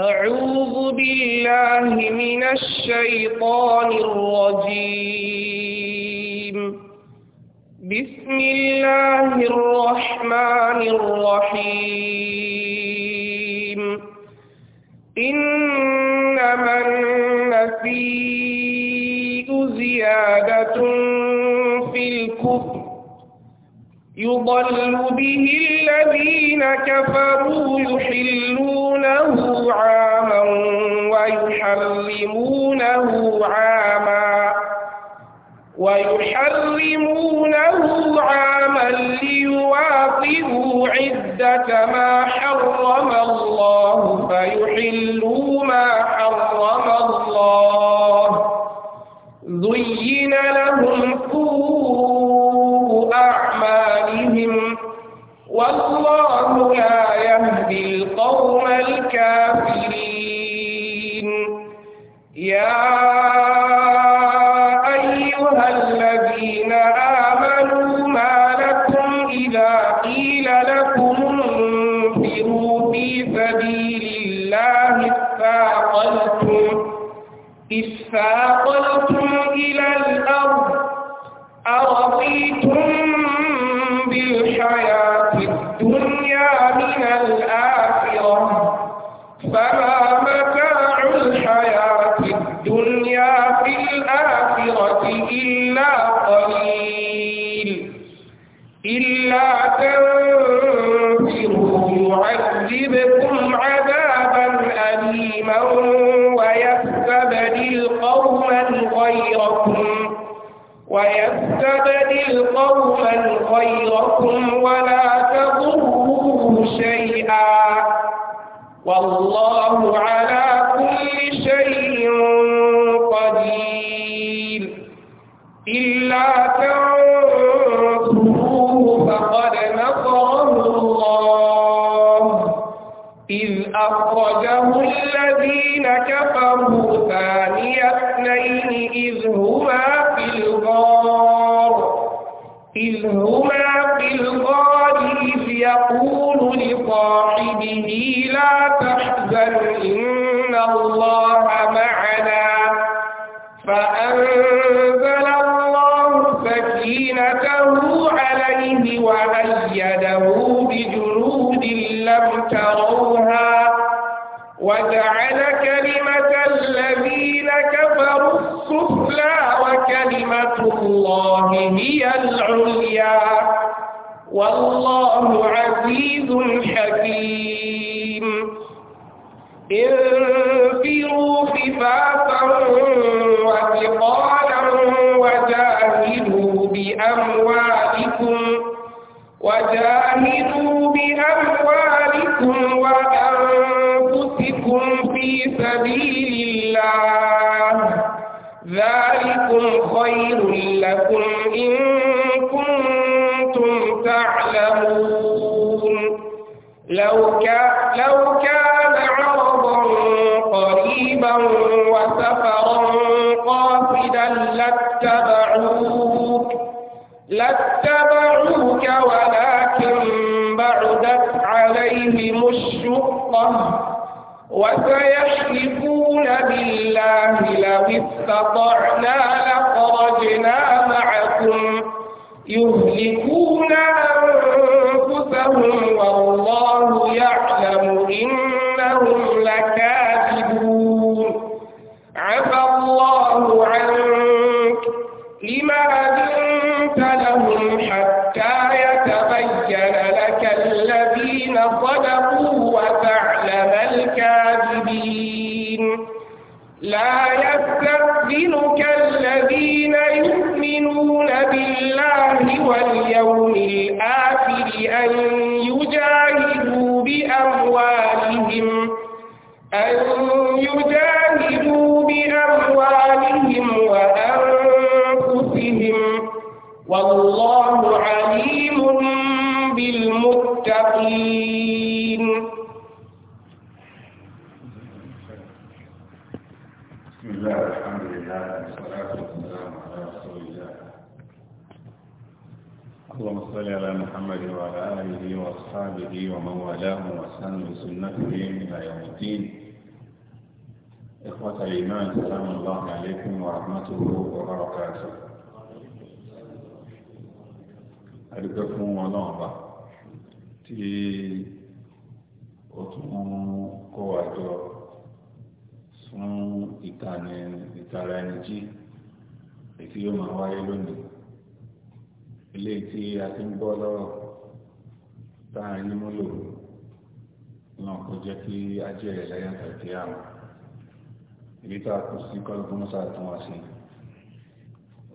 أعوذ بالله من الشيطان الرجيم بسم الله الرحمن الرحيم إنما النسيء زيادة يضل به الذين كفروا يحلونه عاما ويحرمونه عاما ويحرمونه عاما ليواطئوا عدة ما حرم الله فيحلوا ما حرم الله زين لهم والله لا يهدي القوم الكافرين يا تبدل قوما غيركم ولا تضروا شيئا والله عالم لهم حتى يتبين لك الذين صدقوا وتعلم الكاذبين لا يستأذنك الذين يؤمنون بالله واليوم الآخر أن يجاهدوا بأموالهم أن يجاهدوا صل على محمد وعلى آله وأصحابه ومن والاه وسلم بسنته إلى يوم الدين إخوة الإيمان سلام الله عليكم ورحمته وبركاته أدعوكم الله tí ó tún kó wa jọ fún ìtara ẹni jí èyí ilé tí a ti ń gbọ́ lọ́rọ̀ tá a rí múlò náà kò jẹ́ kí a jẹ́ rẹ̀ lẹ́yìn àtàkì àrùn èyí tá a kù sí kọ́lùkún mọ́sá tó wá sí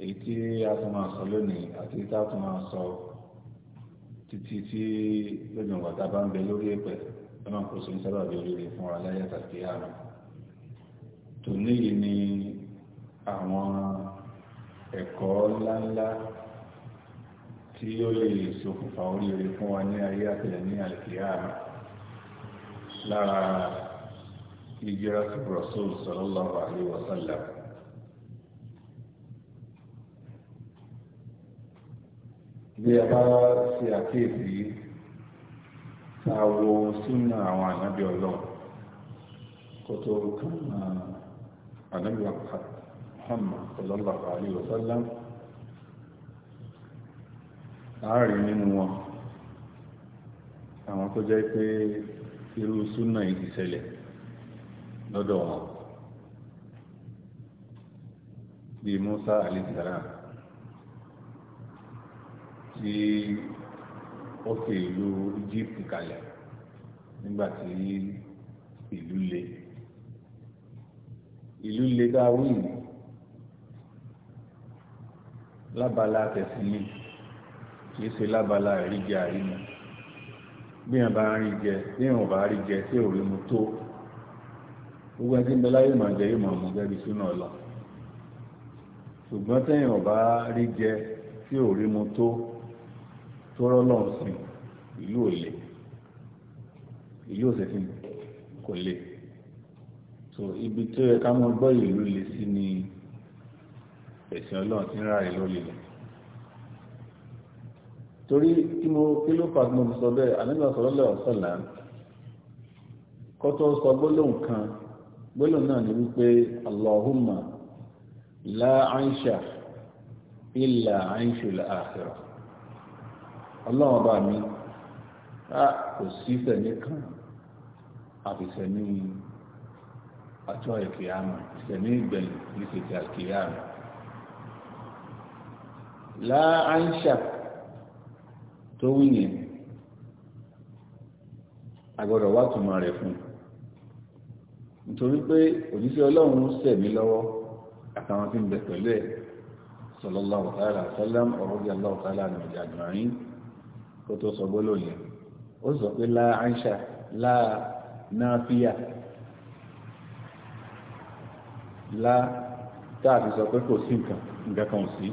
èyí tí a tún máa sọ lónìí àti tá a tún máa sọ títí tí lónìí wàtá bá ń bẹ lórí ẹ̀pẹ̀ náà kò sí ń sábà bí oríire fún wa lẹ́yìn àtàkì àrùn tòní ni àwọn ẹ̀kọ́ ńláńlá tí ó lè ṣokùnfà oríire fún wa ní ayé àtẹ̀lẹ̀ ní àlùkìyámà lára ìjírá sí Rasul sallallahu alaihi wa sallam. bí a bá ṣe àkíyèsí ta wo súnà àwọn ànábì ọlọ́run kó tó kàn án ànábì wa Muhammad sallallahu alaihi wa sallam. ààrẹ nínú wọn àwọn tó jẹ́ pé irú súnà yìí ṣẹlẹ̀ lọ́dọ̀ wọn bíi Musa alayhisalam tí ó fi ìlú Egypt kalẹ̀ nígbà tí ìlú le ìlú le dáwìn lábala tẹ̀sí yìí kìí ṣe lábala àríjẹ àrímu bí wọn bá rí jẹ bí wọn bá rí jẹ tí òòrùn mu tó gbogbo ẹni tí ń bẹ láyé màá jẹ yóò mọ̀ ọ́n gẹ́gẹ́ bí súnà lọ ṣùgbọ́n ọba rí jẹ tí òòrùn mu tó tọrọ lọ́hùn sí ìlú òlè ìlú òsèfín kò lè so ibi tó yẹ ká mọ gbọ́ ìlú lè sí ni ẹ̀sìn ọlọ́run ti ń ráàyè lórí rẹ̀ torí kí mo kí ló fà mo sọ bẹ́ẹ̀ ànábì sallallahu alaihi wasallam kọ́tọ́ sọ gbólóhùn kan gbólóhùn náà ni wípé allahumma la aisha illa aishul akhirah ọlọ́run ọba mi a kò sí fẹ̀mí kan àfìsẹ̀mí àjọ ìkìyàmù ìsẹ̀mí ìgbẹ̀yìn ní fìtì àkìyàmù la aisha tó wí yẹn agbọ́dọ̀ wá túmọ̀ rẹ̀ fún nítorí pé òjíṣẹ́ ọlọ́run sẹ̀mí lọ́wọ́ àtàwọn tí ń bẹ pẹ̀lú ẹ̀ sallallahu ta'ala sallam ní ọjà àgbàrín kó tó sọ sọ pé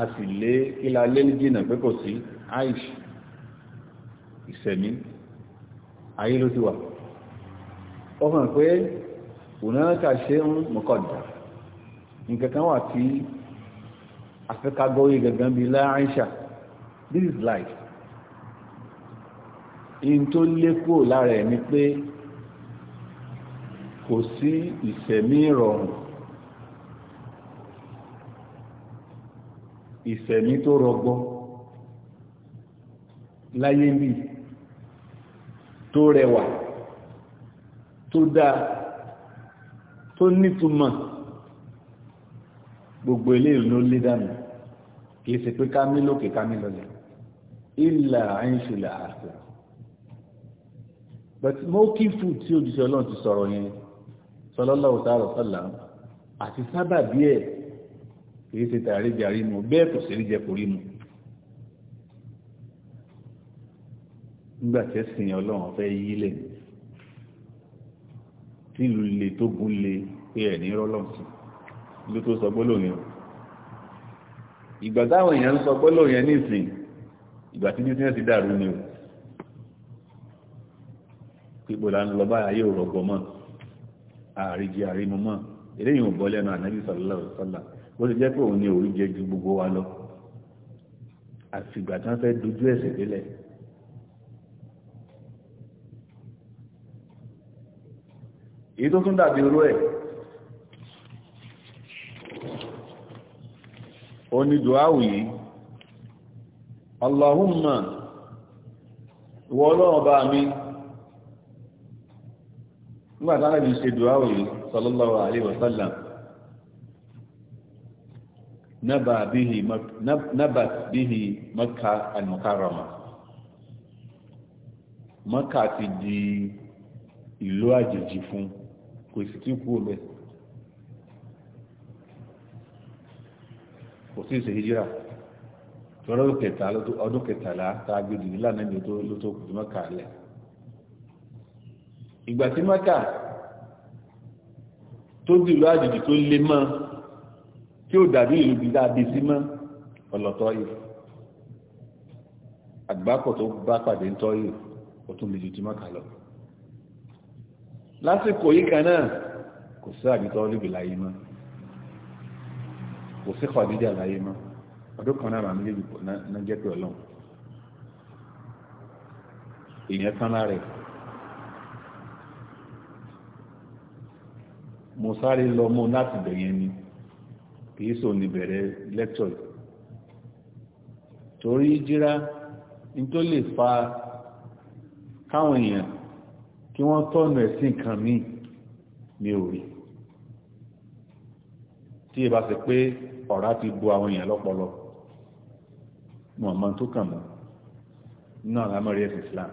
a sì lé kílá lé jìnà pé kò sí aish ìsẹ̀mí ayé ló ti wà ó hàn pé ònáka ṣe ń mọ́kọ̀dá nǹkankan wà tí afẹ́kagọ́yé gangan bí láàáṣà this is life in tó lé kúrò lára ẹ̀ ni pé kò sí ìsẹ̀mí ìrọ̀rùn ìsẹ̀mí tó rọgbọ láyé bí tó rẹwà tó dáa tó nítumọ̀ gbogbo ilé ìlú lé dànù kìí ṣe pé ká lókè ká lọlẹ̀ ìlà àìṣùlẹ̀ àṣẹ but mọ́kí fù tí òjíṣẹ́ ọlọ́run ti sọ̀rọ̀ yẹn sallallahu ta'ala sallam àti sábàbí ẹ̀ kìí ṣe tààrí jàrí mu bẹ́ẹ̀ kò sí ríjẹ kò rí mu nígbà tí ẹ̀sìn ọlọ́run fẹ́ yí lẹ̀ tí ìlú le tó gún le pé ẹ̀ ní rọ́lọ́run sí ló tó sọ gbólóhùn yẹn ìgbà táwọn èèyàn ń sọ gbólóhùn yẹn nísìn ìgbà tí bísíǹsì dàrú ni o pípò là ń lọ báyà yóò rọgbọ mọ àríjì àrímu eléyìí ò bọ́ lẹ́nu ànábì sallallahu alaihi ó lè jẹ́ pé òun ni òun jẹ ju gbogbo wa lọ àfìgbà tí wọ́n fẹ́ dojú ẹ̀sẹ̀ délẹ̀ èyí tó tún dàbí oró ẹ̀ onídùáwù yìí Allahumma ìwọ ọlọ́run bá mi nígbàtánà bí ṣe dùáwù yìí sallallahu alaihi نبى به مك... نبت به مكة ti di ìlú àjèjì fún kò sì tí kú ọbẹ̀ kò sí hijira ọdún kẹtàlá tá a gbé dìde ló tó kù mọ́kà lẹ̀ ìgbà di ìlú àjèjì tó tí ó dàbí ìlú bí dáadé sí mọ́ ọ̀lọ̀tọ́ yìí àgbákò tó bá pàdé ń tọ́ yìí ó tún lè ju ti mọ́kà lọ lásìkò yìí kan náà kò sí àbítọ́ olùbí láyé mọ́ kò sí kọ̀dídà láyé mọ́ ọdún kan náà àmì lébìpọ̀ náà jẹ́ pé ọlọ́run èèyàn kan lára mo sáré lọ mọ́ láti bẹ̀yẹn ni kìí sọ ní bẹ̀rẹ̀ lẹ́tọ̀ torí jíra ní tó lè fa káwọn èèyàn kí wọ́n tọ́nà ẹ̀sìn kan míì ní orí tí ẹ bá ṣe pé ọ̀rá ti bu àwọn èèyàn lọ́pọlọ wọn tó kàn mọ́ nínú àwọn ẹ̀sìn Islam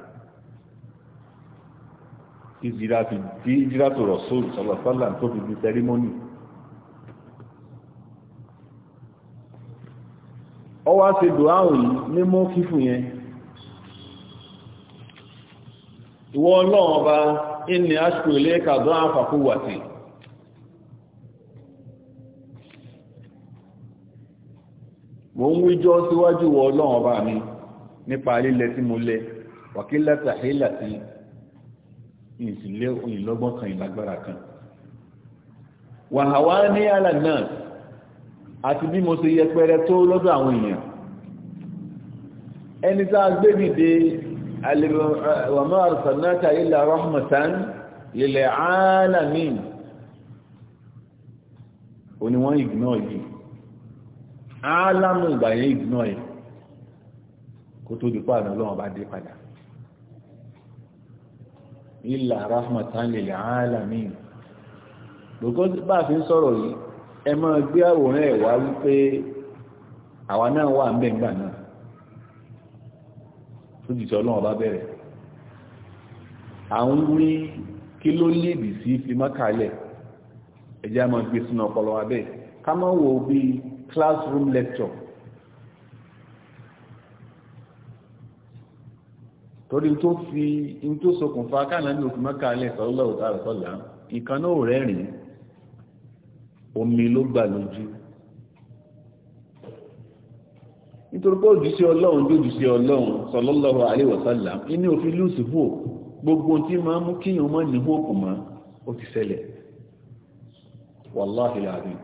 ìjìrá tó rọ̀ sóòrù sọ̀rọ̀ sọ́là tó fi di sẹ́rímọ́nì ọ wá ṣe dùn áhùn yìí ní mọ́ kífù yẹn ìwọ ọlọ́run ọba inni ashku ilayka da'fa quwwati mo ń wíjọ́ síwájú wọ ọlọ́run ọba mi nípa lílẹ̀ tí mo lẹ wàkílẹ̀tà hílàtí ìsìnlẹ̀ òyìnlọ́gbọ́n kan ìlágbára kan wàhàwá ní àlànà àti bí mo ṣe yẹpẹrẹ tó lọ́dọ̀ àwọn èèyàn ẹni tá a gbé dìde wa ma arsalnaka illa rahmatan lil alamin ó ní wọ́n ignore yìí álámù ìgbà yẹn ignore yìí kó tó dùpọ̀ àná lọ́wọ́ bá dé padà illa rahmatan lil alamin lókọ́ bá fi ń sọ̀rọ̀ yìí ẹ máa gbé àwòrán ẹ̀ wípé àwa náà wà ń bẹ̀ náà tó jìtọ̀ ọlọ́run bá bẹ̀rẹ̀ kí ló sí fi mọ́kàlẹ̀ ẹjẹ́ a máa gbé sínú ọpọlọ ká máa wo bí classroom lecture torí tó fi in tó ṣokùnfà káàlá ní mọ́kàlẹ̀ náà rẹ́rìn-ín omi ló gbà lójú nítorí pé òjúṣe ọlọ́run tó òjúṣe ọlọ́run sallallahu alaihi wasallam inú òfin lùsù hù gbogbo tí máa mú kíyàn mọ́ ní hókù mọ́ ó ti ṣẹlẹ̀ wàláhì láàrin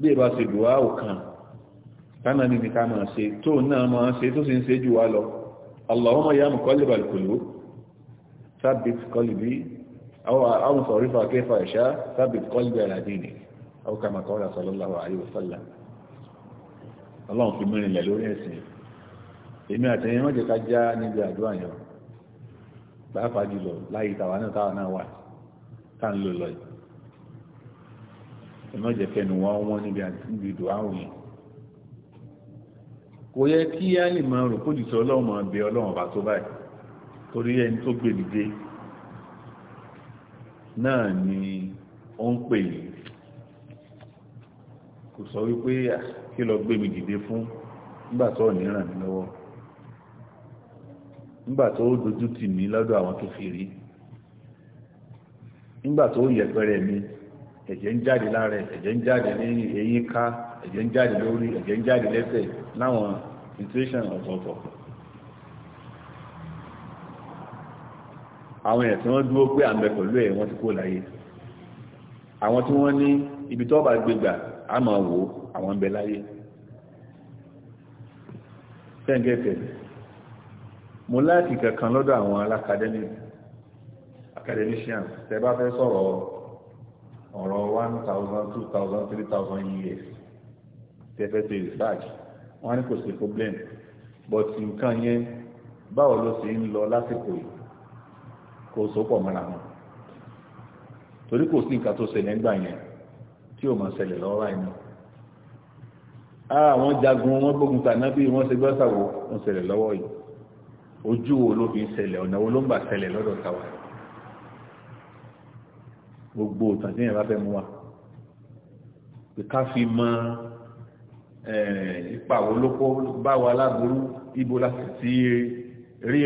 bí ìbá ṣe dùwá òkan tánà níbi ká máa ṣe tó náà máa ṣe tó sì ń ṣe jù wá lọ Allahumma ya muqallibal qulub thabbit أو صرفها كيف يشاء ثبت قلبي على دينك أو كما قال صلى الله عليه وسلم اللهم في من الله لوري ẹ̀sìn èmi àtẹ̀yìn mọ́jẹ̀ ká já níbi àdúrà yẹn pàápàá jùlọ láyé tàwa náà táwa náà wà tá ń lò lọ yìí ìmọ̀jẹ̀ fẹnu wọn wọn níbi ìdò àwọn yìí kò yẹ kí á lè máa rò kó jùsọ ọlọ́run máa bẹ ọlọ́run bá tó báyìí torí ẹni tó gbèdìde náà ni ó ń pè ní kò sọ wípé kí lọ gbé mi dìde fún nígbà tó ní ràn mí lọ́wọ́ nígbà tó dojú tì mí lọ́dọ̀ àwọn tó fi rí nígbà tó yẹpẹrẹ mi ẹ̀jẹ̀ ń jáde lára ẹ̀jẹ̀ ń jáde lẹ́yìn eyín ká ẹ̀jẹ̀ ń jáde lórí ẹ̀jẹ̀ ń jáde lẹ́sẹ̀ láwọn situation ọ̀tọ̀ọ̀tọ̀ àwọn èèyàn tí wọ́n dúró pé à ń bẹ pẹ̀lú ẹ̀ wọ́n ti kó láyé àwọn tí wọ́n ní ibi tó bá gbégbà á máa wò àwọn ń bẹ láyé tẹ́ǹgẹ́tẹ̀ mo láti kankan lọ́dọ̀ àwọn alákadẹ́mì academician tẹ́ bá fẹ́ sọ̀rọ̀ ọ̀rọ̀ one thousand two thousand three thousand years tẹ́ fẹ́ ṣe research wọ́n á ní kò sí problem but nǹkan yẹn báwo ló ṣe ń lọ lásìkò yìí kó so pọ̀ mọ́ra wọn torí kò sí nǹkan tó ṣẹlẹ̀ ńgbà yẹn tí ò máa ṣẹlẹ̀ lọ́wọ́ àìmọ́ ara àwọn jagun wọn gbógun tà náà bí wọ́n ṣe gbọ́sàwò wọn ṣẹlẹ̀ lọ́wọ́ yìí ojú wo ló fi ń ṣẹlẹ̀ ọ̀nà wo ló ń gbà ṣẹlẹ̀ lọ́dọ̀ tàwa gbogbo ìtàn tí yẹn bá fẹ́ mú wa pé ká fi mọ ipa wo ló kó bá láburú ibo láti ti rí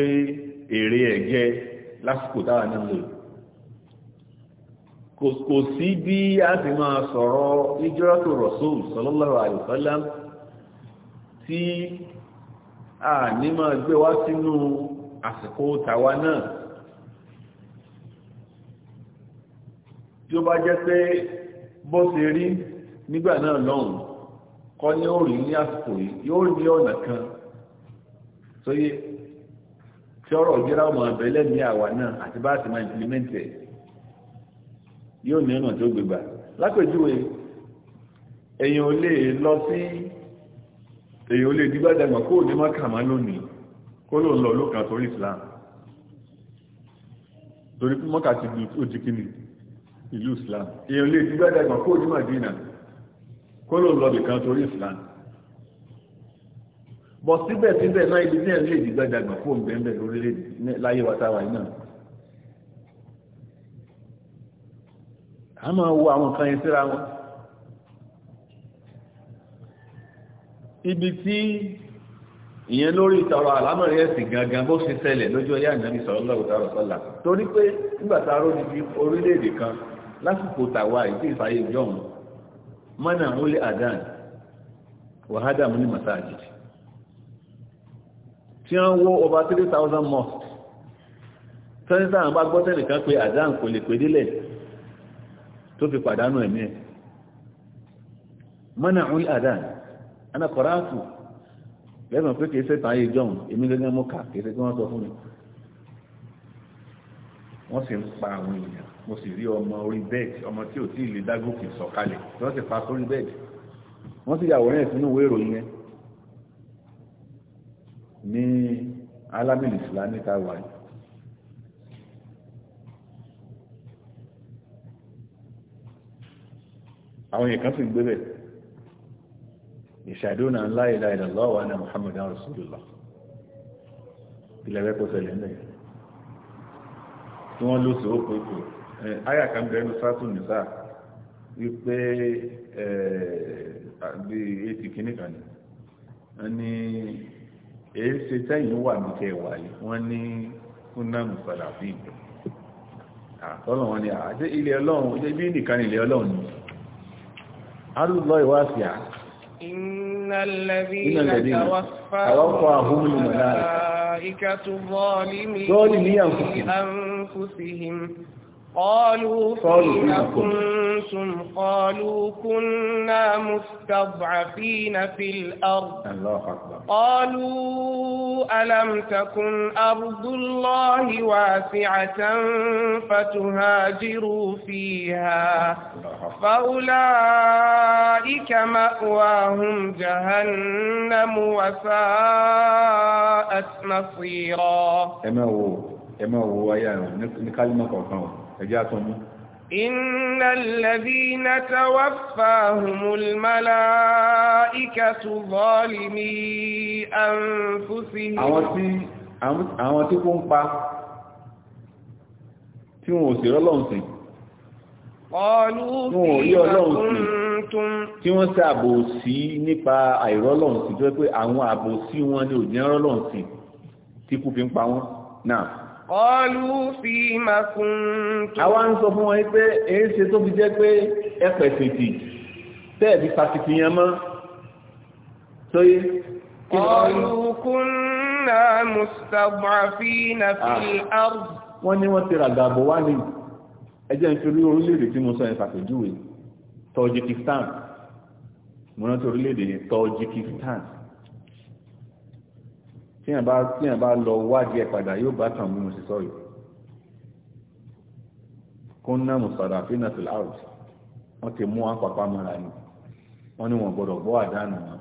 èrè ẹ̀jẹ̀ lásìkò táwa náà lò kò sí bí a ti máa sọ̀rọ̀ ìjọ́rọ̀tò Rasul sallallahu alaihi wasallam tí a ní máa gbé wá sínú àsìkò tàwa náà tí ó bá jẹ́ pé bó ṣe rí nígbà náà lọ́hùn kọ́ ní ó ní àsìkò yìí yóò rí ọ̀nà kan sóyé tí ọ̀rọ̀ ìjẹ́ra ọmọ ọ̀bẹ lẹ́nu àwa náà àti bá a sì máa implement ẹ̀ yóò ní ọ̀nà tó gbégbà lápèjúwe èèyàn ò lè lọ sí èèyàn ò lè dígbàdàgbà kó ní mọ́kàmá lónìí kó ló ń lọ ló kan torí Islam torí pé mọ́kà ti di ojú kíni ìlú Islam èèyàn ò lè dígbàdàgbà kó ní Madina kó ló ń lọ bìkan torí Islam bọ̀ síbẹ̀síbẹ̀ náà ibi tí ẹ̀ lè dìgbàjàgbà fún lórílẹ̀-èdè láyé wa táwa náà a máa wo àwọn kan wọn ibi tí ìyẹn lórí ìtọ̀rọ̀ àlámọ̀rí ẹ̀sìn gangan bó ṣe ṣẹlẹ̀ lójú ọyá ìnáni tààrọ̀ sọ́là torí pé orílẹ̀-èdè kan lásìkò tàwa ìdí ìfàyè tí wọ́n wó over 3,000 mosques sẹ́ńtà àwọn bá gbọ́tẹ̀ nìkan pé àdáhùn kò lè pè délẹ̀ tó fi pàdánù ẹ̀mí ẹ̀ mọ́nà òun àdáhùn anakọ̀ráàtù lẹ́gbọ̀n pé kìí sẹ́ta ayé john èmi gẹ́gẹ́ mọ́ kà kìí sẹ́ kí wọ́n sọ fún mi wọ́n sì ń pa àwọn èèyàn mo sì rí ọmọ orí bẹ́ẹ̀dì ọmọ tí ní alámìlì ìsìlámì tàwà yìí àwọn èèyàn kan sì ń gbé bẹ̀ ìṣàdónà la ilaha illallah wa anna Muhammadan rasulullah ìlẹ̀rẹ́ kó ṣẹlẹ̀ náà tí wọ́n ló sì ó pé kò áyà kan bẹ̀rẹ̀ ní sátún nìsá wípé bí ètì kìnnìkan ni èyí ṣe tẹ́yìn wà ní kẹwàá yìí wọ́n ní kúnnàmù sàlàfí àtọ́lọ̀ ni àti ilẹ̀ ọlọ́run ilé bí nìkan ilẹ̀ ọlọ́run ni arúgbọ́ ìwáṣíà ìnàlẹ̀bí àwọ́pọ̀ àhúnmù ìmọ̀láàrí أنتم قالوا كنا مستضعفين في الأرض الله أكبر قالوا ألم تكن أرض الله واسعة فتهاجروا فيها فأولئك مأواهم جهنم وساءت مصيرا إما هو إما هو يعني نكلمة كوكاو إن الذين توفاهم الملائكة ظالمي أنفسهم àwọn tí kó ń pa tí wọn ò sí rọ́lọ́run sìn ọlú bí ọkùntún tí wọ́n ṣe àbòsí nípa àìrọ́lọ́run sìn tó pé àwọn àbòsí wọn ni ò ní rọ́lọ́run sìn tí kú fi ń pa wọ́n náà kọlu fi ma kun tó. àwa ń sọ fún wọn pé èyí ṣe tó fi jẹ́ pé ẹ pẹ̀sìtì tẹ́ẹ̀bí pàtìkì yẹn mọ́ sóyé. kọlu kunna mustad'afina ah. fil ard. wọ́n ní wọ́n ti ràgà bọ̀ wá ní ẹjẹ́ nítorí orílẹ̀-èdè tí mo sọ yẹn pàtẹ́júwe Tajikistan mo rántí orílẹ̀-èdè yẹn Tajikistan tí yàn bá tí yàn bá lọ wádìí ẹ̀ padà yóò bá tàn múmu sí sọ́yọ̀ kó ná mùsàdà fínà tó láàrùt wọ́n ti mú àpapá mọ́ra ni wọ́n ní wọ́n gbọ́dọ̀ gbọ́ àdánù wọn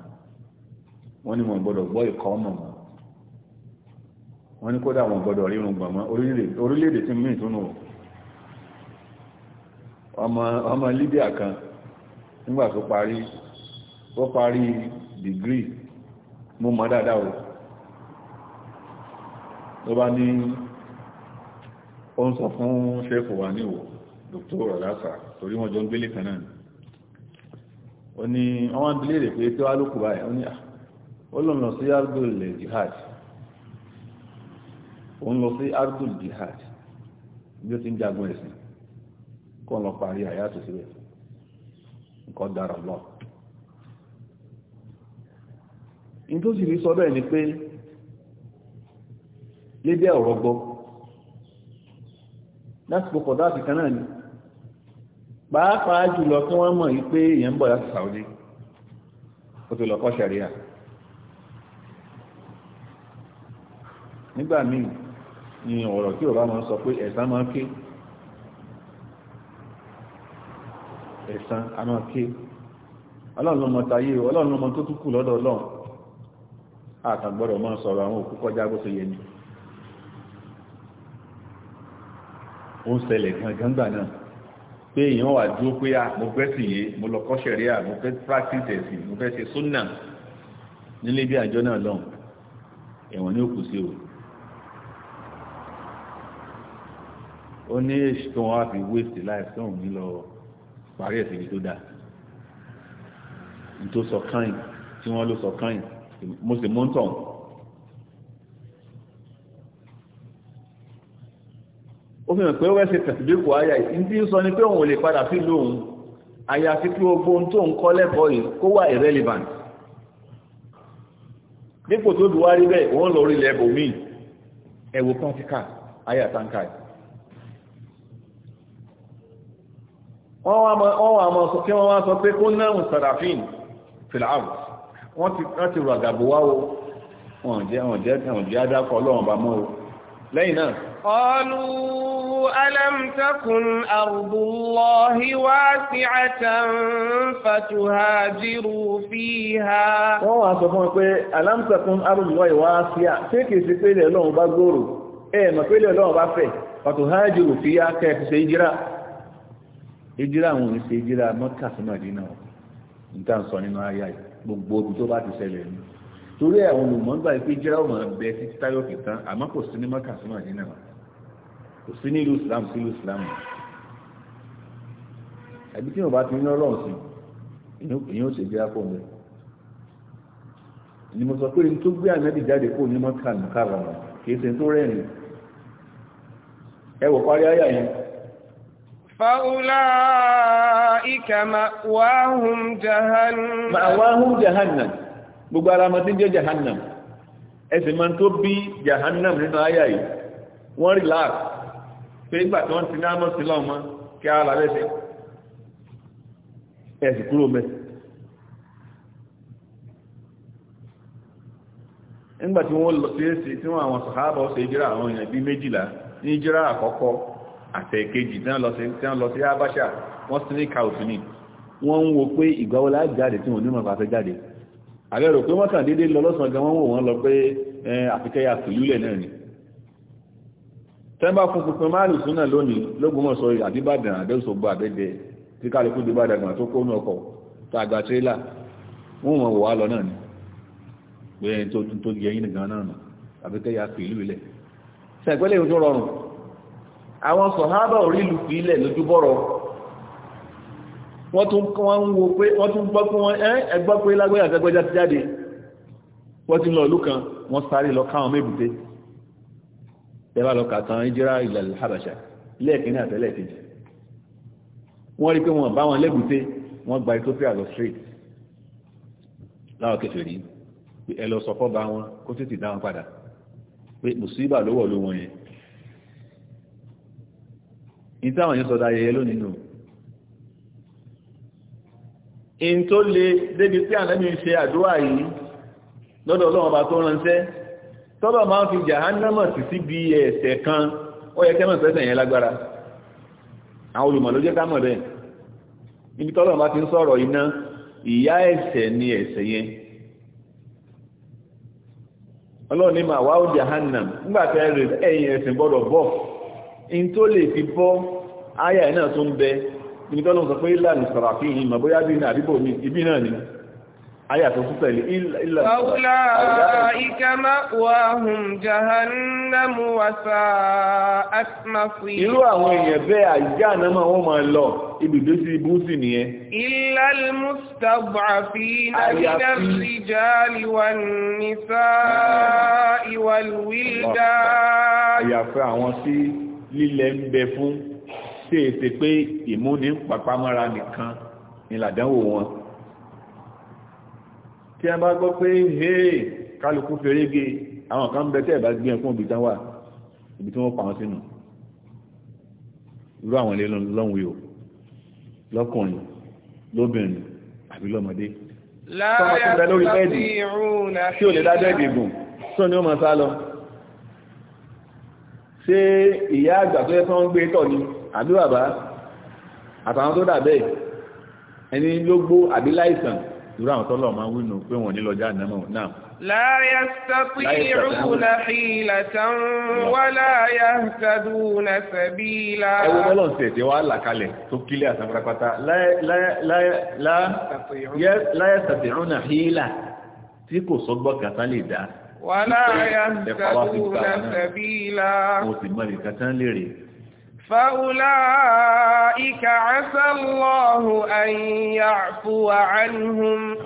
wọ́n ní wọ́n gbọ́dọ̀ gbọ́ ìkọ́ ọmọ wọn wọ́n ní kódà wọ́n gbọ́dọ̀ rírun gbọ̀n orílẹ̀-èdè tí mí ìtúnú ọmọ Libya kan nígbà tó parí ó parí dìgírì mo mọ̀ dáadáa ló bá ní ó ń sọ fún ṣẹ́fù wa níwò dr ọ̀lásà torí wọ́n jọ ń gbélé kan náà ó ní wọ́n bilé rẹ̀ pé tí wá ló kù báyìí ó ní ah, ó lọ lọ sí ardul jihad ó ń lọ sí ardul jihad bí ó ti ń jagun ẹ̀sìn kó lọ parí àyà síbẹ̀ nǹkan dára lọ. ní sọ bẹ́ẹ̀ ni pé lédè ọ̀rọ̀ gbọ́ lásìkò kọ̀dá àfìkà náà ni pàápàá jùlọ tí wọ́n mọ̀ wípé èèyàn ń bọ̀ láti Saudi kò tó lọ́kọ́ ṣàríà nígbà míì ni ọ̀rọ̀ tí ò bá máa sọ pé ẹ̀sán máa ké ẹ̀sán a máa ké ọlọ́run ọmọ tayé ọlọ́run ọmọ tó tún kù lọ́dọ̀ ọlọ́run àtàgbọ́dọ̀ máa sọ̀rọ̀ àwọn òkú kọjá bó ṣe yẹ ni ó ṣẹlẹ̀ gangan gbà náà pé èèyàn wà dúró pé a ah, mo fẹ́ sì yé mo lọ kọ́ ṣẹ̀ríà mo fẹ́ practice ẹ̀sìn mo fẹ́ ṣe súnà nílé bí àjọ náà lọ́hùn ẹ̀wọ̀n ní òkú sí o ó ní èsì tó wọn á fi waste life tó ń lọ parí ẹ̀sìn ibi tó dáa tó sọ káyìn tí wọ́n ló sọ káyìn mo sì mú tọ̀hún. ó fi hàn pé ó wẹ́ ṣe tẹ̀síbíkù ayà yìí tí ń sọ ni pé òun ò lè padà sí ìlú òun àyàfi kí gbogbo tó ń kọ́ lẹ́kọ̀ọ́ yìí kó wà irrelevant dípò tó dùn wá bẹ́ẹ̀ wọ́n lọ rí lẹ́bù míì ẹ̀wò pàtíkà ayà táǹkà wọ́n wà mọ́ kí wọ́n wá sọ pé kó náà ń sàràfíìn fìlàáwù wọ́n ti láti rọ wá o wọ́n jẹ́ àdákọ̀ ọlọ́run bá mọ́ o lẹ́yìn náà ألم تكن أرض الله واسعة فتهاجروا فيها wọ́n wá sọ fún pé ألم تكن أرض الله واسعة ṣé kìí ṣe pé ọlọ́run bá gbòòrò ẹ mọ̀ pé ọlọ́run bá fẹ̀ فتهاجروا فيها kẹ́ẹ̀kì ṣe ìjírà ìjírà àwọn òní ṣe ìjírà Mọ́kà sí Màdínà níta sọ nínú ayá gbogbo ibi tó bá ti ṣẹlẹ̀ ni torí àwọn olùmọ̀ọ́gbà ìpéjìrà ọmọ ẹgbẹ́ sí kò sí ní ìlú Islam sí ìlú Islam ẹbí tí wọn bá ti ní Ọlọ́run sí èyí ó ṣe gbé mẹ ni mo sọ pé n tó gbé ànábì jáde kó ní ní kìí ṣe tó parí ayà yẹn. gbogbo ara jahannam ẹ̀sìn máa ń tó bí jahannam nínú ayà yìí wọ́n pé nígbà tí wọ́n ti ní àmọ́ sí lọ́wọ́ mọ́ kí á la lẹ́sẹ̀ ẹ̀sìn kúrò mẹ́. nígbà tí wọ́n lọ sí èsì tí wọ́n àwọn sàhábà ṣe ìjírà àwọn èèyàn bíi méjìlá ní ìjírà àkọ́kọ́ àtẹ̀kejì tí wọ́n lọ sí abáṣà wọ́n sí ní kàùtù ní wọ́n ń wo pé ìgbàwọlá jáde tí wọ́n ní màá fẹ́ jáde àbẹ̀rò pé wọ́n kàn déédéé lọ lọ́sàn-án gan wọ́n wò wọ́n lọ pé àfikẹ́yà tòlúlẹ̀ náà ni tẹ́mbà fún pínpín márùn súnà lónìí lógúnmọ̀sọ àbíbàdàn àbẹ́sọ̀gbọ́ àbẹ́dẹ tí kálukú di bàdàgbà tó kó ní ọkọ̀ tàgbà tírélà wọ́n mọ̀ wà lọ náà ni pé ẹni tó tún tó jẹ yín nìkan náà nù àbí kẹ́yà fi ìlú ilẹ̀ sẹ́gbẹ́lẹ̀ ìlú tó rọrùn àwọn sọ̀hábà orí ìlú fi ilẹ̀ lójú bọ́rọ̀ wọ́n tún gbọ́ pé wọ́n ẹgbọ́ pé lágbẹ́yà tẹ́gbẹ́já ti jáde wọ́n ti lọ ìlú kan wọ́n sáré lọ káwọn mébùté tẹ́bà lọ kàtàn ìjírá ilẹ̀ alhabasha lẹ́ẹ̀kíní àtẹ́lẹ̀ kejì wọ́n rí pé wọ́n bá wọn lẹ́bùté wọ́n gba ethiopia lọ straight láwọn kẹfẹ́ rí pé ẹ lọ sọ fọ́ bá wọn kó tètè dá wọn padà pé mùsíbà ló ló wọn yẹn ní táwọn yẹn sọdá ayẹyẹ lónìí nù in débi pé ànábì ń ṣe àdúrà yìí lọ́dọ̀ ọlọ́run ọba tó ránṣẹ́ tọ́lọ̀ máa ń fi jahannama sí síbi kan ó yẹ kẹ́mọ̀ sẹ́sẹ̀ yẹn lágbára àwọn olùmọ̀ ló jẹ́ kámọ̀ níbi máa ti ń sọ̀rọ̀ iná ìyá ẹ̀ṣẹ̀ ni ẹ̀ṣẹ̀ yẹn ọlọ́run ní màá wá ó jahannam nígbà ayé àtúntò tẹ̀lé ilẹ̀ ọ̀la ìkẹ́mà wà hùn jahannamu wàsà àtúnmáfì. irú àwọn èèyàn bẹ́ẹ̀ àyíká ànámọ́ wọn máa lọ ibùdó sí ibú sí nìyẹn. ilẹ̀ almustad'afi àyàfẹ́ àwọn tí lílẹ̀ ń bẹ fún ṣèèṣe pé ìmúni pàpámọ́ra nìkan ìlàdánwò wọn tí a bá gbọ́ pé hey kálukú ferege àwọn kan bẹ tẹ́ ẹ̀ bá gbé ẹkún ibi tán wà ibi tí wọ́n pa wọn sínú irú àwọn ilé lọ́hùn yìí o lọ́kùnrin lóbìnrin àbí lọ́mọdé tọ́mọ tó bẹ lórí bẹ́ẹ̀dì tí ò lè dá bẹ́ẹ̀dì gùn tó ni ó máa sá lọ ṣé ìyá àgbà tó yẹ kí wọ́n gbé tọ̀ ni àbí bàbá àtàwọn tó dà bẹ́ẹ̀ ẹni ló gbó àbí láìsàn irú àwọn tọ́lọ̀ máa ń wínú pé wọ́n ní lọ́jà ànámọ̀ náà. láyé sọ́kì ìrúnà ìlà tán wọ́n láyà sàdúnà sàbílà. ẹ wo bọ́lọ̀ ṣe ètè wa là kalẹ̀ tó kílẹ̀ àtàkùnrapata láyé sàkì ìrúnà ìlà tí kò sọ́gbọ́ kàtà lè dá. wọ́n láyà sàdúnà sàbílà. mo sì mọ ìkàtà lè rè فأولئك عسى الله أن يعفو عنهم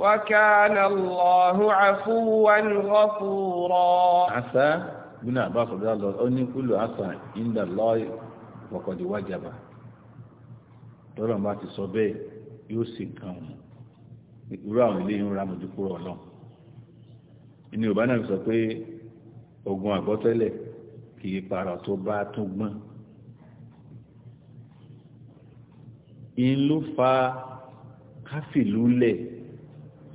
وكان الله عفوا غفورا عسى بن عباس رضي الله عنه كل عسى عند الله وقد وجب tọ́lọ̀ bá ti sọ bẹ́ẹ̀ yóò sì kan ọ̀nà irú àwọn ilé ìhun ramọ̀dúkúrò ọlọ́run inú yorùbá náà ogun kì í parọ́ tó bá tún gbọ́n in ló fa káfìlúlẹ̀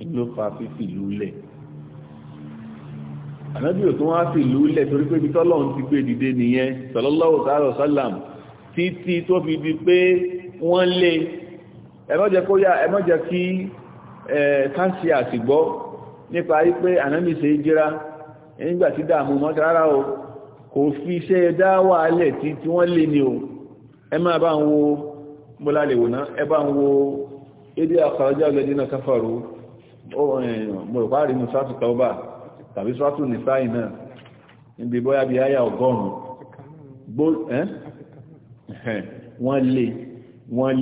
in ló fa fífìlúlẹ̀ ànábì ò tó wá fìlúlẹ̀ torí pé bitọ́lọ́run ti gbé dìde nìyẹn sallallahu ta'ala sallam títí tó fi di pé wọ́n lé ẹ má jẹ́ kó yá ẹ má jẹ́ kí káṣí àsìgbọ́ nípa wípé ànábì ṣe é nígbà tí dààmú mọ́ta kò fi iṣẹ́ dáwà alẹ̀ tí tí wọ́n lè ní o ẹ máa bá ń wo bọ́lá lè wò náà ẹ bá ń wo èdè àkàrájá ọlẹ́dínà káfàrú mọ̀rọ̀páàrí ní sátù tọ́bà tàbí sátù ní sáì náà níbi bọ́yá bí wọ́n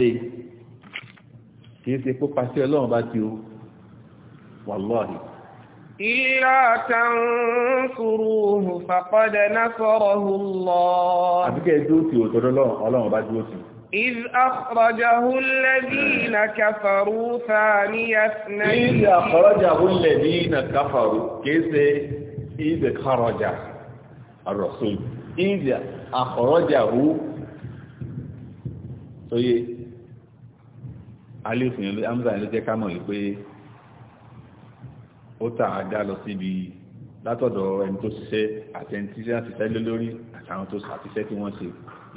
lè kìí ṣe kó pàṣẹ ọlọ́run bá ti o wàlọ́ọ̀hì. Illa tansuruhu faqad nasarahu Allah. Àbíkẹ́ dúró ti òtọ́dọ́ ọlọ́run bá dúró ti. إذ أخرجه الذين كفروا ثاني اثنين إذ كيف إذ الرسول إذ أخرجه سويه alif yẹn ló amza yẹn ló jẹ́ ká mọ̀ yìí pé ó tà á dá lọ síbi látọ̀dọ̀ ẹni tó ṣiṣẹ́ àti ẹni tí wọ́n ṣiṣẹ́ lé lórí àtàwọn tó ṣàtiṣẹ́ tí wọ́n ṣe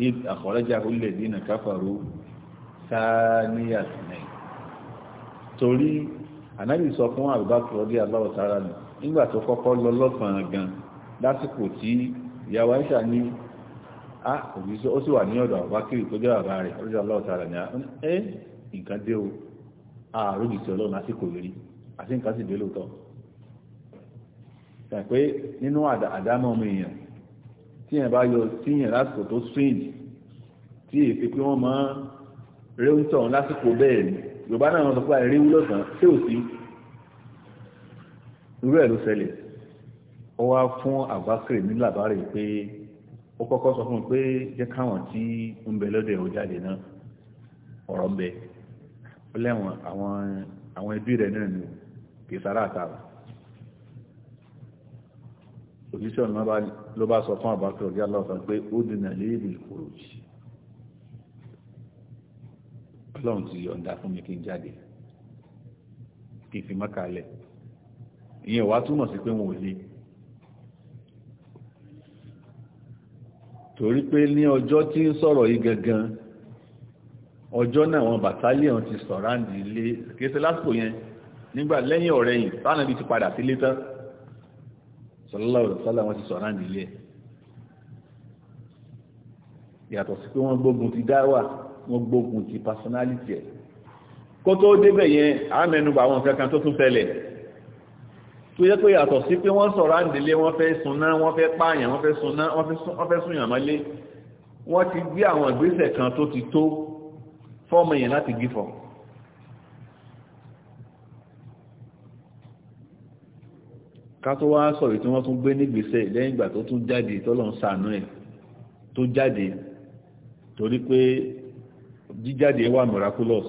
id àkọ́rẹ́jà orílẹ̀ èdè náà káfàró sáníyà sílẹ̀ torí ànábì sọ fún àbúbákù ọdí aláwọ̀ sára nù tó kọ́kọ́ lọ lọ́sàn ah, ó jẹ́ bàbá rẹ̀ ọdí aláwọ̀ sára nǹkan dé o àrògì sí ọlọ́run lásìkò lórí àti nǹkan sì dé lóòótọ́ sàn pé nínú àdámọ́ ọmọ èèyàn tí èèyàn bá yọ síyàn lásìkò tó swing tí èèpé pé wọ́n mọ réwúntọ̀ lásìkò bẹ́ẹ̀ ni yorùbá náà sọ pé àìríwú lọ́sàn-án tí ò sí irú ẹ̀ ló ṣẹlẹ̀ ó wá fún àbákẹ́rẹ́ ní làbárẹ̀ pé ó kọ́kọ́ sọ fún un pé jẹ́ káwọn tí ń bẹ lọ́dẹ̀ ó jáde náà ọ̀rọ̀ ń bẹ́ẹ̀ lẹ́wọ̀n àwọn ẹbí rẹ̀ náà ni kìí sára àtàrà òjíṣẹ́ ọ̀nà ló bá sọ fún àbákẹ́ ọ̀gá aláwọ̀ta pé ó dìnà léèdè ìkòrò jì ọlọ́run ti yọ̀ǹda fún mi kí n jáde kí n fi mọ́kàlẹ̀ ìyẹn wá túmọ̀ sí pé wọn ò le torí pé ní ọjọ́ tí ń sọ̀rọ̀ yìí gangan ọjọ́ náà wọn bàtálíọ̀n ti sọ̀ráǹdì ilé kéèsẹ́ lásìkò yẹn nígbà lẹ́yìn ọ̀rẹ́ yìí tánà bí ti padà sílé tán sọ̀lọ́lọ́sọ́lá wọn ti sọ̀ráǹdì ilé yàtọ̀ sí pé wọ́n gbógun ti dáwà wọ́n gbógun ti personality ẹ̀ kó tó débẹ̀ yẹn á mẹ́nubà àwọn kankan tó tún fẹ́lẹ̀ tó yẹ pé yàtọ̀ sí pé wọ́n sọ̀ráǹdì ilé wọ́n fẹ́ sunná wọ́n fẹ́ pààyàn wọ́n fẹ́ sunná wọ́n fẹ́ sunyàn mọ́lé wọ́n ti gbé àwọn ìgbésẹ̀ kan tó ti tó fọ́ọ̀mù èèyàn láti gífọ̀ ká tó wá sọ̀rọ̀ tí wọ́n tún gbé nígbésẹ̀ lẹ́yìn ìgbà tó tún jáde tọ́lọ̀ ń sànú ẹ̀ tó jáde torí pé jíjáde wà miraculous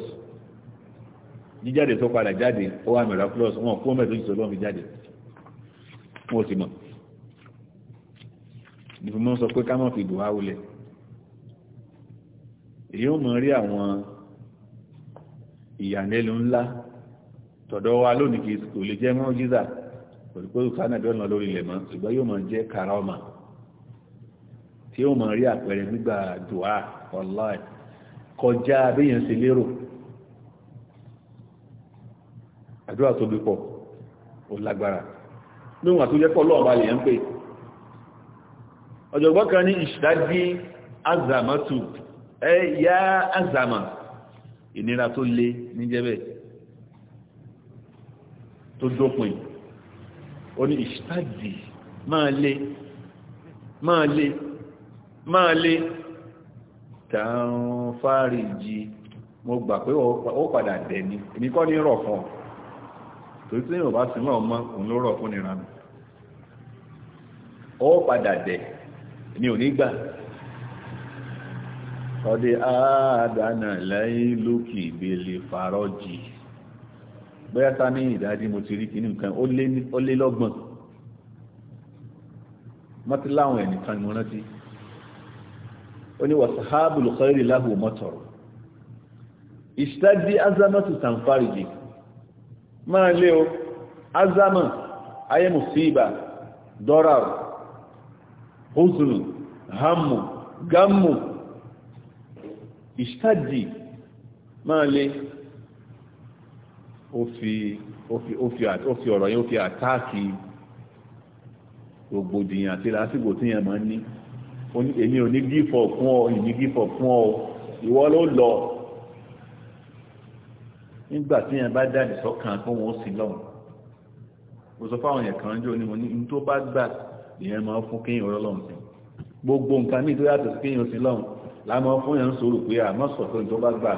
jíjáde tó padà jáde ó wà miraculous wọn kó mẹ́tò ìṣòro lọ́n fi jáde wọn ò sì mọ̀ ìfimọ́ sọ pé ká mọ̀ fi dùn á èyí ò mọ̀ rí àwọn ìyànlẹ́nu ńlá tọ̀dọ̀ wa lónìí kì í kò lè jẹ́ mọ́ jíza òdìpọ̀ ìfànàbí ọ̀nà lórí ilẹ̀ mọ́ ṣùgbọ́n yóò mọ̀ jẹ́ karama tí yóò mọ̀ rí àpẹẹrẹ gbígbà dùá wallahi kọjá abéyàn sí lérò àdúrà tó bí pọ̀ ó lágbára lóhun àtúnjẹ́ pọ̀ lọ́ọ̀bá lè ń pè ọ̀jọ̀gbọ́n kan ní ìṣáájú ẹ yá azama ìnira tó le níjẹ́bẹ̀ tó dópin ó ní ìṣtáàdì máa le máa le máa le tàn fáríjì mo gbà pé ó padà dẹ̀ ni èmi kọ́ ní rọ̀ fún ọ torí tí yóò bá sí náà mọ́ òun ló rọ̀ fún ìranù ó padà dẹ̀ ní gbà kọ́dé àádánà lẹ́yìn lókè ìbèlè fàárọ̀jì bóyá ta ní ìdájí mo ti rí kìíní nǹkan ó lé lọ́gbọ̀n mọ́tí láwọn ẹ̀nìkan ni mo rántí ó ní wàsáhábù lùkọ́rì láhùn mọ́tọ̀rọ̀ ìṣẹ́dí azamatu sanfariji máa lé o azama ayé musiba dọ́rar húzùnù hammu gammu ìṣtájì máa lé ó fi ọ̀rọ̀ yẹn ó fi àtáàkì rògbòdìyàn àti lásìkò tí yẹn máa ń ní èmi ò ní gífọ̀ fún ọ ìní gífọ̀ fún ọ ìwọ ló lọ nígbà tí yẹn bá jáde sọ́kàn fún wọn ó sì lọ́wọ́ mo sọ fáwọn yẹn kan jọ ní mo ní ní tó bá gbà ìyẹn máa fún kéyìn ọlọ́run sí gbogbo nǹkan míì tó yàtọ̀ sí kéyìn ó sì lámọ́ fún yẹn ń sọ̀rọ̀ pé àmọ́ sọ̀tọ̀ tó bá gbà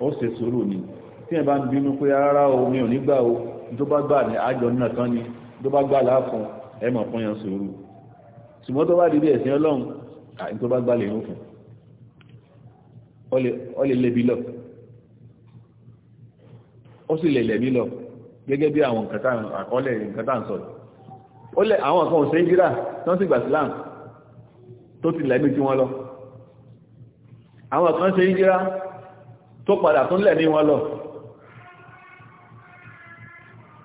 ó ṣe sọ̀rọ̀ ni tí ẹ bá ń bínú pé rárá o mi ò ní gbà o tó bá gbà ní àjọ náà kan ni tó bá gbà láàfún ẹ mọ̀ fún yẹn sọ̀rọ̀ ṣùgbọ́n tó bá di bí ẹ̀sìn ọlọ́run àti tó bá gbà lè fún ọ lè lébi lọ ó sì lè lẹ̀mí lọ gẹ́gẹ́ bí àwọn nǹkan táwọn àkọọ́lẹ̀ nǹkan táwọn sọ̀rọ̀ ó lẹ̀ àwọn kan ò ṣe é tó ń sì gbà sílámù tó ti lẹ́mí tí wọ́n lọ àwọn kan ṣe ìjírá tó padà tún lẹ̀ ní wọn lọ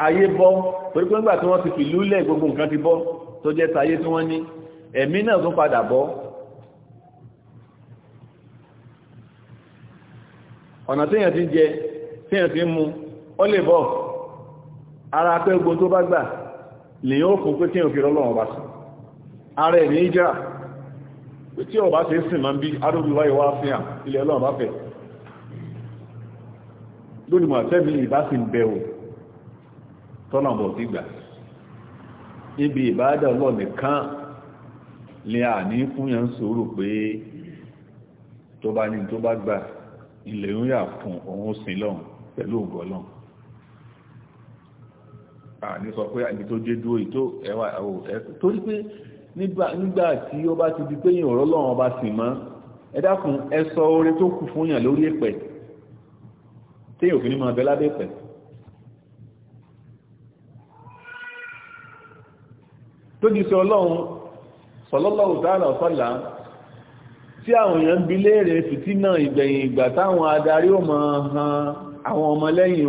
ayé bọ́ torí pé nígbà tí wọ́n ti fi lúlẹ̀ gbogbo nǹkan ti bọ́ tó jẹ́ tayé tí wọ́n ní ẹ̀mí náà tún padà bọ́ ọ̀nà téèyàn ti jẹ téèyàn ti mu ó lè bọ́ ara pé gbogbo tó bá gbà lèyàn ó fún pé téèyàn fi rọ́lọ́wọ́n bá sí ara ẹ̀mí ìjírá pé tí ọba ṣe sìn máa ń bí arúgbó ìwá fi hàn ilẹ̀ ọlọ́run bá fẹ̀ lónìí mọ̀ àtẹ́mi ìbá sì ń bẹ o tọ́nà bọ̀ sí gbà ibi ìbáàdà ọlọ́run nìkan lè àní fún yẹn ń sòrò pé tó bá ní tó bá gbà ilẹ̀ ń yà fún òun sìn lọ́hùn pẹ̀lú ògọ́ lọ́hùn àní sọ pé àbí tó dé dúró ìtó ẹwà ẹ̀ torí pé nígbà tí ó bá ti di pé yìnyín ọ̀rọ̀ lọ́wọ́ ọba sì mọ́ ẹ dákun ẹ sọ oore tó kù fún yàn lórí èpẹ̀ téèyàn òfin ní máa bẹ lábẹ́ èpẹ̀ tó di sọ ọlọ́run sọlọ́lọ́wù tààlà ọ̀sọ́là tí àwọn èèyàn bí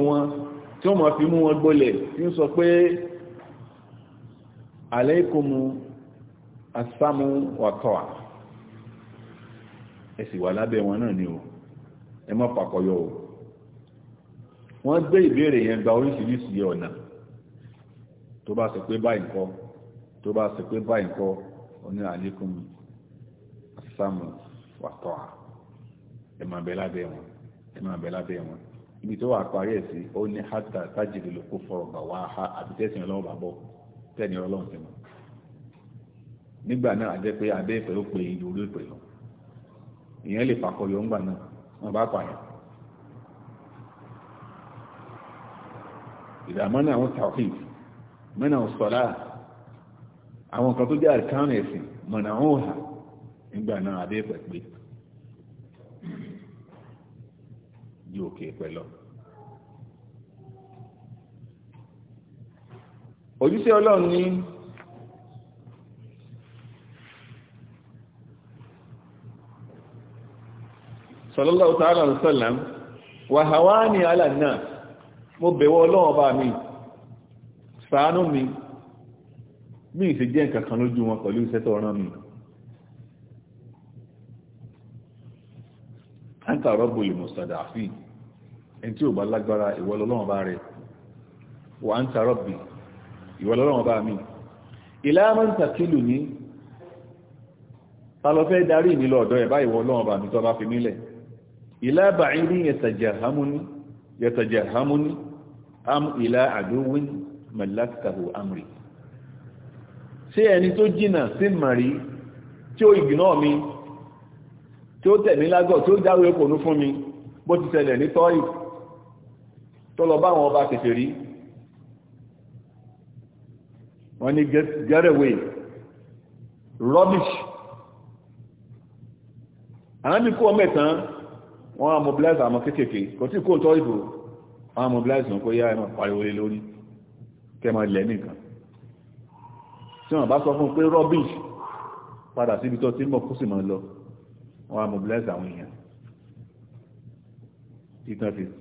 wọn tí ó máa fi mú wọn gbolẹ̀ tí ń sọ pé alaykumu asamu wàtọ́à ẹ wà lábẹ́ wọn náà ni o ẹ má pàkọyọ o wọ́n gbé ìbéèrè yẹn gba oríṣiríṣi ọ̀nà tó bá sọ pé báyìí kọ́ tó bá sọ pé báyìí kọ́ oní àlékún wọn ibi tó wà parí ẹ̀ ó ní hátà tájìlélòkó fọ̀rọ̀ bà wá àbítẹ́sìn ọlọ́run bàbọ̀ tẹ́ni ọlọ́run nígbà náà jẹ́ pé abẹ́ ìfẹ́ ó pe ìdúró ìpè ìyẹn lè fakọyọ ńgbà náà wọn bá pààyàn ìdàmọ́nà àwọn tawhid mẹ́nà ọ̀sọ̀lá àwọn kan tó jẹ́ àríkánù ẹ̀sìn mọ̀nà àwọn òhà nígbà náà abẹ́ ìpẹ́ pé ju òkè ìpẹ́ lọ ojúṣe ọlọ́run ní sallallahu ta'ala alaihi wasallam wa hawani ala an-nas mo bẹ̀wọ̀ Ọlọ́run bá mi ṣàánú mi mi ṣe jẹ́ nǹkan kan lójú wọn pẹ̀lú iṣẹ́ tó rán mi anta rabbul mustada'afin ẹni tí ò bá lágbára ìwọ l'Ọlọ́run bá rẹ̀ wa anta rabbi ìwọ l'Ọlọ́run bá mi ila man takiluni ta lọ fẹ́ darí mi lọ́dọ̀ ẹ̀ báyìí wọ Ọlọ́run bá mi tó bá fi mílẹ̀ ila ba'idin yatajahamuni yatajahamuni am ila aduwin malaktahu amri ṣé ẹni tó jìnnà sí mari tí ó ignore mi tí ó tẹ̀mí lágọ̀ tí ó jáwé okòónú fún mi bó ti ṣẹlẹ̀ ní tọ́ì tó lọ bá àwọn ọba tètè rí wọ́n ní get rubbish àwọn mi kú wọ́n á mobilize àmọ́ kékèké kò tí kò tọ́ ìbò wọ́n á mobilize wọn kó yá ẹ̀mọ̀ pariwo lé lórí kẹmọ ilẹ̀ nìkan tí wọ́n bá sọ fún pé rubbish padà síbi tó ti mọ̀ kó sì mọ̀ lọ wọ́n á mobilize àwọn èèyàn tí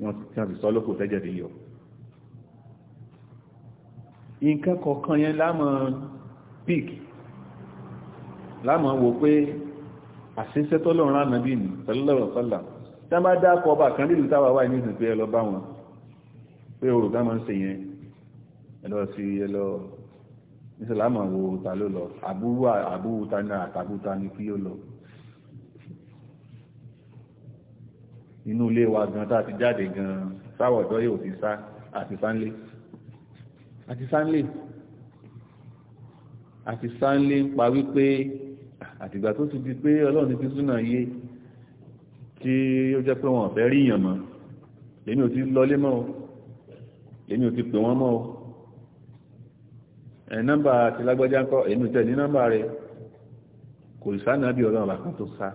wọ́n ti sọ lóko tẹ́jẹ̀ dé yọ nǹkan kọ̀ọ̀kan yẹn lámọ̀ pig lámọ̀ wò pé àṣeṣẹ́ tọ́lọ́run rán nàbí ní sallallahu alaihi wasallam tá bá dákọ̀ ọba kan nílùú táwà wà ní ìsìnkú ẹlọ bá wọn pé orò tá máa ń ṣe yẹn ẹlọ sí ẹlọ nísìlámà wo ta ló lọ àbúrú ní àtàbúta ní kí ó lọ inú ilé wa gan tá a ti jáde gan sáwọ̀dọ́ yóò ti sá àti sánlé àti sánlé àti sánlé ń pa wípé àtìgbà tó ti di pé ọlọ́run ti súnà yé tí ó jẹ́ pé wọ́n fẹ́ rí èèyàn mọ́ lèmi ò ti lọlé mọ́ o lèmi ò ti pè wọ́n mọ́ o ẹ̀ nọ́mbà ti lágbájá ńkọ́ èmi ò tẹ̀ ní nọ́mbà rẹ̀ kò sá náà bí ọlọ́run àkàn tó sá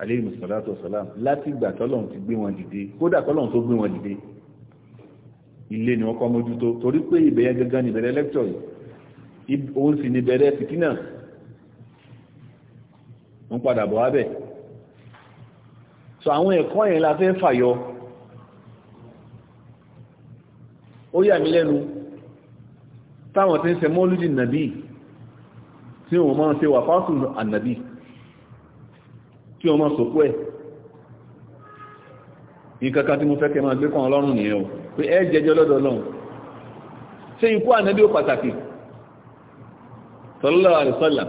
aleyhi musalatu wasalam láti ìgbà tọ́lọ́run ti gbé wọn dìde kódà tọ́lọ́run tó gbé wọn dìde ilé ni wọ́n kọ́ mójútó torí pé ìbẹ̀yẹ gangan ìbẹ̀rẹ̀ lẹ́kítọ̀ yìí òun sì ni ìbẹ̀rẹ̀ fìtínà wọ́n padà bọ̀ wábẹ̀ so àwọn ẹ̀kọ́ yẹn la fẹ́ fàyọ ó yà mí lẹ́nu táwọn tí ń ṣe mọ́lúdì nàbí tí wọ́n máa ṣe wà fásù ànàbí tí wọ́n máa sòkú ẹ̀ nǹkankan tí mo fẹ́ kẹ máa gbé kan ọlọ́run nìyẹn o pé ẹ jẹjọ lọ́dọ̀ ọlọ́run ṣé ikú ànàbí ó pàtàkì sallallahu alaihi wasallam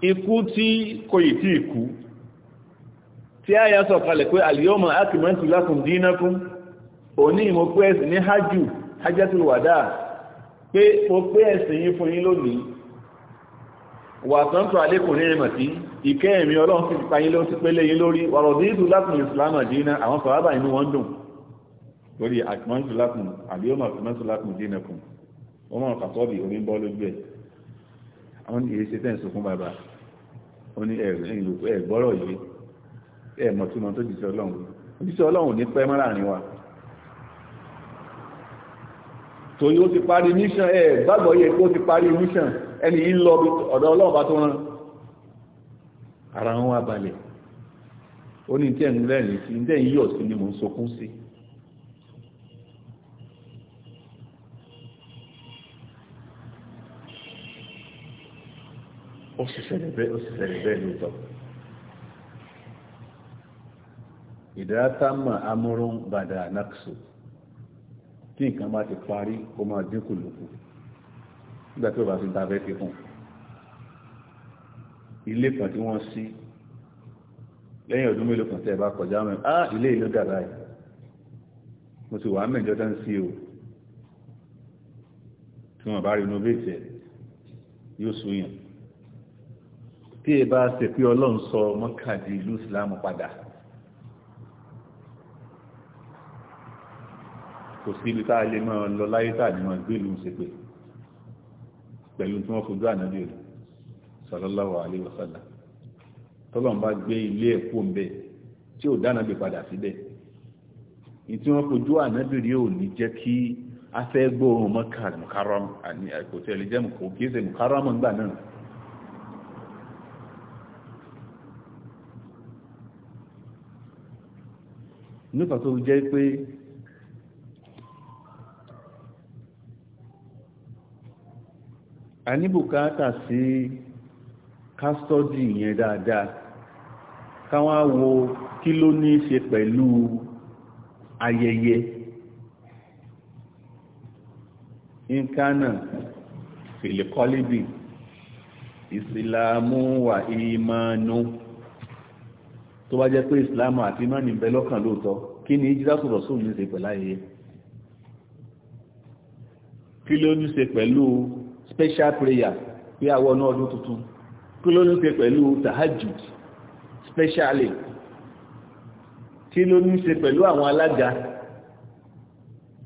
ikú tí kò yìí tí ikú tí a yà sọ̀kalẹ̀ pé al-yawma akmaltu lakum dinakum òní mo pé ẹ̀sìn ní hajjú hajjatul wada pé mo pé ẹ̀sìn yín fún yín lónìí wà tán tó alékùnrin ẹ̀mọ̀ tí ìkẹ́ ẹ̀mí ọlọ́run ti pa dina àwọn sọ̀rọ̀bà inú wọn dùn lórí akmaltu lakum al wọ́n mọ̀ kàtọ́bì orí bọ́ lójú ẹ̀ àwọn ìyẹ́sẹ̀ tẹ́ fún bàbá ó ní ẹ̀gbọ́rọ̀ yìí ẹ̀mọ̀ tí mo tó jìṣẹ́ ọlọ́run jìṣẹ́ ọlọ́run ní pẹ́ mọ́láàrin wa tó yóò ti parí mission ẹ̀ gbàgbọ́ yẹ kó ti parí mission ẹni yìí lọ ọ̀dọ̀ ọlọ́run bá tó rán ara wọn wá balẹ̀ ó ní tẹ́ ń rẹ́rìn sí ní tẹ́ ó sì ṣẹlẹ̀ bẹ́ẹ̀ ó sì ṣẹlẹ̀ bẹ́ẹ̀ lóòótọ́ ìdáyàtàmà amúrún bàdà náksù tí nǹkan bá ti parí ó máa dínkù lókù nígbà tí ó bá fi ta fi kún ilé kan tí wọ́n sí lẹ́yìn ọdún mélòó kan tẹ́ bá kọjá mẹ́rin ah ilé ìlú dàgbà yìí mo ti wà mẹ́jọ tán sí o tí wọ́n bá rí inú bẹ́ẹ̀ tẹ̀ yóò súyàn tí ẹ bá ṣe pé ọlọ́run sọ mọ́kà di ìlú ìsìlámù padà kò sí ibi tá a lè máa lọ láyé tá a lè máa gbé ìlú ṣépè pẹ̀lú tí wọ́n fojú ànábì rẹ̀ sallallahu alaihi wasallam tọ́lọ́n bá gbé ilé ẹ̀kọ́ ń bẹ̀ tí ò dáná padà síbẹ̀ ìtí wọ́n fojú ànábì rẹ̀ ò ní jẹ́ kí afẹ́ gbóòrùn mọ́kà mùkárọ́mù àti àìkò tí ẹ lè jẹ́ mùkárọ́mù gbà náà nípa tó jẹ́ pé a ní bùkátà sí kásítọ́dì yẹn dáadáa káwọn á wo kí ló ní ṣe pẹ̀lú ayẹyẹ nkánà fìlẹ̀kọ́lébì ìsìlámù wà ìmánu. No tó bá jẹ́ pé ìsìláàmù àti imáni bẹ lọ́kàn lóòótọ́ kí ni ìjírásù rọ̀sùn ní ṣe pẹ̀lá yẹ kí ló ní ṣe pẹ̀lú special prayer pé àwọ̀ náà ọdún tuntun kí ló ní ṣe pẹ̀lú tahajjud specially kí ló ní ṣe pẹ̀lú àwọn alága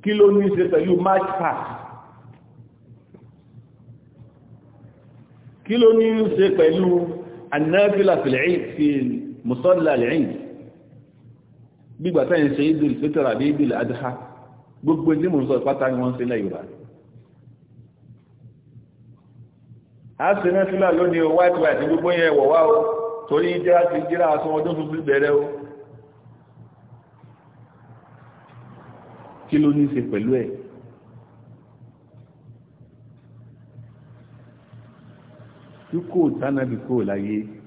kí ló ní ṣe pẹ̀lú march pass kí ló ní ṣe pẹ̀lú anábìlà fìlẹ̀ musalla al-eid gbígbà táyìn ṣe idul fitr àbí idul adha gbogbo ní mò ń sọ ìpátá ni wọ́n ń ṣe lẹ́yìn rà á ṣe mẹ́fílà lónìí o white white gbogbo yẹn wọ̀ wá o torí jíra ti jíra aṣọ ọdún tuntun bẹ̀rẹ̀ o kí ló ní ṣe pẹ̀lú ẹ̀ tí kò tánàbí kò láyé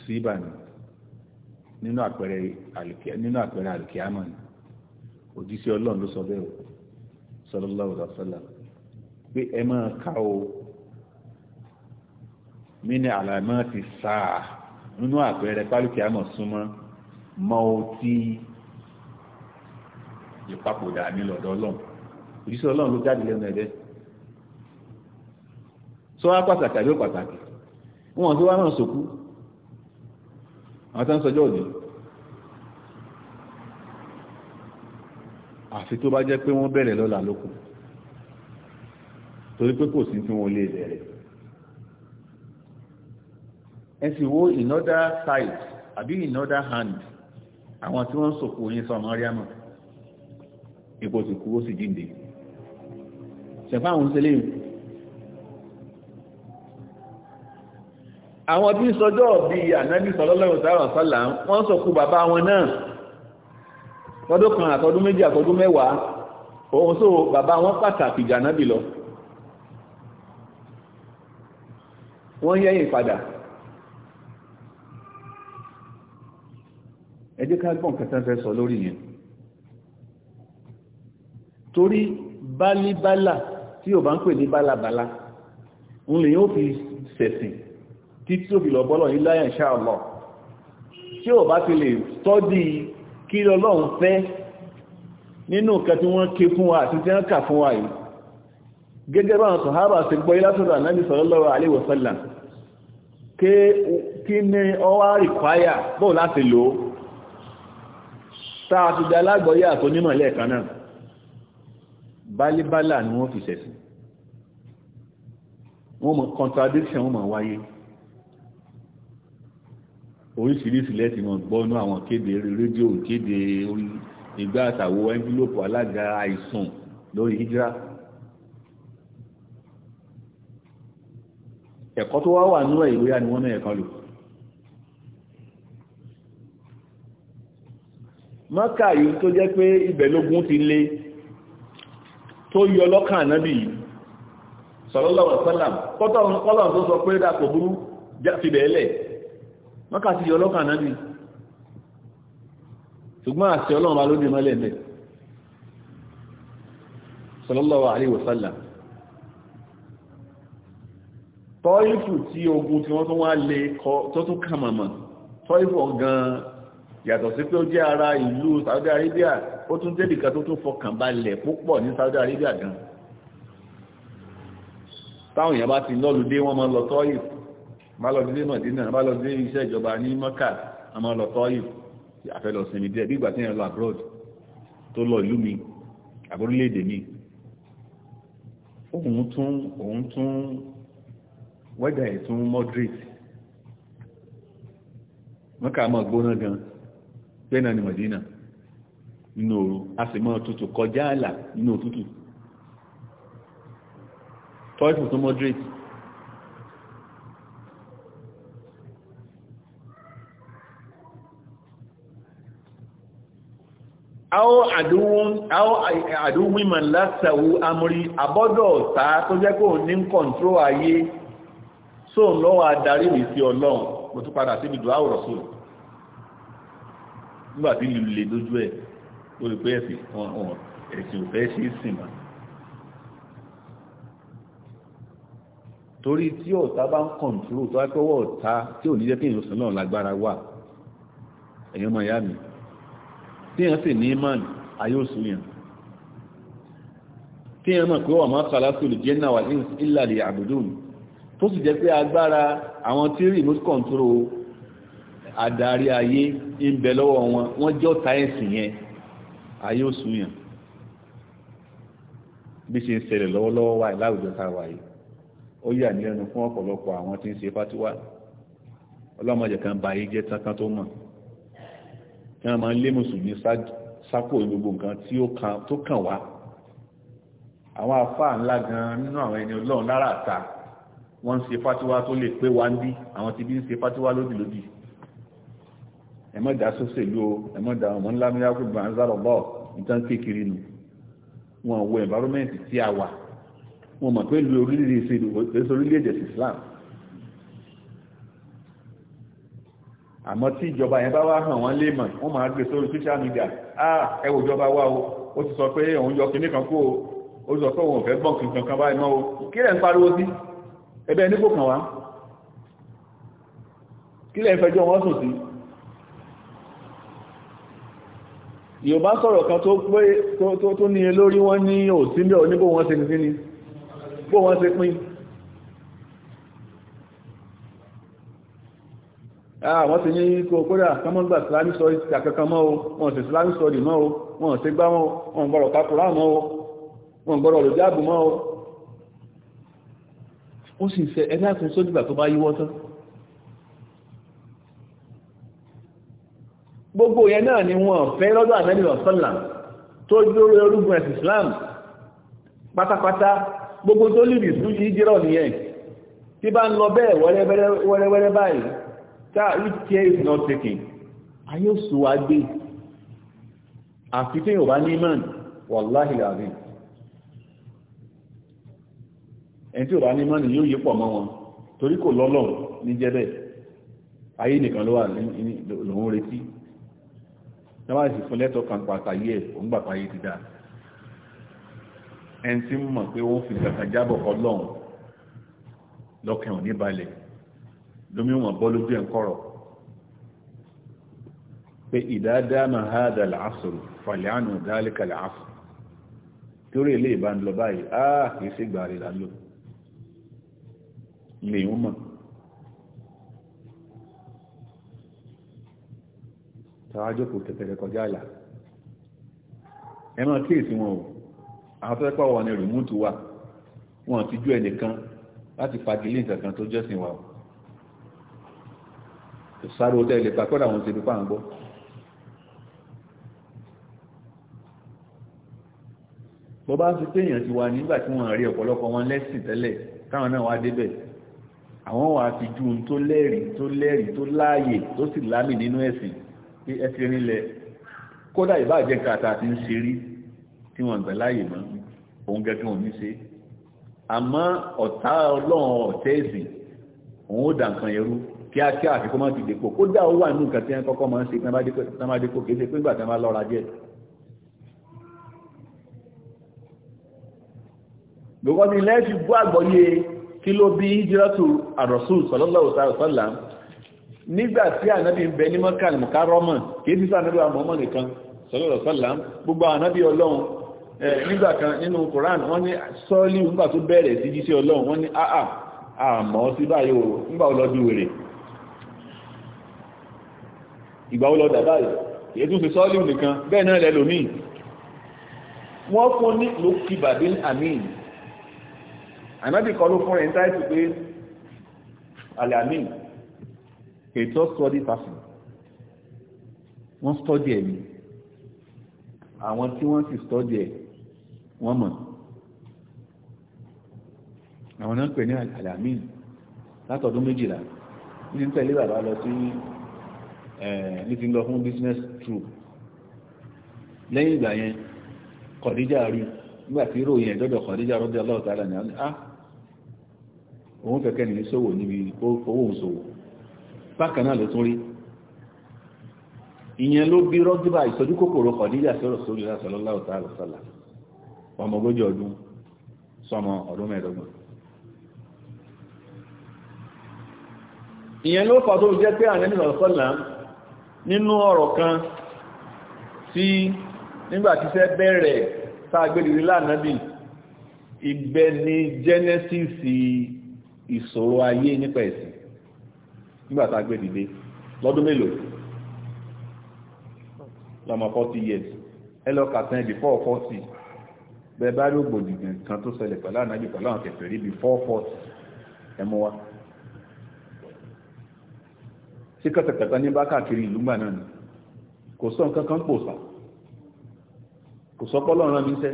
mùsíbà ni nínú àpẹẹrẹ àlùkìámọ̀ ni òjíṣẹ́ ọlọ́run ló sọ bẹ́ẹ̀ o sallallahu pé ẹ máa ká o mí àlàmọ́ ti sáà nínú àpẹẹrẹ pálùkìámọ̀ súnmọ́ mọ́ o tí ìpapòdà ní lọ́dọ̀ ọlọ́run ló jáde lẹ́nu ẹ̀dẹ́ sọ wá pàtàkì àtànsọjọ́ òní àfi tó bá jẹ́ pé wọ́n bẹ̀rẹ̀ lọ́la lókù torí pé kò sí tí wọ́n lè bẹ̀rẹ̀ ẹ wo in side àbí in other hand àwọn tí wọ́n sòkò yín sọ mọ́ríàmù ipò sì kú ó sì dìde ṣẹ̀fà àwọn ń ṣe léyìn àwọn tí ń sọjọ́ bí ànábì sọlọ́lọ́rùn sáàrùn sọ́là wọ́n sọkú bàbá wọn náà tọdún kan àtọdún méjì àtọdún mẹ́wàá òun só bàbá wọn pàtàkì jànábì lọ wọ́n yẹ́yìn padà ẹ jẹ́ ká gbọ́n kẹta fẹ́ sọ lórí yẹn torí bálíbálà tí ò bá ń pè ní bálabàlá ń lè yóò fi ṣẹ̀sìn títí òbí lọ bọ́lọ̀ nílá insha Allah tí ò bá ti lè tọ́dí kí lọ́lọ́run fẹ́ nínú nǹkan tí wọ́n ké fún wa àti tí wọ́n kà fún wa yìí gẹ́gẹ́ bá àwọn sọ̀hábà ti gbọ́ ilátọ̀dọ̀ ànábì sallallahu alaihi wasallam kí ni ọwá rìkwáyà bóò láti lò ó táà ti dá alágbọ̀yà àtọ́nímọ̀ lẹ́ẹ̀kan náà bálíbálà ni wọ́n fi ṣẹ̀sìn wọ́n mọ̀ contradiction wọ́n mọ̀ wáyé oríṣiríṣi lẹ́sìn wọn gbọ́nú àwọn kéde rédíò kéde orí ìgbà àtàwọ ẹ́ńfílòpù alága àìsàn lórí hijira ẹ̀kọ́ tó wá wà nú ẹ̀ ìwéyà ni wọ́n náà ẹ̀kan lò mọ́kà yìí tó jẹ́ pé ibẹ̀lógún ti lé tó yọ lọ́kàn ànábì yìí sallallahu alaihi wasallam kọ́lọ̀ tó sọ pé dàpọ̀ burú jáfibẹ̀ẹ́lẹ̀ mọ́kà ti yọ ọlọ́kà náà bí ṣùgbọ́n àṣẹ ọlọ́run bá lóde mọ́lẹ̀ mẹ́ sallallahu alaihi wasallam tọ́ífù tí ogun tí wọ́n tún wá lè tó tún kàmàmà tọ́ífù ọ̀gan yàtọ̀ sí pé ó jẹ́ ara ìlú Saudi Arabia ó tún jẹ́ ìkà tó tún fọkàn balẹ̀ púpọ̀ ní Saudi Arabia gan táwọn èèyàn bá ti lọ́lùdé wọ́n máa lọ tọ́ífù bá lọ sílé mọ̀dínà bá lọ sílé iṣẹ́ ìjọba ní mọ́kà àmọ́ lọ tọ́yìn àfẹ́ lọ sinmi díẹ̀ bí ìgbà tí yẹn lọ abroad tó lọ ìlú mi àbórílẹ̀-èdè mi òun tún òun tún wẹ́dà ẹ̀ tún moderate mọ́kà mọ́ gbóná gan bẹ́ẹ̀ náà ni mọ̀dínà nínú òru a sì mọ́ tutù kọjá àlà nínú òtútù tọ́ìfù tún moderate àwọn àdúwìmọ̀ látàwò amúrí àbọ́dọ̀ ọ̀tá tó jẹ́ kó ní kọ̀ntró ayé So ń lọ́wọ́ adarí mi sí ọlọ́run mo tún padà síbi dùn áwòrán sóò nígbàtí lulè lójú ẹ̀ ó rí pé ẹ̀sìn ẹ̀sìn òfẹ́ ṣe é sìn mà torí tí ọ̀tá bá ń kọ̀ntró tó wá pẹ́wọ́ ọ̀tá tí ò ní jẹ́ kí èèyàn sọ náà lágbára wà èèyàn máa yá mi tíyàn sì ní imán ayóòsù yàn tíyàn mọ̀ pé wọ́n máa kàlásù lè jẹ́ náà wà ní ìlàlẹ̀ àbùdùn tó sì jẹ́ pé agbára àwọn tí remote control àdarí ayé ń bẹ lọ́wọ́ wọn wọ́n jọ́ táyẹ̀sì yẹn ayóòsù yàn bí ṣe ń ṣẹlẹ̀ lọ́wọ́lọ́wọ́ wà láwùjọ kí wọ́n máa lé mùsùlùmí sákò gbogbo nǹkan tó kàn wá àwọn afáà ńlá gan nínú àwọn ẹni ọlọ́run lára àta wọ́n ń ṣe fátíwá tó lè pé wá ń bí àwọn da bí ń ṣe fátíwá lódìlódì ẹ̀mọ́dà sọ́sẹ̀lú o ẹ̀mọ́dà ọmọ ńlá mìíràkù gbàǹzàrọ̀ bọ́ ìtàn kékeré nu wọn wọ environment tí a wà wọn mọ̀ pé lu orílẹ̀-èdè Islam àmọ́ tí ìjọba yẹn bá wá hàn wọ́n lè mọ̀ wọ́n máa gbé sórí social media ah ẹ ìjọba wa o ó ti sọ pé òun yọ kinní kan kú o ó sọ pé òun ò fẹ́ gbọ́n kankan kan báyìí mọ́ o kí lẹ̀ ń pariwo sí ẹbẹ́ ní kò kàn wá kí lẹ̀ ń fẹjọ́ wọn sùn sí yorùbá sọ̀rọ̀ kan tó pé tó ní lórí wọn ní òsínbẹ̀ oníbò wọn ṣe ní bó wọn ṣe pín àwọn ah, ti ní kó kódà kánmọ́ gbà islamic study kàkẹ́kọ́ mọ́ o wọ́n sì islamic study mọ́ o wọ́n sì gbá mọ́ wọ́n gbọ́rọ̀ kakura mọ́ o wọ́n gbọ́rọ̀ olùjáàbù mọ́ o ó sì fẹ́ ẹgbẹ́ àkùn sódìgbà tó bá yíwọ́ tán gbogbo yẹn náà ni wọ́n fẹ́ lọ́dọ̀ àmẹ́lìwọ̀ sọ́là tó dúró orúgun islam pátápátá gbogbo tó lè rí ìsúnjì ìjírọ̀ nìyẹn tí bá that which care is not taken ayé oṣù wa gbé àfi tí yóò bá ní imán wàláhì làbí ẹni tí yóò bá ní imán yóò yí pọ̀ mọ́ wọn torí kò lọ́lọ́ ní jẹ́bẹ̀ ayé nìkan ló wà lòun retí náwà sì fún lẹ́tọ̀ kan pàtàkì ẹ̀ òun gbà pàyé ti dáa ẹni tí mọ̀ pé wọ́n fi kàkà jábọ̀ ọlọ́run lọ́kàn ò balẹ̀ lómi wọn bọ́ lójú ẹ̀ ń kọ̀rọ̀ pé ìdádámà hádà làásùrù fàlíánù dálíkà làásùrù torí ilé ìbá ń lọ báyìí áà ah, kìí sí gbàrí lálò lè ń mọ̀ tàwájókò tẹ̀tẹ̀rẹ̀ kọjá àlà ẹmọ kíèsí wọn o afẹ́pá wà ní rìmútù wa wọn ti jú ẹnìkan láti fagilé nǹkan tó jẹ́sìn wa o sáré ó tẹ́lẹ̀ pa kọ́dà wọn ti fi pàǹgbọ́ bó bá fi pé èèyàn ti wà nígbà tí wọ́n rí ọ̀pọ̀lọpọ̀ wọn lẹ́sìn tẹ́lẹ̀ káwọn náà wá débẹ̀ àwọn wà á fi ju ohun tó lẹ́rìí tó lẹ́rìí tó láàyè tó sì lámì nínú ẹ̀sìn pé ẹ fi rinlẹ̀ kódà ìbáàjẹ́ kàtà àti ń ṣe rí tí wọ́n gbẹ̀ láàyè mọ́ òun gẹ́gẹ́ òun ní ṣe àmọ́ ọ̀tá ọlọ́run ọ̀tẹ́ òun ó dà nǹkan ẹrú kíákíá àfi kó máa ti dèpò kó dá owó àánú nǹkan tí wọ́n kọ́kọ́ máa ń ṣe tán bá dépò kìí ṣe pé ìgbà tán bá lọ́ra díẹ̀ gbogbo ni ilẹ̀ fi bú àgbọ́yé kí ló bí hijiratu ar-rasul sallallahu alaihi wasallam nígbà tí ànábì ń bẹ ní mọ́kàn mùkárọ́mọ̀ kìí sí sànábì àmọ́mọ́ nìkan sallallahu alaihi wasallam gbogbo ànábì ọlọ́run nígbà kan nínú Qur'an wọ́n ní sọ́ọ́lì nígbà tó bẹ̀rẹ̀ sí jíṣẹ́ ọlọ́run wọ́n ní àà àmọ́ sí báyìí nígbà ọlọ́dún ìgbà ó lọ dàbà yìí èyí tún ṣe sọ́ọ̀lù nìkan bẹ́ẹ̀ náà lẹ́lòmíì wọ́n fún ní lókì bàbí àmín ànábì kan ló fún rẹ̀ ń táìsì pé alẹ́ àmín a trust study person wọ́n study ẹ̀mí àwọn tí wọ́n sì study ẹ̀ wọ́n mọ̀ àwọn náà pè ní alẹ́ àmín látọ̀dún méjìlá ní tẹ̀lé bàbá lọ sí Eh, ní ti lọ fún business trip lẹ́yìn ìgbà yẹn kọ̀díjà rí nígbà tí ròyìn ẹ̀dọ́dọ̀ kọ̀díjà rọ́dí ọlọ́ọ̀tàrà ní àná ah, òun kẹ̀kẹ́ ní ṣòwò níbi owó òṣòwò bákan náà ló tún rí ìyẹn ló bí rọ́díbà ìsọjú kòkòrò kọ̀díjà sọ̀rọ̀ sórí lásọ̀lọ́lá ọ̀tàrà sọ̀lá ọmọ ogójì ọdún sọmọ ọdún mẹ́ẹ̀ẹ́dọ́gbọ̀n ìyẹn ló nínú ọ̀rọ̀ kan tí nígbàtí fẹ́ bẹ̀rẹ̀ sáàgbèrè lánàbì ìgbẹ́ ni genesis ìṣòro ayé nípa ẹ̀sìn nígbàtí agbẹ́dìde lọ́dún mélòó lọ́mọ 40 years ẹlọ́kàtàn before 40 bẹ́ẹ̀ bá rí ògbòdìgbẹ̀ kan tó ṣẹlẹ̀ pẹ̀lú sí kẹtẹkẹtẹ ní bá káàkiri ìlú gbà náà ni kò sọ nǹkan kan pò sà kò sọ pé ọlọ́run mi sẹ́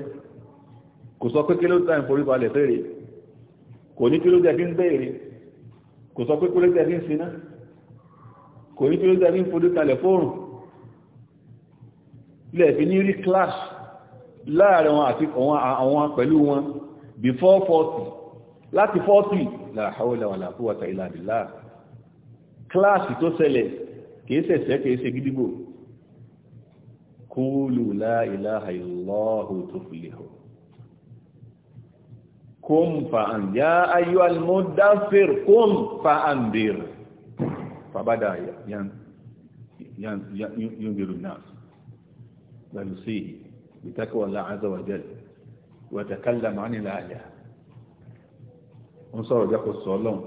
kò sọ pé kí ló dáa ìforí balẹ̀ fèrè kò ní kí ló jẹ́ fi ń béèrè kò sọ pé kí ló jẹ́ fi ń siná kò ní kí ló jẹ́ fi ń forí kalẹ̀ fóòrùn lẹ́ẹ̀fi ní rí clash láàrin wọn àti àwọn pẹ̀lú wọn before forty láti forty la hawla wala quwwata illa kíláàsì tó ṣẹlẹ̀ kìí ṣẹ̀ṣẹ̀ kìí ṣe gídígbò kúlù la ilaha illahu tuflihu kún fa'an ya ayyú almudafir kún fa'an bir fàbádà yán bèrè náà pẹ̀lú sí ìtàkùwà láàázọ́wàjẹ́ wàtàkàlà ma'ánilá àyà ń sọ̀rọ̀ jẹ́kọ̀ sọ́lọ́n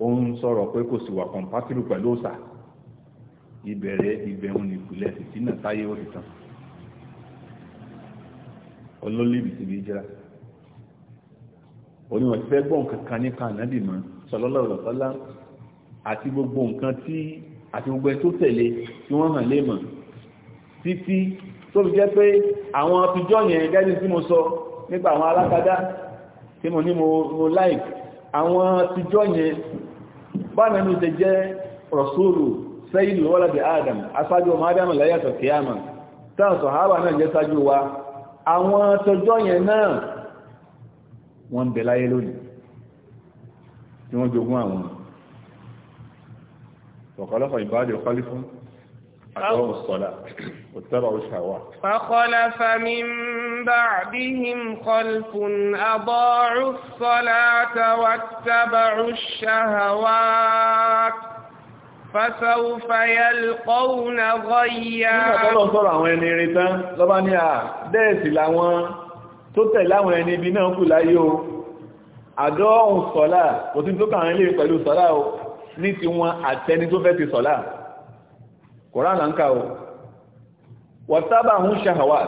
òun sọ̀rọ̀ pé kò sì wà compatible pẹ̀lú òsà ìbẹ̀rẹ̀ ìbẹ̀rún nìpìlẹ̀ ìsínà táyé ó ti tán olólìbì ti bí jẹ́ra oníwọ̀n ti fẹ́ gbọ́n kankan nípa ànábì mọ́ sallallahu alaihi wasallam àti gbogbo nǹkan tí àti gbogbo ẹ tó tẹ̀lé tí wọ́n hàn lé mọ̀ títí tó fi jẹ́ pé àwọn afijọ́ yẹn gẹ́gẹ́ tí mo sọ nípa àwọn alákadá tí mo ní mo like àwọn afijọ́ yẹn bána ní ṣe jẹ́ rasúlù sẹ́yìn lọ́wọ́lá bí adam aṣájú ọmọ adam lẹ́yàtọ̀ kíyàmà tán sọ̀hábà náà jẹ́ sájú wa àwọn tọjọ́ yẹn náà wọ́n ń bẹ láyé lónìí tí wọ́n jogún àwọn ọ̀kọ̀lọ́kọ̀ ìbáàdì ọ̀kọ́lífún أتوا الصلاة واتبعوا الشهوات فخلف من بعدهم خلف أضاعوا الصلاة واتبعوا الشهوات فسوف يلقون غيا nígbà tó sọ̀rọ̀ àwọn ẹni rí tán lọ́bá ní à dẹ́ẹ̀sì láwọn tó tẹ̀lé àwọn ẹni ibi náà kù láyé o àdọ́ ọ̀hún sọ̀lá kò tí tó kàrin lè pẹ̀lú sọ̀lá o ní ti wọn àtẹni tó fẹ́ ti sọ̀lá Kọ̀rán àǹkà o. Wọ̀tábà ń ṣàhàwà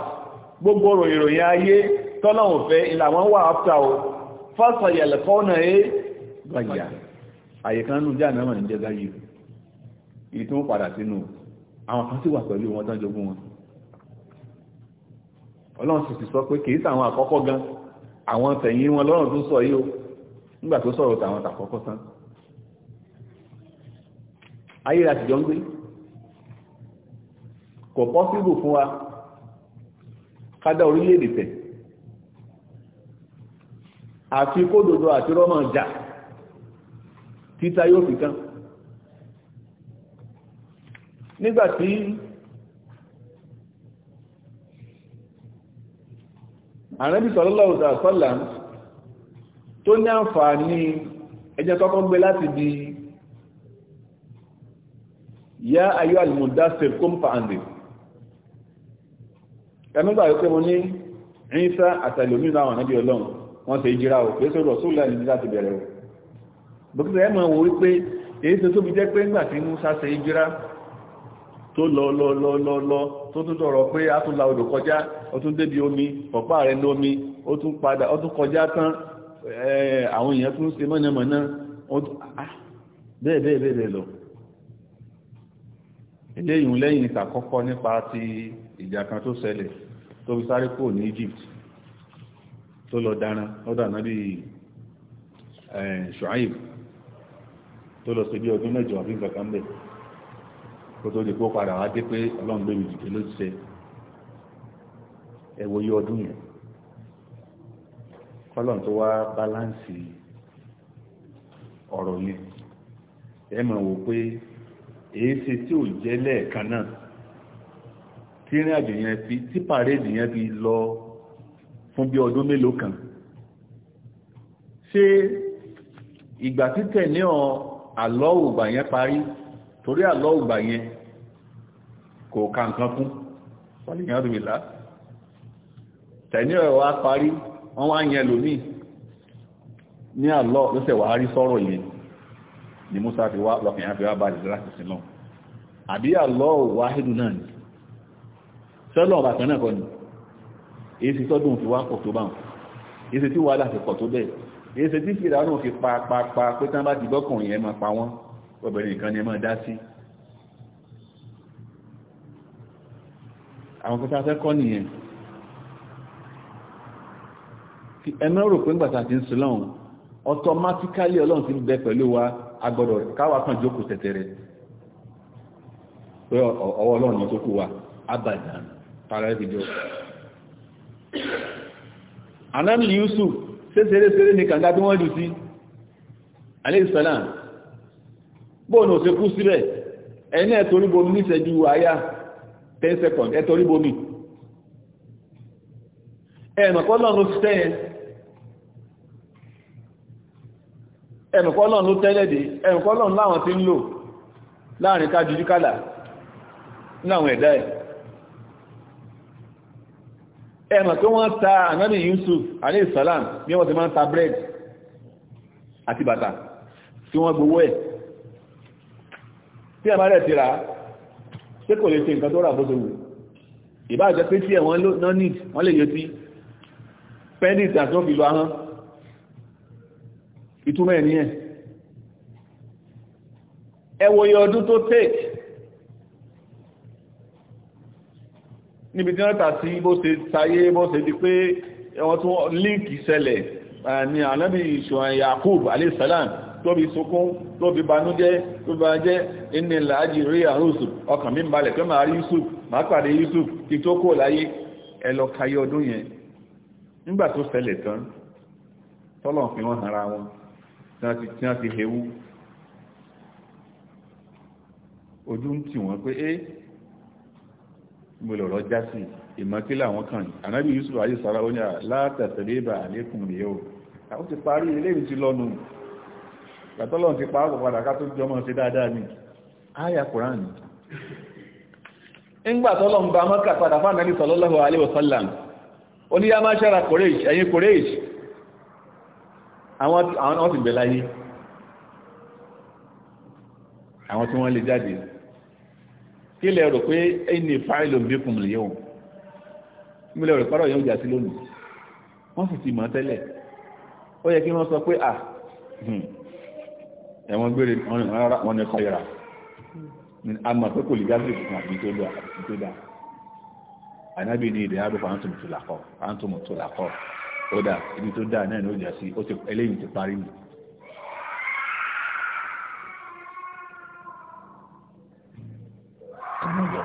gbogbo ìròyìn ayé tọ́lọ̀wọ̀n fẹ́ ìlàwọ́n wà áfta o. Fásọ̀ yẹ̀lẹ̀ kọ́nà é gbàyà. Àyẹ̀kánú jà náà ń jẹ́ gáyé. Ìyí tí wọ́n padà sínú. Àwọn kan sì wà pẹ̀lú wọn tán jogún wọn. Ọlọ́run sì ti sọ pé kìí sàwọn àkọ́kọ́ gan. Àwọn tẹ̀yìn Ayé láti jọ ń gbé kò pọ́síbù fún wa kádà orílẹ̀-èdè tẹ̀ àti kódòdó àti rọ́mọ̀ jà títa yóò fi kán nígbàtí ànábì sallallahu alaihi wasallam tó ní àǹfààní ẹjẹ́ tọ́kọ́ gbé láti di ya ayyuhal mudaththir qum fa'andhir ẹnúgbà yóò pé mo ní ríńsá àtàlómí láwọn ànábì ọlọ́run wọ́n ṣe jíra ò pé sọ́rọ̀ sólà ní láti bẹ̀rẹ̀ ò bókítà ẹmọ̀ wò wípé èyí tó tóbi jẹ́ pé ńgbà tí Musa ṣe jíra tó lọ lọ lọ lọ lọ tó tún tọrọ pé a tún la odò kọjá ó tún débi omi pọ̀pá rẹ̀ ní omi ó tún padà ó tún kọjá tán àwọn èèyàn tún ṣe mọ́nàmọ́ná ah, bẹ́ẹ̀ bẹ́ẹ̀ bẹ́ẹ̀ lọ eléyìí lẹ́yìn ìtàkọ́kọ́ nípa ti ìjà kan tó ṣẹlẹ̀ tó fi sáré kò ní Egypt tó lọ dáná lọ́dọ̀ ànábì Ṣuaib tó lọ sí bí ọdún mẹ́jọ àbí nǹkan kan bẹ̀ kó tó di kó padà wá dé pé ọlọ́run gbé mi dìde ló ti ṣe ẹ̀wọ̀ yí ọdún yẹn kọ́lọ̀n tó wá báláǹsì ọ̀rọ̀ yẹn ẹ mọ̀ wò pé èéṣe tí ò jẹ́ lẹ́ẹ̀kan náà tí rìn àjò yẹn fi tí pàréèdì yẹn fi lọ fún bí ọdún mélòó kan ṣe ìgbà títẹ̀ ní ọ àlọ́ògbà yẹn parí torí àlọ́ògbà yẹn kò ka nǹkan fún wọ́nìyàn rìnlá tẹ̀ní ọ̀rọ̀ wá parí wọ́n wá yẹn lómi ní àlọ́ ló sẹ̀wà rí sọ́rọ̀ yìí ni Musa fi wá lọ́kàn yá fi wá balẹ̀ láti sin náà àbí àlọ́ wáhídù náà ni sọ́lọ́ ọba kan náà kọ́ ni èsì tọ́dún fi wá pọ̀ tó bá wọn èsì tí wàhálà fi pọ̀ tó bẹ́ẹ̀ èsì tí fìlà náà fi pa pa pa pé tán bá ti gbọ́kùnrin yẹn máa pa wọ́n obìnrin nìkan ni ẹ máa dá sí àwọn kan tá a fẹ́ kọ́ nìyẹn ẹ̀mẹ́rò pé ńgbà tá a ti ń sin lọ́hùn automatically ọlọ́run ti ń bẹ pẹ̀lú agbọ́dọ̀ káwà kan jókòó tẹ̀tẹ̀rẹ̀ pé ọwọ́ ọlọ́run ní tó kú wa abàdàn parẹ́ ìjọ anáàmì Yusuf séseréseré ní kànga bí wọ́n jù sí aleyhisselam bóònù òsè kú síbẹ̀ ẹni ẹ̀tọ́ríbomi níṣẹ́jú àyà 10 seconds ẹ̀tọ́ríbomi ẹ̀mọ̀kọ́lọ́run ti tẹ́yẹn ẹnùkọ́ lọ́n ló tẹ́lẹ̀dẹ̀ ẹnùkọ́ lọ́n láwọn tí ń lò láàrin kájújú kálà láwọn ẹ̀dá ẹ̀ ẹ̀mọ̀ tó wọ́n ta ànábì Yusuf alayhi salam bí wọ́n ti máa ń ta bread àti bàtà tí wọ́n gbowó ẹ̀ tí ẹ̀mà rẹ̀ ti rà ṣé kò lè ṣe nǹkan tó rà bó ṣòwò ìbá jẹ́ pé tí ẹ̀wọ̀n ló náà nìd wọ́n lè yọ sí pẹ́ndìtì àti wọ́n fi lọ ahọ́n ìtumọ̀ ẹ̀ níyẹn ẹ ọdún tó take níbi tí wọ́n tà sí bó ṣe sayé bó ṣe di pé ẹwọ́n tó líǹkì sẹlẹ̀ Yakub alayhi tó bí tó bí banújẹ́ tó bá jẹ́ inú rí àrùsù ọkàn balẹ̀ pé máa rí Yusuf ẹlọ kayé ọdún yẹn nígbà tó tán tọ́lọ̀ fi tí wọ́n ti hewú ojú ń tì wọ́n pé é mo lọ̀rọ̀ já sí ìmọ̀kílà àwọn kan ànábì Yusuf ayé sára ó ní látàtàlébà àlékùn rèé o ó ti parí eléyìí ti lọ́nu gbàtọ́lọ́n ti pa àpòpadà ká tó jọmọ́ sí dáadáa ni àyà kùránì ńgbà tọ́lọ́n gba mọ́kà padà fún ànábì sallallahu alaihi wasallam ó ní yá máa ṣára kòrèṣ àwọn àwọn ti bẹ̀ láyé àwọn tí wọ́n lè jáde kí lẹ rò pé ẹni fáìlò ń bíkùn lè yẹ̀wò kí lẹ rò párọ̀ yẹn ó jà sí lónìí wọ́n sì ti mọ̀ tẹ́lẹ̀ ó yẹ kí wọ́n sọ pé à ẹ̀wọ̀n gbére wọn ni kọyọ̀rà a mọ̀ pé kò lè jáde fún àbí tó dáa àbí tó dáa ànábì ní ìdè àdó kódà ibi tó dáa náà ló jà sí ó ti eléyìí ti parí nù. kàmọ́jọ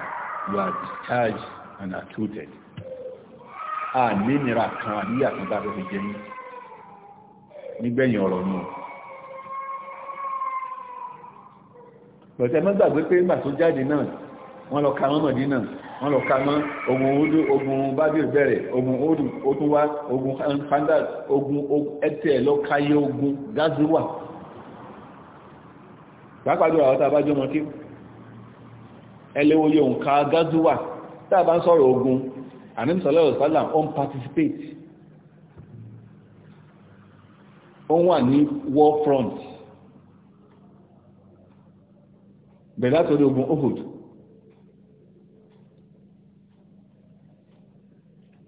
you are discharged and acquitted a nínira kan àbí àtúntà tó fi jẹ yín nígbẹ̀yìn ọ̀rọ̀ nù. pẹ̀tẹ́ mọ́gbàgbé pé nígbà tó jáde náà wọ́n lọ ka wọ́n mọ̀ dín náà wọ́n lọ ká mọ́ ogun odu ogun badir bẹ̀rẹ̀ ogun odu ogun wa ogun kandal ogun ẹtẹ̀ lọ káyé ogun gaziwa pàápàájọ́ àwọn tàbá jọ mọ́ kí ẹlẹ́wọ́ yóò ń ká gaziwa tàbá ń sọ̀rọ̀ ogun àníṣọ́lọ́rọ̀ sálà on participate ó wà ní war front bẹ̀rẹ̀ látọ̀dọ̀ ogun ohud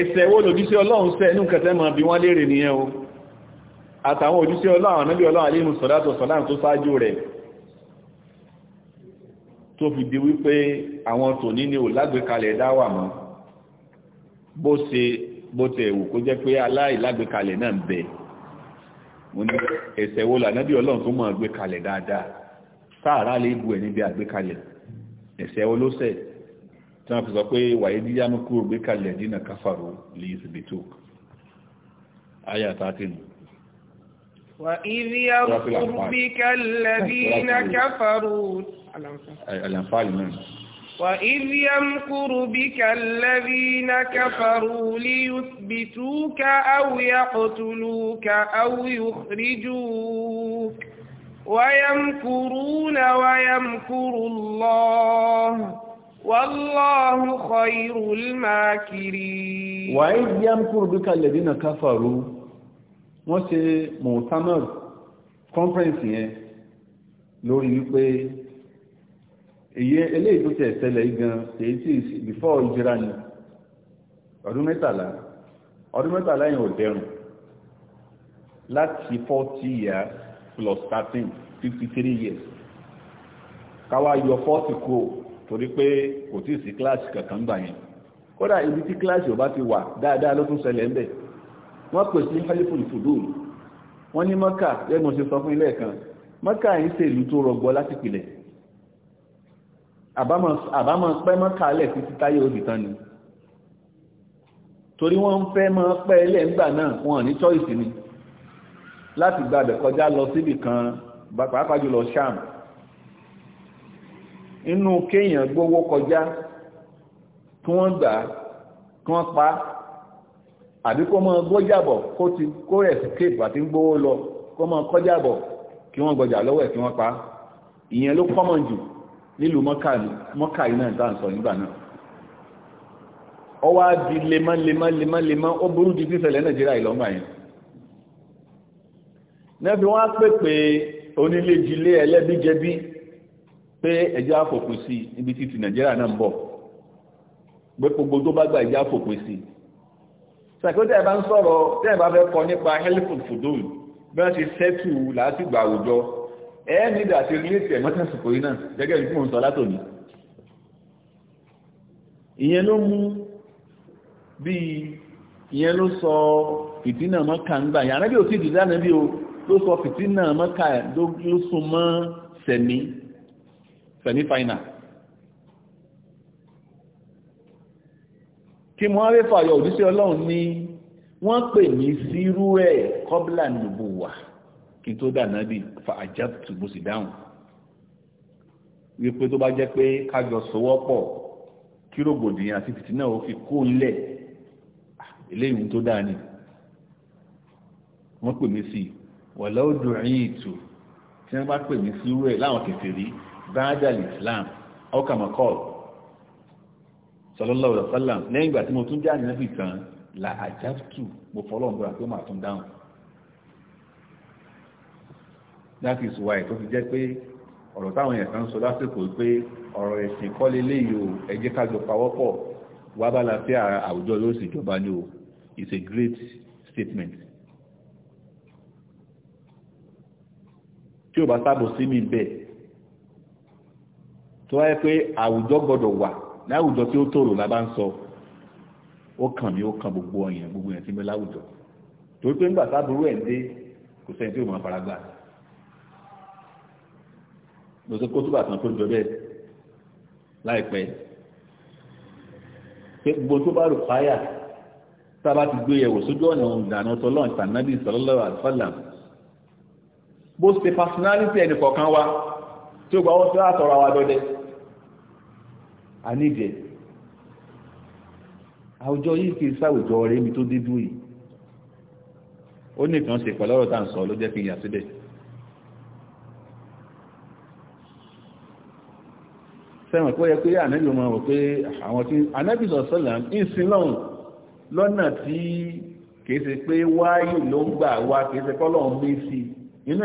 ẹ̀ṣẹ̀ wo lòdíṣẹ́ ọlọ́run ṣẹ̀ ní kẹtẹ́ mọ̀ bí wọ́n léèrè nìyẹn o àtàwọn òdíṣẹ́ ọlọ́run ànábì ọlọ́run alẹ́ ìrùn sọ̀dátọ̀ sọ̀dáàmù tó ṣáájú rẹ̀ tó fi di wípé àwọn tòní ni ò lágbèkalẹ̀ dáwà mọ́ bó ṣe bó tẹ̀ wù kó jẹ́ pé aláìlágbèkalẹ̀ náà ń bẹ mo ní ẹ̀ṣẹ̀ wo lànábì ọlọ́run tó mọ̀ gbé kalẹ̀ dáadáa sáàrá lè bu ẹ̀ níbi àgbékalẹ̀ ẹ̀ṣẹ̀ wo ló ṣẹ̀ tí wọ́n fi sọ pé wàyé díyá mú kúrò gbé kalẹ̀ dínà káfàró lè ìsìbìtò ayà tààtìnù وإذ يغفر بك الذين كفروا الأنفال من وإذ يمكر بك الذين كفروا ليثبتوك أو يقتلوك أو يخرجوك ويمكرون ويمكر الله والله خير الماكرين وإذ يمكر بك الذين كفروا wọ́n ṣe mọ̀tánàr conference yẹn lórí wípé èyí eléyìí tó tẹ̀ tẹ́lẹ̀ gan èyí before ìjírá ni ọdún mẹ́tàlá ọdún mẹ́tàlá yẹn ò dẹrùn láti 40 years plus 13 53 years káwá yọ 40 kúrò torí pé kò tí ì sí kíláàsì kankan gbà yẹn kódà ibi tí kíláàsì ò bá ti wà dáadáa ló tún ṣẹlẹ̀ ńbẹ̀ wọ́n pè sí halifu fudul wọ́n ní mọ́kà lẹ́nu ṣe sọ fún ilé ẹ̀kan mọ́kà yìí ṣe ìlú tó rọgbọ láti pìlẹ̀ àbámọ̀ pẹ́ mọ́kà lẹ̀ títí táyé òdì tán ni torí wọ́n ń fẹ́ mọ́ pẹ́ ilẹ̀ ńgbà náà wọ́n ní choice ni láti gbàbẹ̀ kọjá lọ síbì kan pàápàá jùlọ sham inú kéèyàn gbówó kọjá kí wọ́n gbà kí wọ́n pa àbí kó mọ́ gbójàbọ̀ kó ti kó escape àti gbówó lọ kó mọ́ kọjàbọ̀ kí wọ́n gbọjà lọ́wọ́ ẹ̀ kí wọ́n pa ìyẹn ló kọ́mọ̀ jù nílùú mọ́kà iná ìta ń sọ nígbà náà ọ wá di lemọ́ lemọ́ lemọ́ lemọ́ ó burú ju tíṣẹlẹ̀ nàìjíríà ìlọ́mà yẹn nẹ́bí wọ́n á pèpè onílé-jilé ẹlẹ́bíjẹbí pé ẹjẹ́ àfòpin sí ibi títí nàìjíríà náà ń bọ̀ pé gbogbo tó bá gba ẹjẹ́ àfòpin sí sàkóńtà ẹ̀ bá ń sọ̀rọ̀ tí ẹ̀ fẹ́ kọ nípa helpful fudul bí wọ́n ti sẹ́tù látìgbà àwùjọ ẹ̀ nídà àti rílẹ̀tì ẹ̀mọ́tàsìkò yìí náà gẹ́gẹ́ bí mo ń sọ látòní ìyẹn ló mú bí ìyẹn ló sọ fìtínà mọ́ka ń gbà yàrá bí ò sí ìdílé àná bí o ló sọ fìtínà mọ́ka ló sún mọ́ sẹ̀mí semi final kí wọ́n rí fàyọ̀ òjíṣẹ́ ọlọ́run ní wọ́n pè mí sírú ẹ̀ kọ́bílà nìbò wà kí tó dà náà bí fa àjẹ́tù mo sì dáhùn wípé tó bá jẹ́ pé kájọ sowọ́pọ̀ kí rògbòdìyàn àti fìtínà ó fi kó ńlẹ̀ eléyìí tó dáa ni wọ́n pè mí sí wọ̀lọ́dún báájà islam ọkàmọ̀kọ́l sallallahu alaihi wasallam lẹ́yìn ìgbà tí mo tún jáde náà fi tán la àjáfùtù mo fọlọ́ ń bọ̀rọ̀ pé màá tún dáhùn that is why tó fi jẹ́ pé ọ̀rọ̀ táwọn èèyàn kan sọ lásìkò pé ọ̀rọ̀ ẹ̀sìn kọ́lé léyìí o ẹ jẹ́ ká jọ pawọ́pọ̀ wá bá la fẹ́ àwùjọ ló sì jọba ní o it's a great statement tí o bá sábò sí mi bẹ́ẹ̀ tó wáyé pé àwùjọ gbọdọ̀ wà láwùjọ tí ó tòrò la bá ń sọ ó kàn mí ó kàn gbogbo ọyàn gbogbo yẹn tí mi láwùjọ torí pé nígbà sábúrú ẹ̀ dé kò sẹ́ni tí ò máa fara gbà lọ́sọ kó túbà tán tó jọ bẹ́ẹ̀ láìpẹ́ pé gbogbo tó bá rò fáyà sábà ti gbé yẹ̀wò sójú ọ̀nà ìdáná tọ́lọ́ ìtànábì sọlọ́lọ́ àlùfàlà bó ṣe personality ẹnì kọ̀ọ̀kan wa tí ó gba ọwọ́ sí àtọ̀rọ̀ àwa dọ́dẹ́ i need it àwùjọ yìí kì í sáwùjọ rẹ mi tó dédú yìí ó nìkan ṣe pẹ̀lú ọ̀rọ̀ tá à ń sọ ló jẹ́ kí n yà síbẹ̀ sẹ́wọ̀n pé yẹ pé ànábì ọmọ rò pé àwọn tí ànábì sọ sọ́là ń sin lọ́hùn lọ́nà tí kìí ṣe pé wáyé ló ń gbà wá kìí ṣe kọ́lọ̀ ń mí sí inú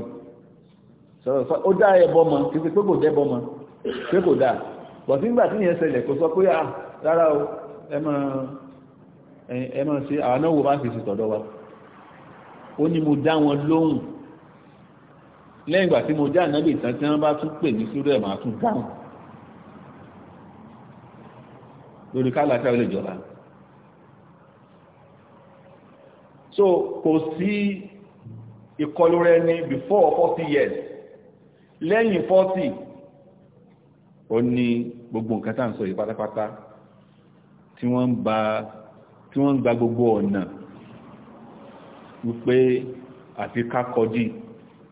ẹ̀ sọ̀rọ̀ ó dá ẹbọ mọ́ kí pé kò dẹ́bọ mọ́ pé kò dá bọ̀ tí nígbà tí yẹn ṣẹlẹ̀ kò sọ pé à rárá o ẹ máa ṣe àwọn náà wo bá fi ṣètọ̀dọ̀ wa ó ní mo dá wọn lóhùn lẹ́yìn ìgbà tí mo já ànábì ìtàn tí wọ́n bá tún pè ní sórí ẹ̀ máa dáhùn lórí kálàáfíà ó lè so kò sí ìkọlù rẹ ní before forty years lẹ́yìn fọ́tì ó ní gbogbo nǹkan tá ń sọ yìí pátápátá tí wọ́n ń gba gbogbo ọ̀nà wípé àti kákọjí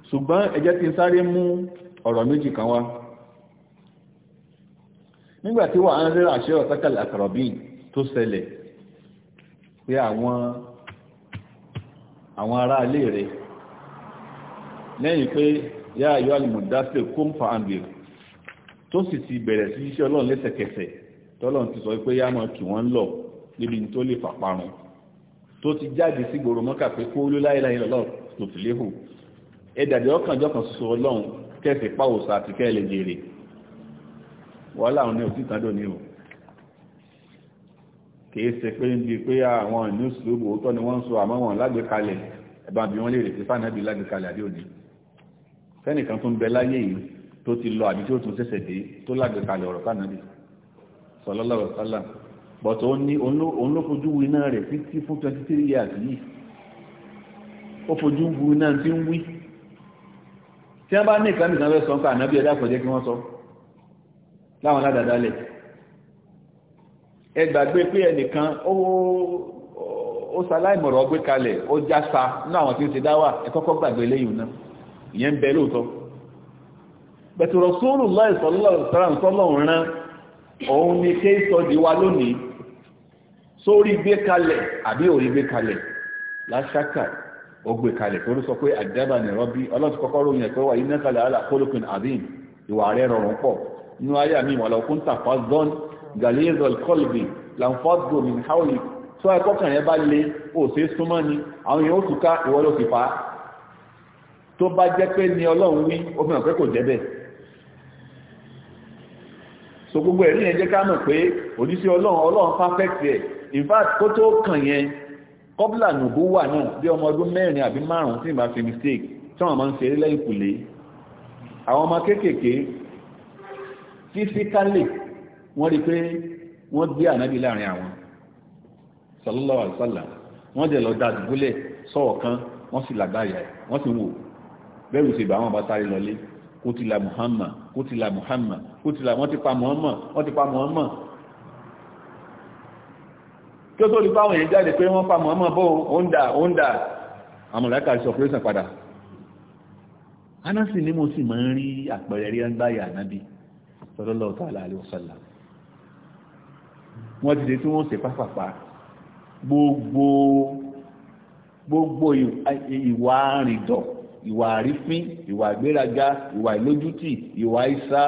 ṣùgbọ́n ẹ jẹ́ tí ń sáré mú ọ̀rọ̀ méjì kan wá nígbàtí wà á ń rẹ́rà ṣe ọ̀tákàlì àkàrọ̀bí tó ṣẹlẹ̀ pé àwọn àwọn ará ilé rẹ̀ lẹ́yìn pé yá ayọ́ alìmọ̀dásílẹ̀ kó ń fa àǹbìrì tó sì ti bẹ̀rẹ̀ sí iṣẹ́ ọlọ́run lẹ́sẹ̀kẹsẹ̀ tọ́lọ́run ti sọ pé yá máa kì wọ́n lọ níbi tó lè fàparun tó ti jáde sí gbòòrò mọ́kà pé kó ló láìláì lọ́lọ́ tó fi léhù ẹ̀dàdì ọkànjọ́ kan ṣoṣo ọlọ́run kẹfì páwòsà àti kẹ́lẹ̀ jèrè wọ́n láwọn ní òtítàn dòní o kìí ṣe pé ń bi pé àwọn ìlú sùlùbù òótọ́ ni wọ́n ń sọ àmọ́ wọn lágbèkalẹ̀ ẹ̀bá bí wọ́n lè rètí fánàbí lágbèkalẹ̀ àbí òní fẹ́nìkan tó ń bẹ láyé yìí tó ti lọ àbí tí ó tún ṣẹ̀ṣẹ̀ dé tó lágbèkalẹ̀ ọ̀rọ̀ kánàbì sọlọ́lọ́rọ̀ sálà bọ̀tọ̀ òun ló fojú wu iná rẹ̀ títí fún twenty three years yìí ó fojú wu iná tí ń wí tí wọ́n bá ní ìkànnì kan fẹ́ sọ nǹkan ànábì ẹ̀dá kọjá kí wọ́n sọ láwọn aládàáda lẹ̀ ẹ gbàgbé pé ẹnìkan ó ó saláìmọ̀rọ̀ ọgbẹ́ kalẹ̀ ó já sa ní àwọn tí ó ti dá wà ẹ kọ́kọ́ gbàgbé lẹ́yìn náà ìyẹn bẹ lóòtọ́ bẹ̀tù Rasulullah sallallahu alaihi wasallam tọ́lọ́run rán òun ni ké sọ́dí wa lónìí sórí gbé kalẹ̀ àbí òrí gbé kalẹ̀ láṣákà ó gbé kalẹ̀ tó ló sọ pé àdábà ní rọ́bí ọlọ́tí kọ́kọ́ ròyìn ẹ̀kọ́ wà iná kalẹ̀ àlà kólókùn àdín ìwà rẹ̀ rọrùn pọ̀ inú ayé àmì ìwà lọ́kún tàfà zọ́n galizol colby lamfọ́dù min hawli tó ẹ̀kọ́kàn bá le ó súnmọ́ ni àwọn èèyàn ó túká ìwọ́ ló tó bá jẹ́ pé ni ọlọ́run wí ó fi hàn pé kò jẹ́ bẹ́ẹ̀ so gbogbo ẹ̀rí yẹn jẹ́ ká mọ̀ pé òjíṣẹ́ ọlọ́run ọlọ́run perfect ẹ̀ in fact kó tó kàn yẹn kọ́bùlà nùbú wà náà bí ọmọ ọdún mẹ́rin àbí márùn-ún tí ìbá fi mistake tí wọ́n máa ń ṣeré lẹ́yìn kùlé àwọn ọmọ kéékèèké physically wọ́n rí pé wọ́n gbé ànábì láàrin àwọn sallallahu alaihi wasallam wọ́n jẹ́ lọ da àdúgbò lẹ̀ sọ̀ọ̀kan wọ́n sì lágbáyà ẹ̀ wọ́n sì wò ó bẹ́ẹ̀rù ṣe bá wọn bá sáré lọlé la Muhammad kótìlà Muhammad kótìlà wọ́n ti pa Muhammad wọ́n ti pa Muhammad kí ó tó rí báwọn èèyàn jáde pé wọ́n pa Muhammad bọ́ òǹdà òǹdà àmọ̀láka ṣe ọ̀pẹ́sàn padà anásì ni mo sì máa ń rí àpẹẹrẹ rí ẹgbáyà nábi sallallahu ta'ala alaihi wasallam wọ́n ti dé tí wọ́n ṣe pápápá gbogbo gbogbo ìwà àrìndọ̀ ìwà àrífín ìwà ìgbéraga ìwà ìlójútì ìwà ìsá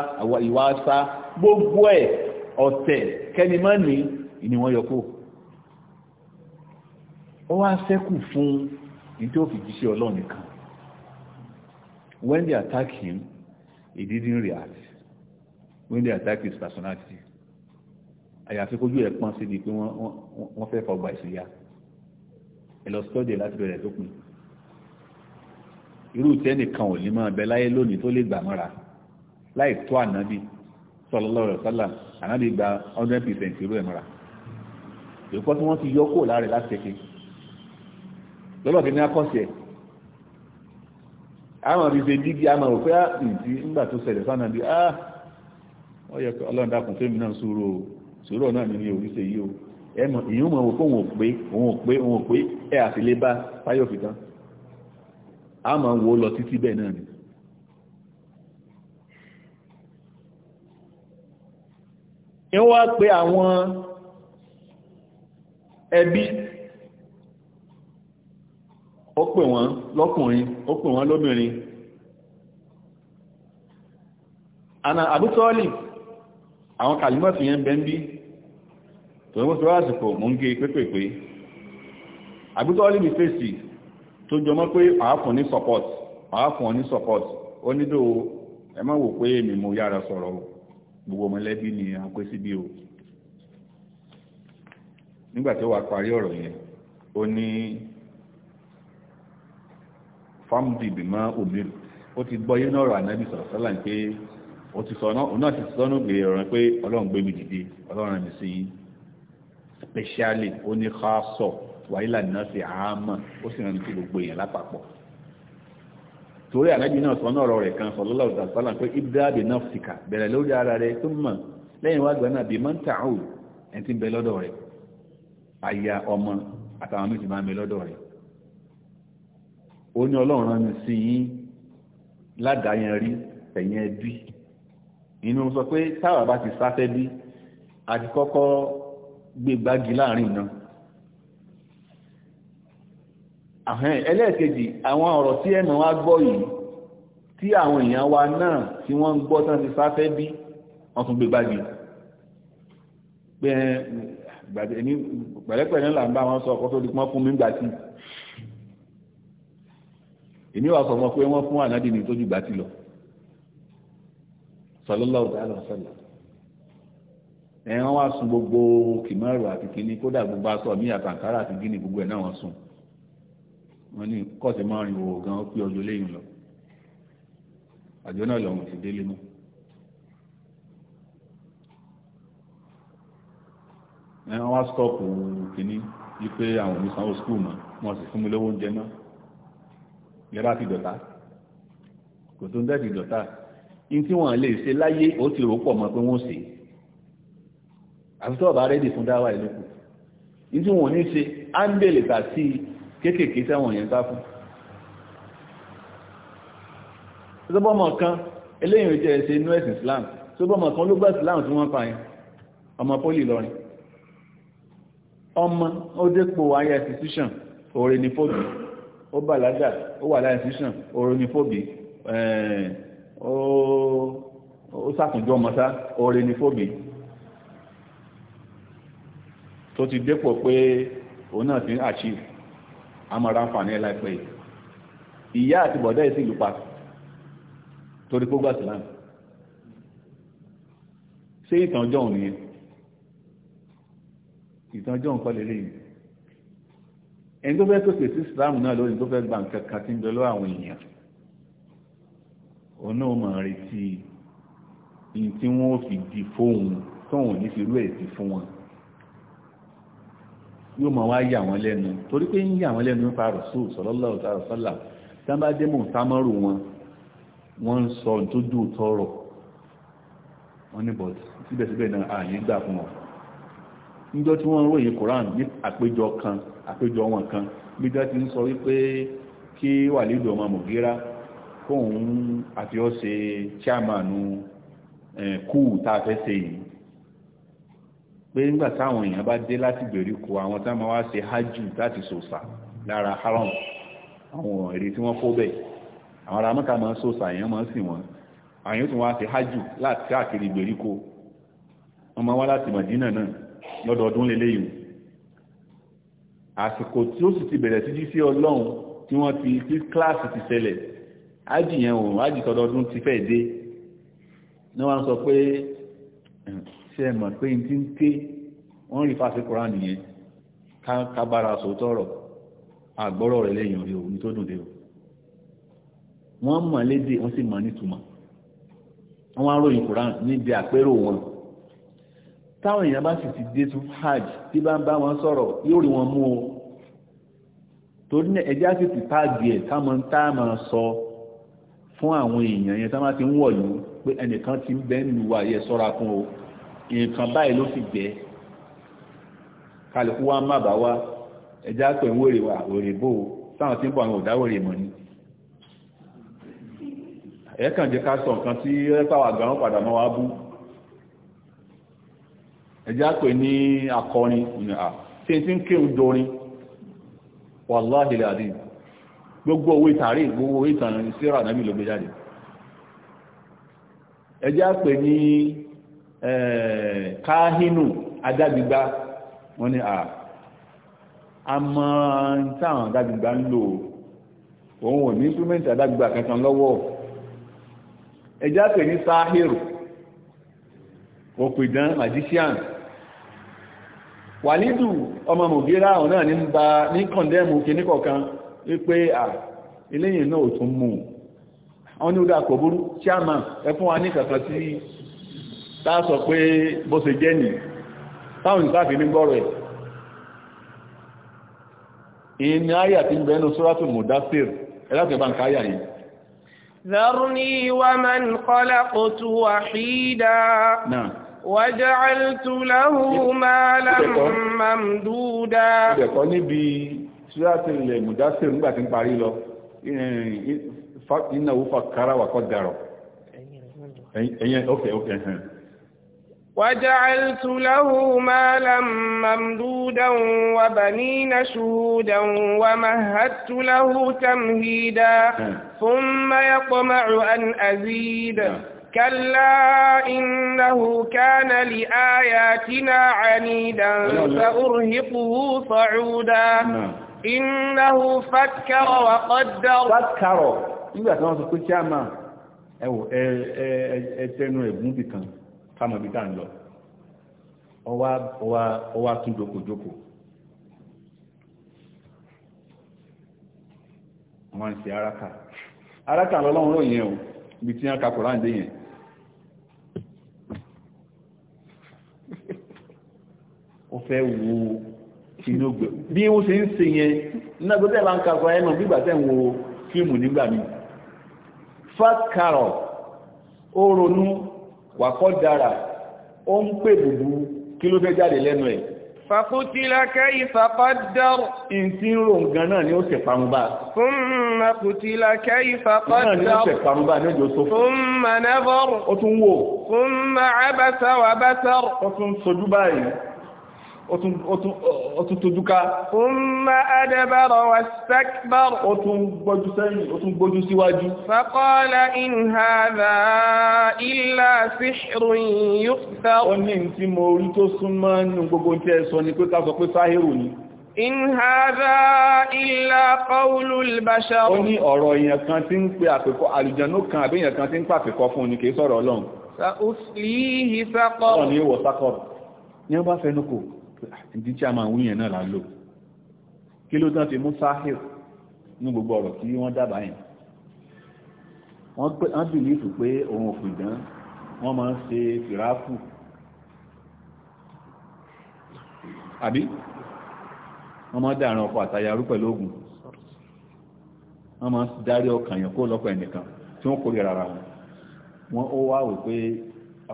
ìwà asá gbogbo ẹ̀ ọ̀tẹ̀ kẹ́ni má ní ni wọ́n yọkó ó wá sẹ́kù fún ní tí ó fi jíṣẹ́ ọlọ́run nìkan when they attack him he didn't react when they attack his personality àyàfi kójú ẹ̀ pọ́n sí di pé wọ́n fẹ́ fọgbà ìsìyà ẹ̀ lọ sọ́dẹ̀ láti bẹ̀rẹ̀ tó pin irú tẹ́nìkan ò ní máa bẹ láyé lónìí tó lè gbà mọ́ra láì tó ànábì sallallahu alaihi wasallam ànábì gba 100% irú ẹ̀ mọ́ra èkó tí wọ́n ti yọ kó láàrẹ̀ láti ṣẹ́kẹ́ lọ́lọ́dẹ ní akọ́ṣẹ́ ẹ̀ àwọn àbí ṣe dígí àmà òfé àǹtí ah, ńgbà tó ṣẹlẹ̀ sánà bí ah wọ́n yẹ ọlọ́run dákun fẹ́mi náà sùúrù o sùúrù náà ní orí ṣe yí o ẹ̀mọ̀ ìyún mọ̀ òun ò pé òun ò pé òun ò pé ẹ̀ àti lè bá fáyọ̀ fìtán a máa wo lọ títí bẹ́ẹ̀ náà ni ń wá pé àwọn ẹbí ó pè wọ́n lọ́kùnrin ó pè wọ́n lóbìnrin ana àbútọ́ọ̀lì àwọn kàlímọ̀tì yẹn bẹ́ ń bí tòun mọ́ sọ́rọ̀ àsìkò mọ́ ń gé pépèpé àbútọ́ọ̀lì mi fèsì tó jọmọ́ pé ní support àáfún ní support ó ẹ má wò pé èmi mo yára gbogbo ni a pé síbí o nígbà parí ọrọ yẹn ó ní fámùdì bímọ omiru ó ti gbọ́ yé náà ti sọ náà ti sọ pé gbé mi dìde wàhálà náà sì àámọ̀ ó sì rán ní kí gbogbo èèyàn lápapọ̀ torí ànábì náà sọ náà rẹ̀ kan sallallahu alaihi wasallam pé ibda bi nafsika bẹ̀rẹ̀ lórí ara rẹ̀ tó mọ̀ lẹ́yìn wá gbọ́n náà bí man ta'ud ẹ̀ ti ń bẹ lọ́dọ̀ rẹ̀ aya ọmọ àtàwọn méjì máa ń bẹ lọ́dọ̀ rẹ̀ ó ní mi sí yín ládàáyẹn rí tẹ̀yìn ẹbí inú sọ pé táwa bá ti sáfẹ́ bí a ti kọ́kọ́ gbé gbági láàrin náà ẹlẹ́ẹ̀kejì àwọn ọ̀rọ̀ tí ẹ̀mọ̀ wá gbọ́ yìí tí àwọn èèyàn wa náà tí wọ́n ń gbọ́ tán ti sáfẹ́ bí wọ́n tún gbé gbági pẹ̀lẹ́pẹ̀lẹ́ là ń bá wọn sọ ọkọ̀ tó di pọ́n fún mi gbà tí èmi wà sọ mọ́ pé wọ́n fún ànádì ní tójú gbà tí lọ sallallahu ta'ala sallam ẹ̀ wọ́n wá sun gbogbo kìmọ́rù àti kìíní kódà gbogbo aṣọ mi àtàǹkárà àti gíní gbogbo ẹ̀ náà wọ́n sun wọ́n ní kọ́ọ̀sì márùn ìwò gan ó pé ọjọ́ lẹ́yìn lọ àjọ náà lọ́wọ́n ti délé mọ́ ẹ̀wọ́n wá stọ́ọ̀pù kìíní wípé àwọn onísanwó skul mọ́ wọ́n sì fún mi lówó oúnjẹ náà yẹra ti dọ̀tá kò tó ń dẹ́ ti dọ̀tá in tí wọ́n lè ṣe láyé ó ti rò pọ̀ mọ́ pé wọ́n ṣe àfi tó ọ̀bá rẹ́dì fún dáwà ìlú kù in tí wọ́n ní ṣe áńbẹ̀lẹ̀ tà kéékèèké sẹ́wọ̀n yẹn sá fún sọ́bọ́mọ̀ kan eléyìn jẹ́ ẹ̀ṣẹ̀ inú ẹ̀sìn Islam sọ́bọ́mọ̀ kan ló gbá Islam tí wọ́n pààyàn ọmọ pólì lọ́rin ọmọ ó dépò ayé institution oore ní fóbi ó bàlágà ó wà láyé institution oore ní fóbi ó sàkùnjú ọmọ sá oore ní fóbi tó ti dépò pé òun náà ti ń achieve àmọ́ra àǹfààní ẹ̀ láìpẹ́ yìí ìyá àti bọ̀dá ẹ̀ sì lù pa torí kó gbà sílám ṣé ìtànjọ́ òun nìyẹn ìtànjọ́ òun kọ́ lélẹ́yìn ẹni tó fẹ́ pèsè sí islam náà lónìí tó fẹ́ gba nǹkan kan tí ń bẹ lọ́wọ́ àwọn èèyàn òun náà máa retí ní tí wọ́n fi di fóun tóun ní fi rú ẹ̀ sí fún wọn yóò mọ̀ wá yà wọ́n lẹ́nu torí pé ń yà wọ́n lẹ́nu nípa Rasul sallallahu alaihi wasallam tán bá dé mọ̀ támọ́rù wọn wọ́n ń sọ tó dù tọrọ wọ́n ní bọ̀ síbẹ̀síbẹ̀ náà à ní gbà fún wọn níjọ́ tí wọ́n ròyìn Koran ní àpéjọ kan àpéjọ wọn kan gbígbá ti ń sọ wípé kí wàlídò ọmọ mògíra kóun àfihàn ṣe chairman eh, kúù tá a fẹ́ ṣe yìí pé nígbà táwọn èèyàn bá dé láti gbèríko àwọn tá máa wá ṣe hajj láti sòsà lára haram àwọn èrè tí wọ́n kó bẹ̀ àwọn ará mọ́ta máa ń sòsà èèyàn máa ń sìn wọ́n àwọn yóò tún wá ṣe hajj láti káàkiri gbèríko wọ́n máa wá láti Mádínà náà lọ́dọọdún lélẹ́yìn àsìkò tí ó sì ti bẹ̀rẹ̀ títí sí ọlọ́run tí wọ́n ti tí kíláàsì ti ṣẹlẹ̀ ájì yẹn òun ájì tọdọọdún ti fẹ́ dé ní wọ́n sọ pé ṣe mọ̀ pé n ti ń ké wọ́n rí fásitì koran nìyẹn kábára sòótọ́ rọ̀ àgbọ́rọ̀ rẹ̀ lẹ́yìn orí òun tó dùn dé o wọ́n mọ̀ lédè wọ́n sì mọ̀ nítumọ̀ wọ́n á ròyìn koran níbi àpérò wọn táwọn èèyàn bá sì ti dé tún hajj tí bá ń bá wọn sọ̀rọ̀ yóò rí wọn mú o torí náà ẹjá sì ti páàgì ẹ̀ táwọn táwọn sọ fún àwọn èèyàn yẹn táwọn ti ń wọ̀ yìí pé ẹnìkan ti ń bẹ́ẹ̀ nù wáyé sọ́ra fún o nǹkan báyìí ló fi gbẹ kálukú wa má bàá wá ẹja pẹ̀ ń wèrè wà òrè bò ó táwọn tí ń bọ̀ àwọn sọ nǹkan tí gan padà mọ́ wá bú ẹja pẹ̀ ní akọrin ìnà tí n ti ń dorin gbogbo gbogbo ìtàn pẹ̀ Eh, káhínù adágbígbá wọ́n a mọ́ táwọn adágbígbá ń lò òun ò ní instrumenti adágbígbá kankan lọ́wọ́ ẹjá pè ní sáhírù òpìdán magician wàlídù ọmọ mògírá ọ̀nà ní bá ní kọ̀ndẹ́mù kìníkọ̀kan wípé à iléyìn náà ò tún mú ní ó dà kò burú chairman ẹ fún wa ní láàsọ pé bó ṣe jẹ́ nì táwọn ìsáàfin ní gbọ́rọ̀ ẹ̀ èyí ni ayà ti ń bẹ̀ẹ́nu suratul Mudaththir ẹlẹ́sẹ̀ bá ń káyà yìí ذرني ومن خلقت وحيدا نعم وجعلت له مالا ممدودا ẹ̀yẹn ok ok ẹ̀hẹ̀n وجعلت له مالا ممدودا وبنين شهودا ومهدت له تمهيدا ثم يطمع أن أزيد كلا إنه كان لآياتنا عنيدا فأرهقه صعودا إنه فكر وقدر فكر إذا كان سكوت شاما أو أتنو ابن بكم kámọ̀ ibi tá à ń lọ ọwá araka araka lọ́lọ́run ròyìn o ibi tí wọ́n ka koran dé yẹn o fẹ́ wo inú gbẹ̀ si wọ́n ṣe ń ṣe yẹn nígbà tó tẹ́ wo fat o ronu wàkọ́ dára ó ń pè bùbú kí ló fẹ́ jáde lẹ́nu ẹ̀ fàkútílá kẹ́yì fàkọ́dọ̀rọ̀ ìtí ń rò náà ni ó ṣe pàmùbà fún mẹ́kútílá kẹ́yì ni ó ṣe pàmùbà ní ojú sófò fún mẹ́nẹ́bọ̀rọ̀ ó ó tún tójúká ọmọ adẹ́bẹ̀rọ wa stakbar ó tún gbójú sẹ́yìn ó tún gbójú síwájú faqala in hadha illa sihrun yu'thar ó ní tí mo rí tó súnmọ́ nínú gbogbo tí ẹ sọ ni pé ká sọ pé ni in haza illa qawlul bashar ó ní ọ̀rọ̀ èèyàn kan tí ń pe àpẹ̀kọ́ àlùjànnú kan àbẹ́yàn kan tí ń pàpẹ̀kọ́ fún ni kìí sọ̀rọ̀ ọlọ́run sa'uslihi saqar ọ̀rọ̀ ni ìwọ̀ saqar ni ó bá fẹnukò ìdí tí a máa wúyàn náà lálò kí ló tán fi mú sáhìr ní gbogbo ọ̀rọ̀ tí wọ́n dábàá yẹn wọ́n bìlífù pé òun òfin dán wọ́n máa ń ṣe fìráfù àbí wọ́n máa ń dàrin ọkọ̀ àtayarú pẹ̀lú ogun wọ́n máa ń darí ọkàn yàn kó lọ́pọ̀ ẹnìkan tí wọ́n kórè rárá wọn wọ́n ó wá pé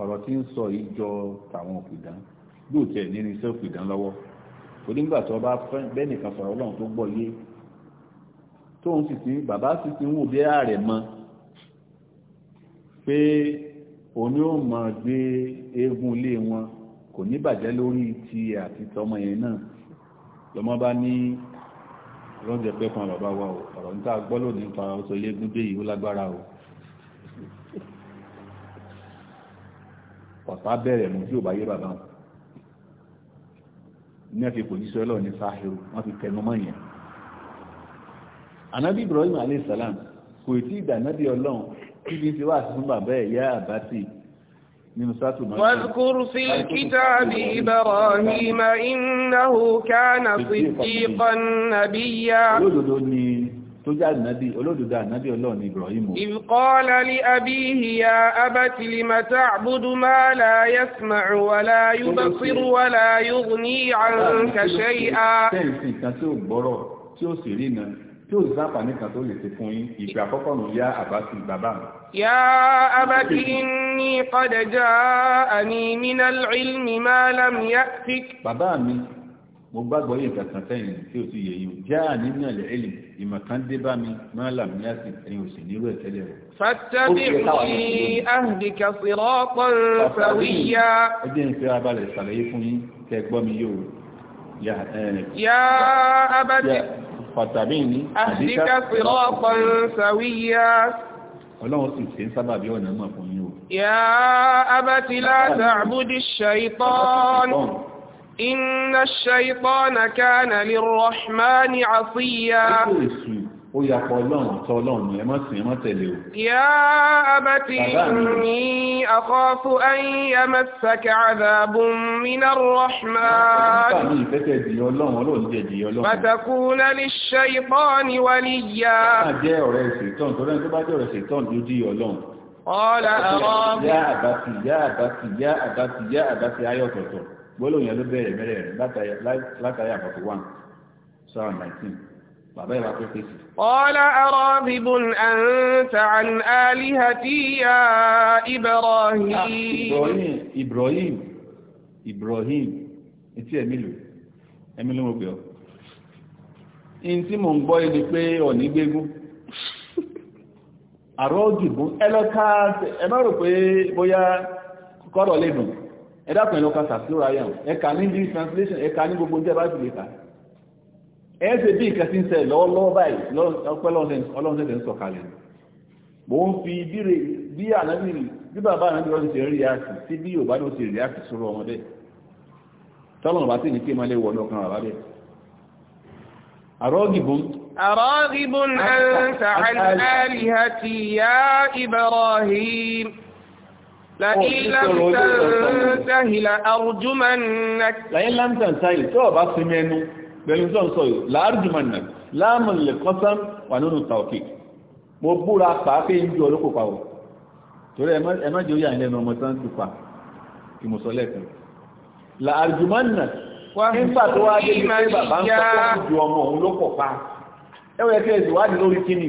ọ̀rọ̀ tí ń sọ yìí jọ tàwọn òfin dán yóò tẹ̀ nínú iṣẹ́ òfin dán lọ́wọ́ onígbà tó bá bẹ́ẹ̀ nìkan sọ̀rọ̀ ọlọ́run tó gbọ́ yé tóun sì ti bàbá sì ti ń wò bí ààrẹ mọ pé òun yóò mọ gbé eégún ilé wọn kò ní bàjẹ́ lórí ti àti tọmọ yẹn náà lọmọ bá ní lọ́jọ́ pẹ́ fún bàbá wa o ọ̀rọ̀ níta gbọ́ lónìí nípa ọ̀sọ̀ eléégún dé yìí ó lágbára o ọ̀tá bẹ̀rẹ̀ mú tí ò bá yé bàbá wọn ní ẹ̀fẹ́ kò jíṣẹ́ ọlọ́run ní sáhìrù wọ́n fi tẹnu mọ́ yẹn anábì ibrahim aleyhisselam kò tí ìdànábì ọlọ́run kí ní ti wá àtúntún bàbá ẹ̀ yá àbátì sí kítàbí ibrahim tó jẹ́ ànábì olódodo ànábì ọlọ́run ní Ibrahim o. idh qala li abihi ya abati lima ta'budu ma la yasma'u wa la yubsiru يا أبت قد جاءني من العلم ما لم يأتك mo gbàgbọ́ yìí kankan sẹ́yìn tí o ti yẹ yìí jẹ́ àníní àlẹ́ ẹ̀lì ìmọ̀ kan dé bá mi máa làm ní àsìn ẹ̀yìn òsì nílò ẹ̀ tẹ́lẹ̀ rẹ̀. fattabi'ni ahdika siratan sawiyya. ẹ jẹ́ ìfẹ́ abalẹ̀ ṣàlàyé fún yín kẹ́ ẹ gbọ́ mi yóò. ya abati. fattabi'ni ahdika siratan sawiyya. ọlọ́run sì ṣe ń sábàbí ọ̀nà mọ̀ fún yín o. ya abati la ta'budi shaytan. إن الشيطان كان للرحمن عصيا يا أبتي إني أخاف أن يمسك عذاب من الرحمن فتكون للشيطان وليا قال أراب يا أبتي يا أبتي يا أبتي يا أبتي يا أبتي gbólóhùn yẹn ló bẹ̀rẹ̀ mẹ́rẹ̀ rẹ̀ látàrí àkọ́kọ́ one seven nineteen bàbá ìwà pé pèsè. ọ̀la ẹ̀rọ bíbùn àǹtà àlìhà tí ya ah, Ibrahim. Ibrahim Ibrahim etí ẹ̀mí lò ẹ̀mí ló mọ̀ pé ọ́. in tí mò ń gbọ́ ni pé ọ̀ní gbégún àrọ́ ògìbún ẹlọ́ta ẹ má rò pé bóyá kọ́rọ̀ lè dùn ẹ dákun ẹ̀ lọ sàtúrà yẹn ní translation ẹ ní gbogbo ní ẹbá ìpìlẹ̀ kà bí ìkẹsí ń sẹ lọ́wọ́lọ́wọ́ báyìí ọlọ́run sọ̀kalẹ̀ mò ń fi bí bàbá ṣe sí bí ọmọdé tọ́lọ̀ bá sì ní kí bẹ́ẹ̀. àrọ́gìbùn. àrọ́gìbùn ẹ̀ ń لئن لم تنتهي لأرجمنك لئن لم تنتهي تو بس منو بل نسون سوي لأرجمنك لام للقسم ونون التوكيد mo búra pàápẹ́ ìjú ọlọ́kò pàwọ̀ torí ẹmọ́jẹ́ oyà ilẹ̀ ọmọ tán ti pa ìmùsọ̀lẹ́kùn la àjùmọ́nà nígbà tó wá dé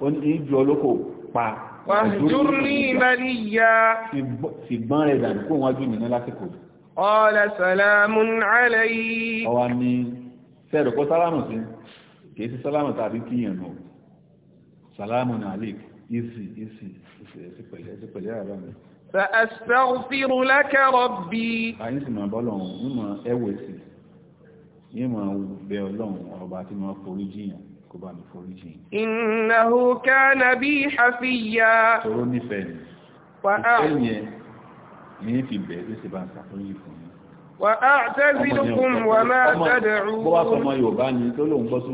ìjù olóko pa wàhùjúrí ìbáríyá ṣìgbọ́n rẹ̀ dànù kó wọ́n jù nínú lásìkò ọ̀lá sàlámù aláyí ọwà ni sẹ́rù kó sálámù sí kìí sí sálámù tàbí kíyàn náà sàlámù فأستغفر لك ربي ayin sì máa bọ́lọ̀hún ní ma ẹwẹ̀ sí ní ma kó bá mi foríjì. innahu kana bi hafiya. sọ̀rọ̀ nífẹ̀ẹ́ ni ìfẹ́ ní fi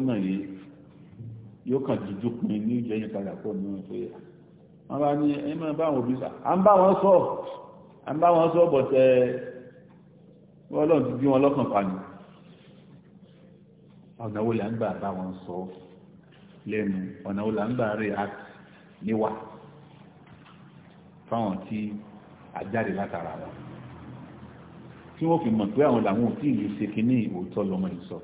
bẹ̀ẹ́ jíjú pin ní ìjọ padà pọ̀ nínú pé wọ́n bá ní ẹni máa bá àwọn òbí sà à ń bá wọn sọ à ń bá wọn sọ bọ̀tẹ́ wọ́n lọ́n ti bí wọn lọ́kàn pa ọ̀nà wo là ń gbà bá wọn sọ lẹ́nu ọ̀nà wo là ń gbà react níwà fáwọn tí àjáde látara wọn tí wọ́n fi mọ̀ pé àwọn làwọn ò tí ì lè ṣe kínní òótọ́ lọ́mọ ìsọ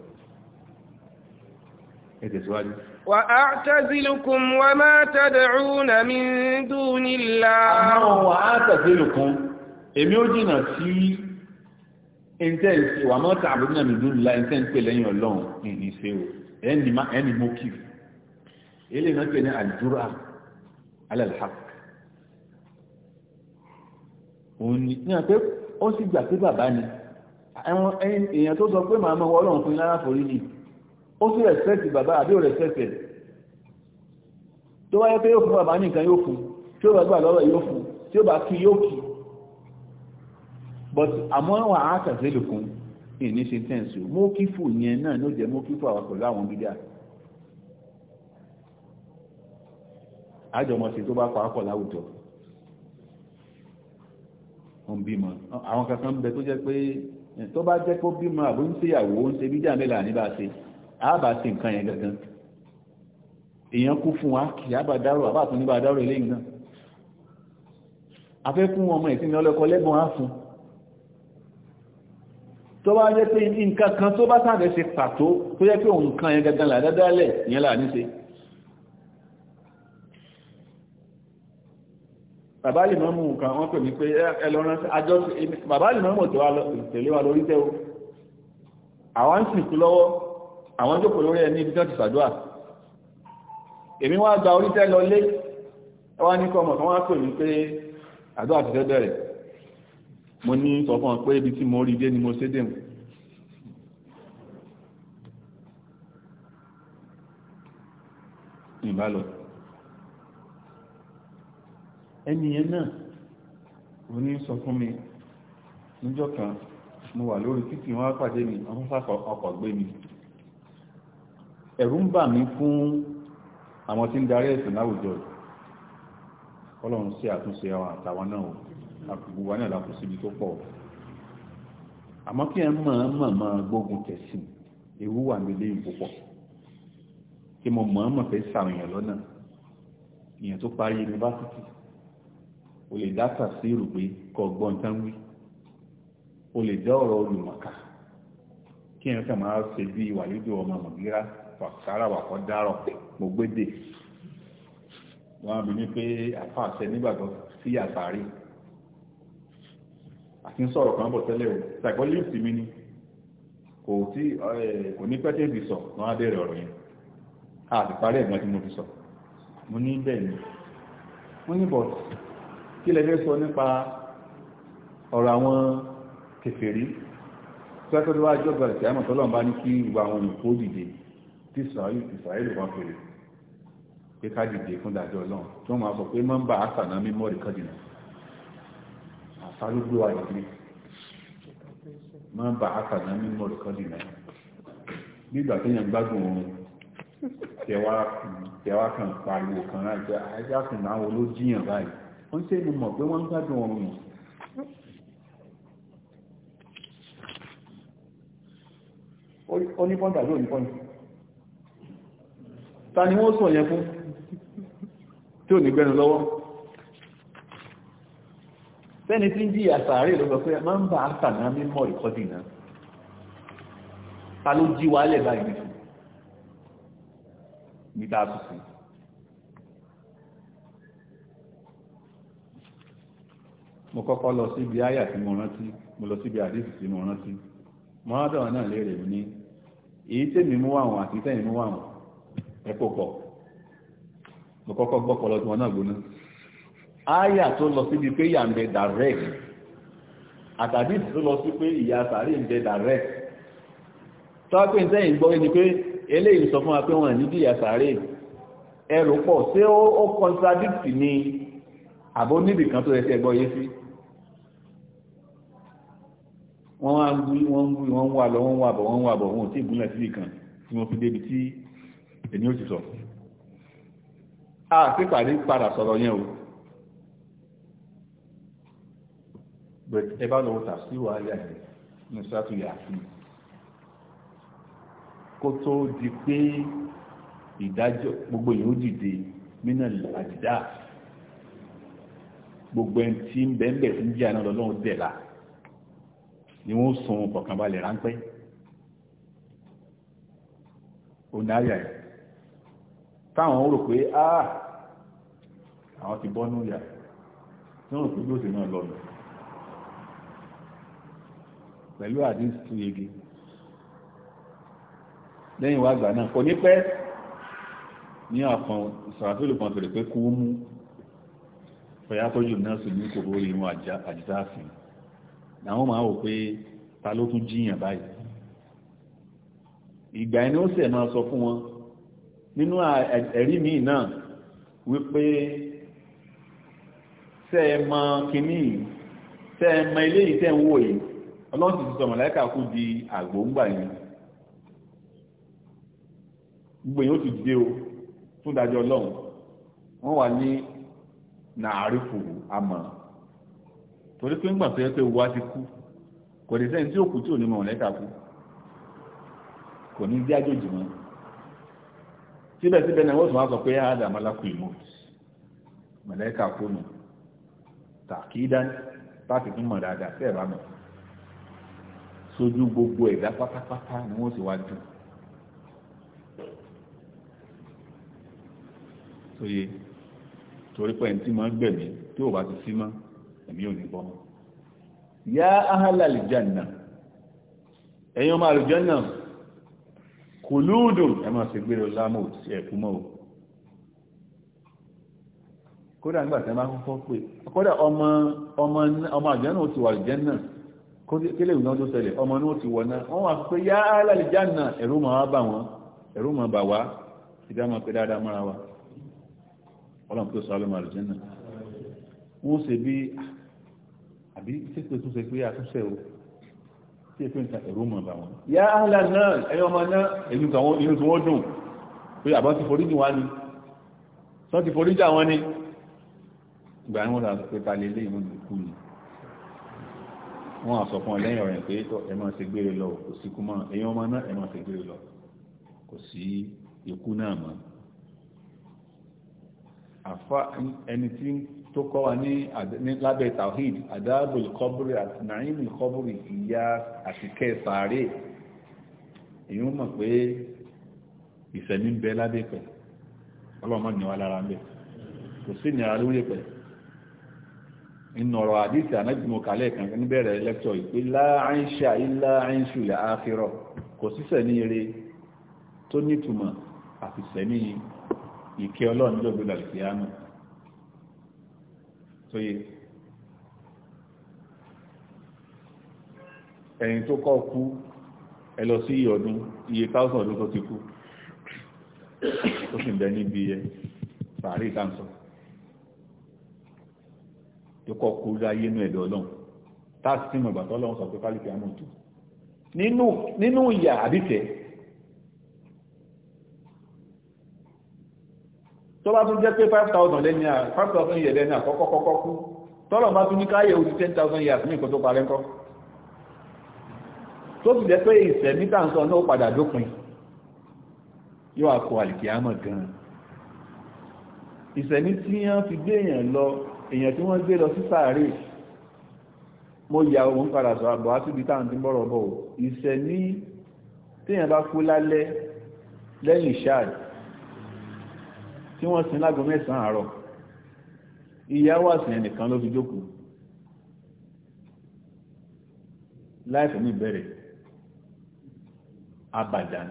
ẹ tẹ̀síwájú. وأعتزلكم وما تدعون من دون الله وأعتزلكم èmi ó jìnnà sí intense wà mọ́ta àbúrúnà mi dúró la intense pé lẹ́yìn ọlọ́run ní ìṣe o ẹni mo eléyìí náà pè ní àdúrà alẹ́lẹ́hàk òun ni ní àpé ó sì gbà pé bàbá ni àwọn èèyàn tó sọ pé màá mọ ọlọ́run fún lára forí ni ó sì rẹ̀sẹ̀tì bàbá àbí ò rẹ̀sẹ̀tì tó wáyé pé yóò fún bàbá nìkan yóò fún tí ó bá gbà lọ́rọ̀ yóò fún tí ó bá kí yóò kí but àmọ́ wà á tàzélùkún ìníṣẹ́ tẹ́ǹsì mú kí fù yẹn náà ló jẹ́ mú kí fù àwọn pẹ̀lú àwọn gíga àjọmọ̀sí tó bá pa ápọ̀ láwùjọ ń bímọ àwọn kankan bẹ tó jẹ́ pé tó bá jẹ́ kó bímọ àbó ń ṣèyàwó ń ṣe bíjà mẹ́là níbà ṣe àbá sí nǹkan yẹn gangan èèyàn kú fún wa kì á bá dárò àbá àtún níbà dárò eléyìí náà afẹ́ fún ọmọ ìsinmi ọlọ́kọ lẹ́bùn á fún tó bá jẹ́ pé nǹkan kan tó bá sàbẹ̀ ṣe pàtó tó jẹ́ pé òun kan yẹn gangan là dáadáa lẹ̀ ìyẹn là ní ṣe bàbá lè mọ́mù nǹkan wọ́n pè mí pé ẹlọ́rán àjọ bàbá lè mọ́mù tó tẹ̀lé wa lórí tẹ́wọ́ àwọn ń sìnkú lọ́wọ́ àwọn jókòó lórí ẹni ibi tó ti sàdúà èmi wá gba orí tẹ́ lọ lé wá ní kọmọ̀ kan wá pè mí pé àdúà ti fẹ́ bẹ̀rẹ̀ mo ní sọ fún ọ pé ibi tí mo rí dé ni mo ṣe dé mu ìbálòpọ̀ ẹnìyẹn náà ò ní sọ fún mi níjọ́ kan mo wà lórí títì wọn pàdé mi wọn sáfà ọkọ̀ gbé mi ẹ̀rù ń bà mí fún àwọn tí ń darí ẹ̀sìn láwùjọ ọlọ́run sí àtúnṣe àwọn àtàwọn náà ò àkùgbù wa náà lápò síbi tó pọ̀ àmọ́ kí ẹ mọ̀ mọ̀ mọ̀ gbógun tẹ̀sìn ewu wà nílé ìpòpọ̀ kí mo mọ̀ mọ̀ fẹ́ sàrìyàn lọ́nà ìyẹn tó parí yunifásitì o lè dá si pé kọ gbọ́n tán wí o lè dá ọ̀rọ̀ olùmọ̀ká kí ẹ̀ kàn máa ṣe bí ìwàlódé ọmọ mọ̀gíra wàkàrà dárọ̀ mo wọ́n á bí ní pé àfa nígbàgbọ́ sí àtàrí àti ń sọ̀rọ̀ kan bọ̀ tẹ́lẹ̀ o ni kò tí kò ní pẹ́ tẹ́bi a ti parí ẹ̀gbọ́n tí mo fi sọ mo ní ni mo kí lẹ fẹ́ sọ nípa ọ̀rọ̀ àwọn kèfèrí pẹ́kọ́dọ́ wá jọ́gbà rẹ̀ kíámọ̀ tọ́lọ́mbá ní kí ìwà àwọn olùkó dìde tí ìsàáìlù kan fèrè pé ká dìde fún dájọ́ ọlọ́run tí wọ́n máa sọ pé mọ́ńbà àkànná mímọ́ rẹ̀ kan dìnà àṣà ló gbé wa ìdílé mọ́ńbà àkànná mímọ́ rẹ̀ kan dìnà nígbà téèyàn gbádùn òun tẹ̀wá kan pariwo kan láti ajá kùnà àwọn olójìyàn báyìí wọ́n ṣe mo mọ̀ pé wọ́n ń gbádùn ọrùn yìí ó ní pọ́ǹtà ló ní pọ́ǹtà ta ni wọ́n sọ yẹn fún tí ò ní gbẹ́nu lọ́wọ́ fẹ́ni tí ń jí àsàárè ló pé máa ń bá àṣà náà mímọ̀ ìkọ́dì ta ló jí wálẹ̀ báyìí nígbà tuntun mo kọ́kọ́ lọ síbi àyà tí mo rántí mo lọ síbi àdìsí tí mo rántí mo rántí àwọn náà léèrè mi ní èyí tèmi mú àwọn àti tẹ̀yìn mú àwọn ẹ kò pọ̀ mo kọ́kọ́ gbọ́ pọ̀ lọ sí wọn náà gbóná àyà tó lọ síbi pé ìyà ń bẹ direct àtàdìsí tó lọ sí pé ìyà sàárè ń bẹ direct tọ́wọ́ pé tẹ̀yìn gbọ́ ni pé eléyìí sọ fún wa pé wọn ní bí ìyà sàárè ẹrù pọ̀ ṣé ó contradict ni àbó níbì kan tó yẹ gbọ́ yé sí wọ́n wá ń bú wọ́n ń bú wọ́n ń wà lọ wọ́n ń wà bọ̀ wọ́n ń wà bọ̀ wọ́n ò tí ì gúnlẹ̀ sí ìkan tí wọ́n fi débi tí èmi ò ti sọ. a ti pàdé padà sọ̀rọ̀ yẹn o but ẹ bá lọ wọ́tà sí wàhálà yẹn ní sátú yà sí kó tó di pé ìdájọ́ gbogbo yìí ó dìde mínà àdìdá gbogbo ẹni tí ń bẹ́ẹ̀ bẹ́ẹ̀ ń jẹ́ àná lọ́wọ́ tẹ̀ la ni wọ́n sun kọ̀kànbalẹ̀ ráńpẹ́ onáyà ẹ̀ táwọn rò pé áà ah! àwọn ti bọ́ núyà tí wọ́n rò pé náà lọ́nà pẹ̀lú àdínsì yege lẹ́yìn wá gbà náà kò ní pẹ́ ní àpọn ìsàràtòlù kan fèrè pé kú mú fẹ̀yà tọ́jú náà sì ní kòkòrò ìrún àjítáàfin làwọn máa wò pé ta ló tún jíyàn báyìí ìgbà ẹni ó sẹ̀ máa sọ fún wọn nínú ẹ̀rí míì náà wípé tẹ́ ẹ mọ kínní tẹ́ ẹ mọ eléyìí tẹ́ ń wò yìí ọlọ́run ti sọ mọ̀láìkà kú di àgbòǹgbà yẹn gbogbo yẹn ó ti dé o fún ìdájọ́ ọlọ́run wọ́n wà ní nàárí fòrò torí pé ńgbà tó yẹ pé wá ti kú kò lè sẹ́yìn tí ó kú tí ò ní mọ̀lẹ́ka kú kò ní dí àjòjì mọ́ síbẹ̀síbẹ̀ náà wọ́n tún wá sọ pé áádà mọ́lákù ìmọ̀tì mọ̀lẹ́ka kú nù tàkídá láti tún mọ̀ dáadáa sí ẹ̀bá mọ̀ sójú gbogbo ẹ̀dá pátápátá ni wọ́n sì wá dùn. sóye torí pé ẹni tí máa ń gbẹ̀mí tí ò bá ti sí mọ́ èmi ò ní gbọ́ yá ahàlà àlìjánà ẹ̀yin ọmọ àlìjánà kùlúùdù ẹ máa ṣe gbére lámò sí ẹ̀kú mọ́ o kódà nígbà tẹ́ máa kọ́kọ́ pé kódà ọmọ ọmọ àlìjánà ó ti wà àlìjánà kílè ìgbọ́n tó ṣẹlẹ̀ ọmọ náà ti wọ̀ náà wọ́n wà pé yá ahàlà àlìjánà ẹ̀rú máa wá bà wọ́n ẹ̀rú bí àbí ṣépè tún ṣe pé àtúnṣe o tí èpè nǹkan ẹ̀rọ mọ̀ bá wọn. yá àlà náà ẹ̀yin ọmọ náà èyí kan wọn inú tí wọ́n dùn pé àbọ̀ ti forí jì wá ni wọ́n ti forí jà wọ́n ni ìgbà ni wọ́n rà pé ta lè lé ìmú ìkú ni wọ́n á sọ fún ọ lẹ́yìn ọ̀rẹ́ pé ẹ máa ṣe gbére lọ kò sí kú mọ́ ẹ̀yin ọmọ náà ẹ máa gbére lọ kò sí ikú náà mọ́ àfa ẹni tí tó kọ́ wa ní lábẹ́ tawhid adáàbòl kọ́bùrì àti nàímì kọ́bùrì ìyá àti kẹsàárè èyí mọ̀ pé ìsẹ̀mí ń bẹ lábẹ́ pẹ̀ ọlọ́mọ ní wa lára ń bẹ kò sí ìnira lórí pẹ̀ inú ọ̀rọ̀ àdìsí ànájùmọ̀ kálẹ̀ kan níbẹ̀rẹ̀ lẹ́kṣọ̀ yìí ní eré sóye ẹ̀yìn tó kọ́ kú ẹ lọ sí ọdún iye thousand ọdún tó ti kú ó sì ń bẹ níbi ẹ pàrí ìtànsọ tó kọ́ kú láyé inú ẹ̀dọ̀ ọlọ́run táàsì tí mo gbà tọ́lọ́run sọ pé pálíkì àmọ́ tó nínú ìyà àbíkẹ́ tó bá tún jẹ́ pé 5,000 lẹ́ni à 5,000 yẹ̀ lẹ́ni àkọ́kọ́ kọ́kọ́ kú tọ́lọ̀ bá tún ní káyẹ̀ orí 10,000 yẹ̀ àtúnyìn kò tó parẹ́ kọ́ tó sì jẹ́ pé ìṣẹ́ mítà ń sọ náà padà dópin yóò àkọ àlìkì àmọ̀ gan ìṣẹ̀mí tí wọ́n fi gbé èèyàn lọ èèyàn tí wọ́n gbé lọ sí sàárè mo yà òun padà sọ àbọ̀ síbi táwọn ti tí wọ́n sin lágọ́ mẹ́sàn-án àárọ̀ ìyàwó àsìn ẹnìkan ló fi jókòó láìfù ní ìbẹ̀rẹ̀ abàdàn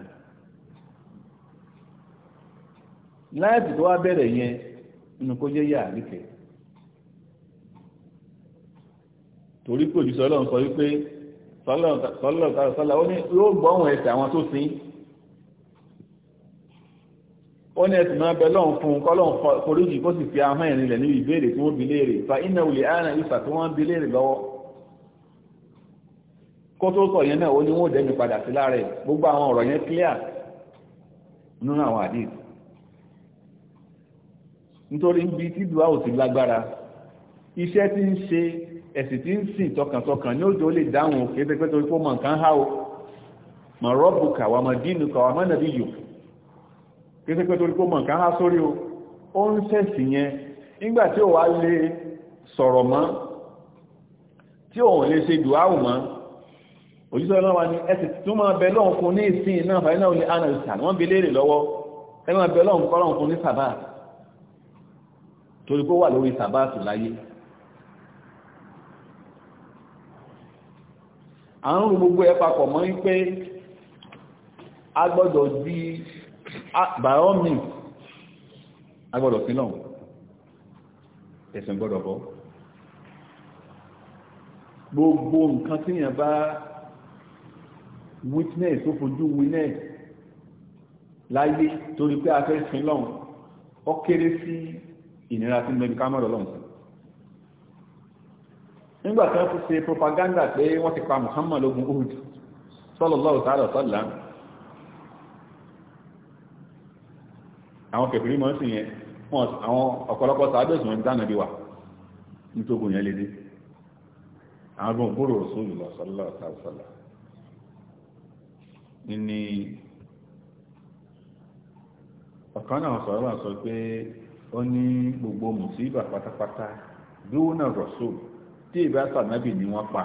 láìfù tó wá bẹ̀rẹ̀ yẹn inú kó jẹ́ yà níkẹ́ torí pé òjíṣẹ́ ọlọ́run sọ wípé sọlọ́ọ̀tà sọlọ́ọ̀tà ó ní yóò gbọ́ ohùn ẹsẹ̀ àwọn tó sin ó ní ẹ̀sìn máa bẹ lọ́hùn fún un kọ́lọ́hùn foríjì kó sì fi ahọ́n ẹ̀rin lẹ̀ níbi ìbéèrè tí wọ́n bi léèrè fa iná olè ààrẹ ìfà tí wọ́n bi léèrè lọ́wọ́ kó tó sọ yẹn náà ó ní wọ́n dẹ́mi padà sí láàrẹ̀ gbogbo àwọn ọ̀rọ̀ yẹn clear nínú àwọn àdìs nítorí bí tí dùá ò sì lágbára iṣẹ́ tí ń ṣe ẹ̀sìn tí ń sìn tọkàntọkàn ní òjò lè dáhùn kéfẹ́fẹ́ torí pé mọ̀ nǹkan há mọ̀ rọ́bùkà wà mọ̀ dínú kà mọ̀ nàbí yòókù kí sí pé torí kó mọ̀ nǹkan há sórí o ó ń sẹ̀sì yẹn nígbà tí ò wá lè sọ̀rọ̀ mọ́ tí òun lè ṣe dùáwù mọ́ òjíṣẹ́ náà wá ní ẹsẹ̀ tó máa bẹ lọ́hùn fún ní ìsìn náà fàyínà òní anàlìsàn wọ́n bi léèrè lọ́wọ́ ẹ máa bẹ lọ́hùn kọ́lọ́hùn fún ní sàbáàtì torí kó wà lórí sàbáàtì láyé à gbogbo ẹ papọ̀ mọ́ wípé a gbọ́dọ̀ di Ah, by all means agbọ́dọ̀ sí náà ẹ̀sìn gbọ́dọ̀ bọ́ gbogbo nǹkan tí yẹn bá witness tó fojú witness láyé torí pé a fẹ́ sin lọ́hùn ó kéré sí ìnira tí mẹ́bí ká mọ́rọ̀ lọ́hùn nígbà tí wọ́n fi ṣe propaganda pé wọ́n ti pa Muhammad ogun Uhud sallallahu ta'ala àwọn kẹfìrí mọ́ sí yẹn àwọn ọ̀pọ̀lọpọ̀ sàábẹ̀sì wọn dáná bí wà nítorí yẹn lédè àwọn ọgbọ̀n gbòòrò sóòlù lọ sọlọ sàlọ ní ọ̀kan náà sọ̀rọ̀ wà sọ pé ó ní gbogbo mùsíbà pátápátá dúró náà rọ̀sùn tí ìbá sànábì ni wọ́n pa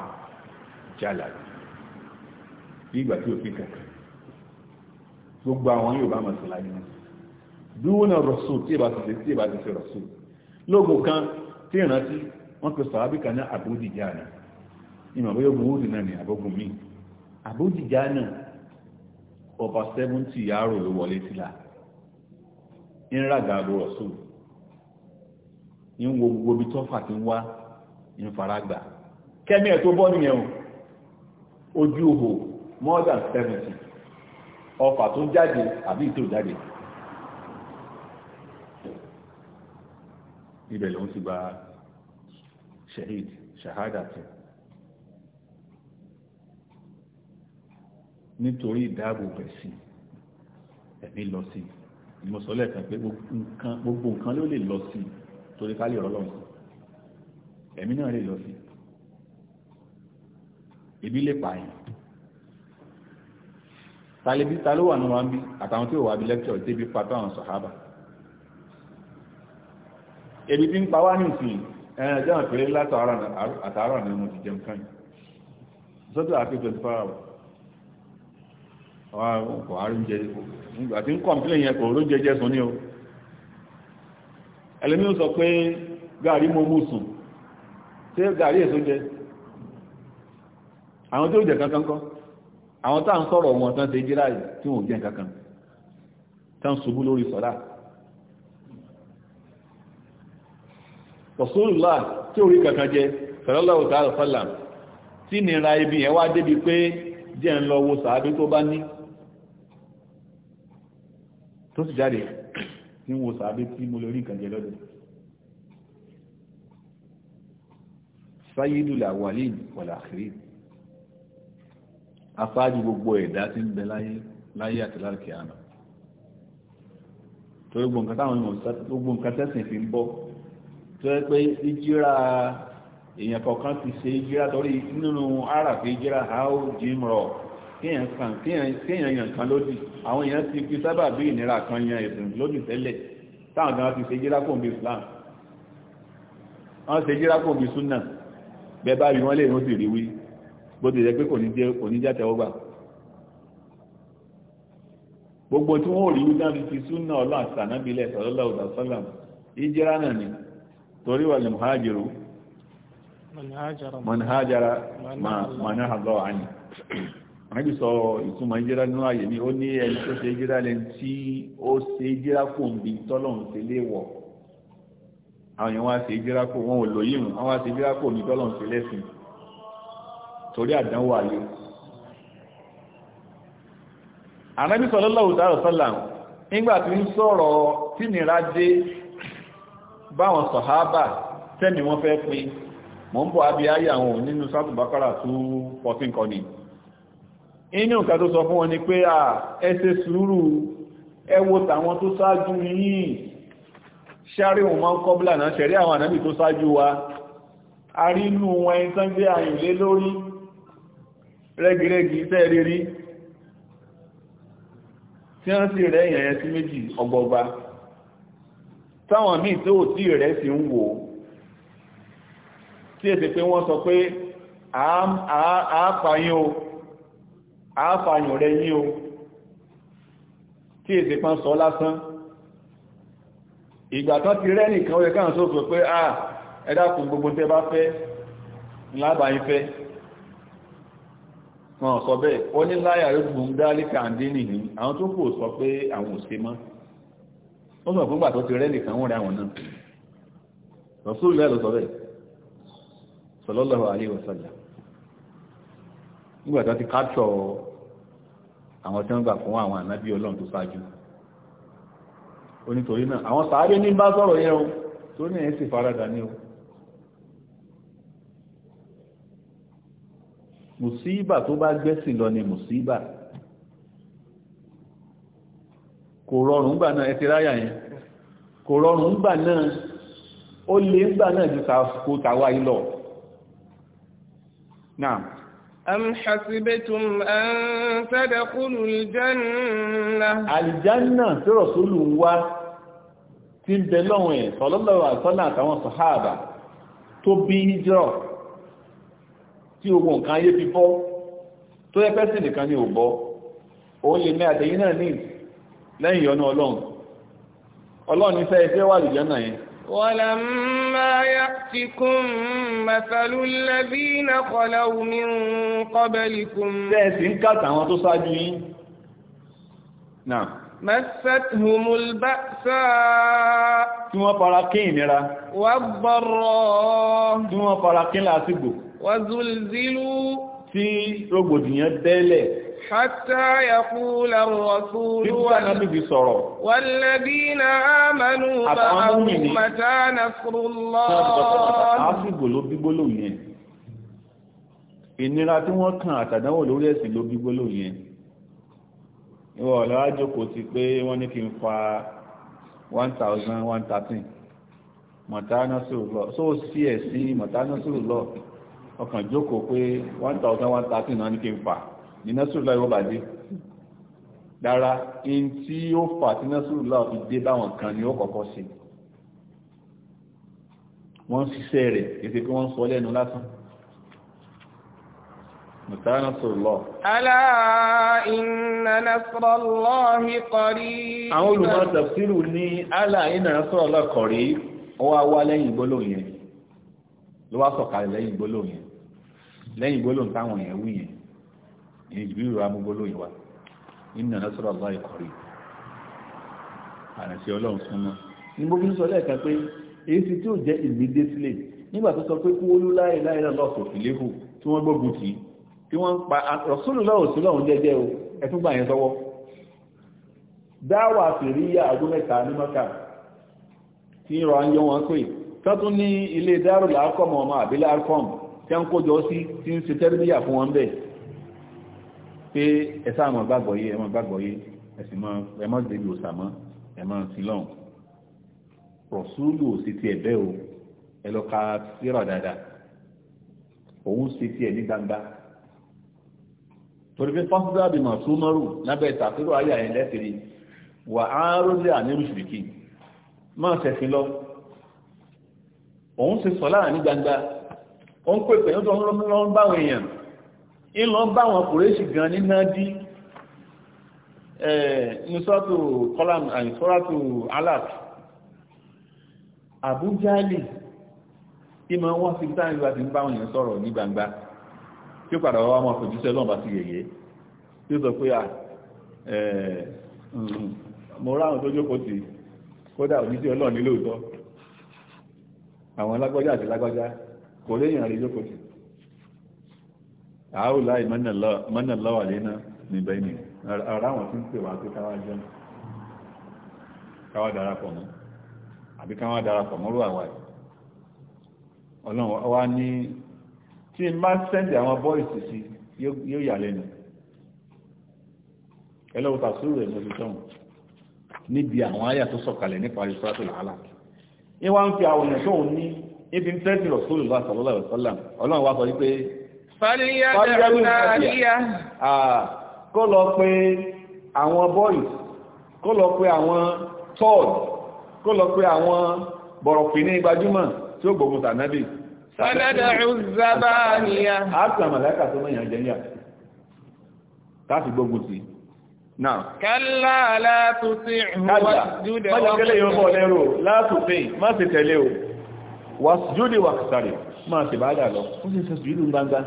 jálà bí ìgbà tí òfin kẹ̀kẹ́ gbogbo àwọn yóò bá mọ̀ sí láyé náà dúnà rọ̀sùn tí ìbá ti ṣe tí ìbá ti ṣe rọ̀sùn lóògùn kan tí ìrántí wọ́n pe sàábì kan ní àbódìjà náà ìmọ̀ bóyá ogun wúdì náà ní àbógun míì àbódìjà náà ọba sẹ́mùntì yàrá ló wọlé sílá ń ràgàdo rọ̀sùn ń wo gbogbo ibi tó fà ti ń wá ń faragbà kẹ́mi ẹ̀ tó bọ́ nìyẹn o ojú ihò more than seventy ọfà tó jáde àbí ìtò jáde ibẹ̀ lòun ti gba shahid shahada tẹ̀ nítorí ìdáàbòbò ẹ̀sìn ẹ̀mí lọ sí ìmọ̀sọ́lẹ̀ kan pé gbogbo nǹkan ló lè lọ sí torí ká lè rọ́lọ́run sí ẹ̀mí náà lè lọ sí ibi lè pààyàn talibi ta ló wà ní àtàwọn tí ò wà bí lẹ́kítọ̀ débi pa táwọn sọ̀hábà ebi tí ń pa wá ní ìsìn ẹ̀rẹ̀ jẹ́ àpẹẹrẹ látàárọ̀ ní mo ti jẹun kan sọ́tọ̀ àti 24 hours ọ̀hún kò àrùn jẹ nígbà tí ń kọ̀m̀pílẹ̀ yẹn kò róúnjẹ jẹ sùn ní o ẹlẹ́mí ó sọ pé gàrí mo mú sùn tí gàrí èso jẹ àwọn tó jẹ kankan kọ́ àwọn tá à ń sọ̀rọ̀ wọn tán ṣe jíráyì tí wọn ò jẹ kankan tán ṣubú lórí sọ̀rọ̀ Rasulullah tí orí kankan jẹ sallallahu ta'ala sallam tí nira ibi yẹn wá débi pé jẹ́ ń lọ wo sàábí tó bá ní tó sì jáde tí ń wo sàábí tí mo lè rí nǹkan jẹ lọ́dọ̀ sayyidul awwalin wal akhirin gbogbo nǹkan tẹ́sìn fi ń bọ́ tó yẹ pé ìjíra èèyàn kọ̀ọ̀kan ti ṣe ìjíra torí nínú àràfẹ́ ìjíra how jim rọ kéèyàn kan kéèyàn yàn kan lódì àwọn èèyàn ti fi sábà bí ìnira kan yan ẹ̀sìn lódì tẹ́lẹ̀ táwọn gan ti ṣe ìjíra kò ń bí Islam wọ́n ṣe ìjíra kò ń bí súnà bẹ́ẹ̀ bá rí wọ́n lè rún sí rí wí bó ti jẹ́ pé kò ní jẹ́ kò ní jẹ́ gbogbo tí wọ́n rí wí náà fi súnà ọlọ́ àtànábílẹ̀ sọ̀rọ̀lọ́ ọ̀dà sọ́lá ìjíra náà ni torí wà lè mọ̀hájìrò mọ̀hájàrà mọ̀hájàrà ma ànábì sọ ìtumọ̀ ìjírá nínú ààyè ní ní ẹni tó ṣe ìjírá lẹ́ni tí ó ṣe ìjírá kò ń bi tọ́lọ́run ṣe léèwọ̀ wọn o lóyìn mu àwọn ní tọ́lọ́run ṣe sallallahu ta'ala sallam de. báwọn sọ̀háábà tẹ́mi wọ́n fẹ́ pín mọ́ ń bọ̀ abi ayé àwọn nínú sátùbákàrà tó pọ̀sí nǹkan ni inú nǹkan tó sọ fún wọn ni pé à ẹ ṣe sùúrù ẹ wo tàwọn tó sáájú yìí ṣáré wọn máa ń kọ́bílà náà ṣẹ̀rí àwọn ànábì tó sáájú wa a rí inú wọn ẹni tán gbé àyìn lé lórí rẹ́girẹ́gi tẹ́ rírí tí wọ́n sì rẹ́ ìyẹn sí méjì ọgbọgba táwọn míì tí ó tí rẹ̀ sì ń wò tí èsì pé wọ́n sọ pé àáfàyàn rẹ̀ yí o tí èsì kan sọ lásán ìgbà tán ti rẹ́ nìkan ọ̀rẹ́ káà sófò pé à ẹ̀dàkùn gbogbo tẹ́ bá fẹ́ lábàáyí fẹ́ wọn sọ bẹ́ẹ̀ ó ní láyà rẹ̀ gbùn dálíkà àndínì ní àwọn tó kò sọ pé àwọn òṣèmọ́ ó sọ fún gbàtọ́ ti rẹ́ nìkan wọ́n rẹ àwọn náà rọ̀súlù náà ló sọ bẹ́ẹ̀ sallallahu alaihi wasallam nígbà tó ti kápṣọ̀ àwọn tí wọ́n gbà fún àwọn ànábí ọlọ́run tó ṣáájú onítorí náà àwọn sàárẹ́ ní bá sọ̀rọ̀ yẹn o tó ní ẹ̀ sì faradà ní o mùsíbà tó bá gbẹ́sìn lọ ni mùsíbà kò rọrùn gbà náà ẹ̀tẹ̀ ráyà yẹn kò rọrùn gbà náà ó lè gbà náà ju kò tàwa yìí lọ náà أم حسبتم أن تدخلوا الجنة الجنة tí Rọ̀súlù wá tí ń bẹ lọ́wọ́ ẹ̀ sọ̀lọ́lọ́wọ́ àtọ́nà àtàwọn sàhábà tó bí hijrọ̀ tí ogun nǹkan ayé fi bọ́ tó yẹ pẹ́sì nìkan ni ò bọ́ òun lè mẹ́ àtẹ̀yìn náà ní ìsìn lẹ́yìn ìyọnú ọlọ́run ọlọ́run nífẹ́ ẹgbẹ́ wà lùjẹ́ náà yẹn ولما يأتكم مثل الذين خلوا من قبلكم تẹ́ẹ̀sì ń kàtà àwọn tó sáájú yín náà مستهم البأساء tí wọ́n fara kí ìnira والضراء tí wọ́n fara kí lásìgbò وزلزلوا tí rògbòdìyàn dẹ́lẹ̀ حتى يقول الرسول والذين آمنوا معه متى نصر الله ìnira tí wọ́n kàn àtàdánwò lórí ẹ̀sìn ló gbígbólò yẹn ìwọ ọ̀lọ́wà jókòó ti pé wọ́n ní kí n fa 1113 mọ̀tánásùrù lọ só sí ẹ̀sìn mọ̀tánásùrù lọ ọkàn jókòó pé 1113 náà ní kí n fa ní násùrùlá ìwọ́ dára in tí ó fà tí násùrùlá fi dé báwọn kan ni ó kọ́kọ́ sí wọ́n ṣiṣẹ́ rẹ̀ ètò pé wọ́n sọ lẹ́nu lásán متى نصر الله إن نصر الله قريب àwọn olùmọ̀ ní ألا إن نصر الله wá lẹ́yìn gbólóhùn ló wá sọ̀kalẹ̀ lẹ́yìn gbólóhùn lẹ́yìn gbólóhùn táwọn yẹn wí yẹn ní ìbírò amúgbólóyìn wa inna nasrallahi qarib àrẹ̀sí ọlọ́run súnmọ́ ní gbogbo sọ lẹ́ẹ̀kan pé èyí sì tí ó jẹ́ immediately nígbà tó sọ pé kú olú láì láì lọ́sọ̀ fìléhù tí wọ́n gbógun tì tí wọ́n ń pa rọ̀súlù lọ́wọ́ sí lọ́wọ́ jẹ́jẹ́ o ẹ̀tún gbà yẹn sọ́wọ́ dáwà fèríyà ọdún mẹ́ta ní mọ́kà tí ń rọ ayọ́ pé ẹ sáà mọ̀ gbàgbọ́ yé ẹ mọ̀ gbàgbọ́ yé ẹ sì mọ̀ ẹ mọ̀ débi òsà mọ́ ẹ mọ̀ sí lọ́hùn rọ̀súlù ò sì tiẹ̀ bẹ́ẹ̀ o ẹ lọ ka sírọ̀ dáadáa òun sì tiẹ̀ ní gbangba torí pé pásítọ̀ àbí màsúmọ́rù lábẹ́ ìtàkùrọ̀ ayé àyẹ̀ lẹ́sìrì wà á rọ́lẹ̀ ànírùsìrìkì máa ṣẹ̀fin lọ òun sì sọ láàrin gbangba ó ń pèpè ó ń bá àwọn èèyàn ìlọ bá wọn kùrẹ́ṣì gan ní nádí nusọ́tù kọ́lám àyìnsọ́ràtù alaf àbújáàlì ìmọ̀ wọn fi tá ìlú àti ń bá wọn yẹn sọ̀rọ̀ ní gbangba tí ó padà wá wọn fòjúṣẹ́ lọ́nà bá sí yẹ̀yẹ́ tí ó sọ pé à mo ráhùn tó jókòó ti kódà òjíṣẹ́ ọlọ́ọ̀ nílòótọ́ àwọn lágbájá àti lágbájá kò léyìn àrí jókòó ti àáwùlá ìmọ́nàlọ́wà lẹ́nà níbẹ̀ ni ara wọn tí ń pè wá pé káwà jẹun káwà darapọ̀ mọ́ àbí káwà darapọ̀ mọ́rú àwà ọlọ́run wá ní tí n bá sẹ́ndì àwọn bọ́ìsì sí yóò yà lẹ́nu ẹlọ́wọ́ tàṣírò rẹ̀ mọ́bí tọ́hùn níbi àwọn àyà tó sọ̀kalẹ̀ nípa ìṣúrátò làálà ní wá ń fi àwọn èèyàn tóun ní ibi ń tẹ́sí rọ̀ sólùlá sọ̀lọ́lá ọ̀sọ́lá ọlọ́run wá sọ wípé kó lọ pé àwọn boys kó lọ pé àwọn todd kó lọ pé àwọn bọ̀rọ̀pìní gbajúmọ̀ tí ó gbogbo tànábì sádádàrú zabaniya àtàmàlákà tó mẹ́yàn jẹ́yà láti gbogbo ti náà kálá látútí wàjúdẹ̀ wàkìsàrí máa sì bá dà lọ ó sì sọ sí ìlú gbangba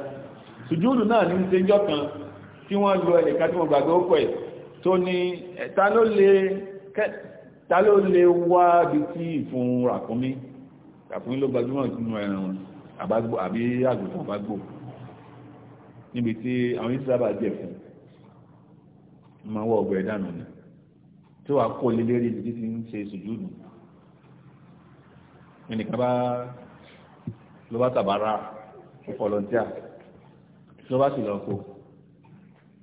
sùjúdù náà ní ṣe jọ́ kan tí wọ́n lo ẹnìkan tí wọ́n gbàgbé ó pẹ̀ tó ní ta ló lè wá bí tí ìfún ràkúnmí ràkúnmí ló gbajúmọ̀ nínú ẹran àbí àgùntàn àbágbò níbi tí àwọn ìsábà jẹ fún ma wọ́ ọgbẹ̀ ìdánù ni tí wà kó lé lérí ibi tí ń ṣe sùjúdù ẹnìkan bá ló bá tàbára fún volunteer tí wọ́n bá sì lọ kó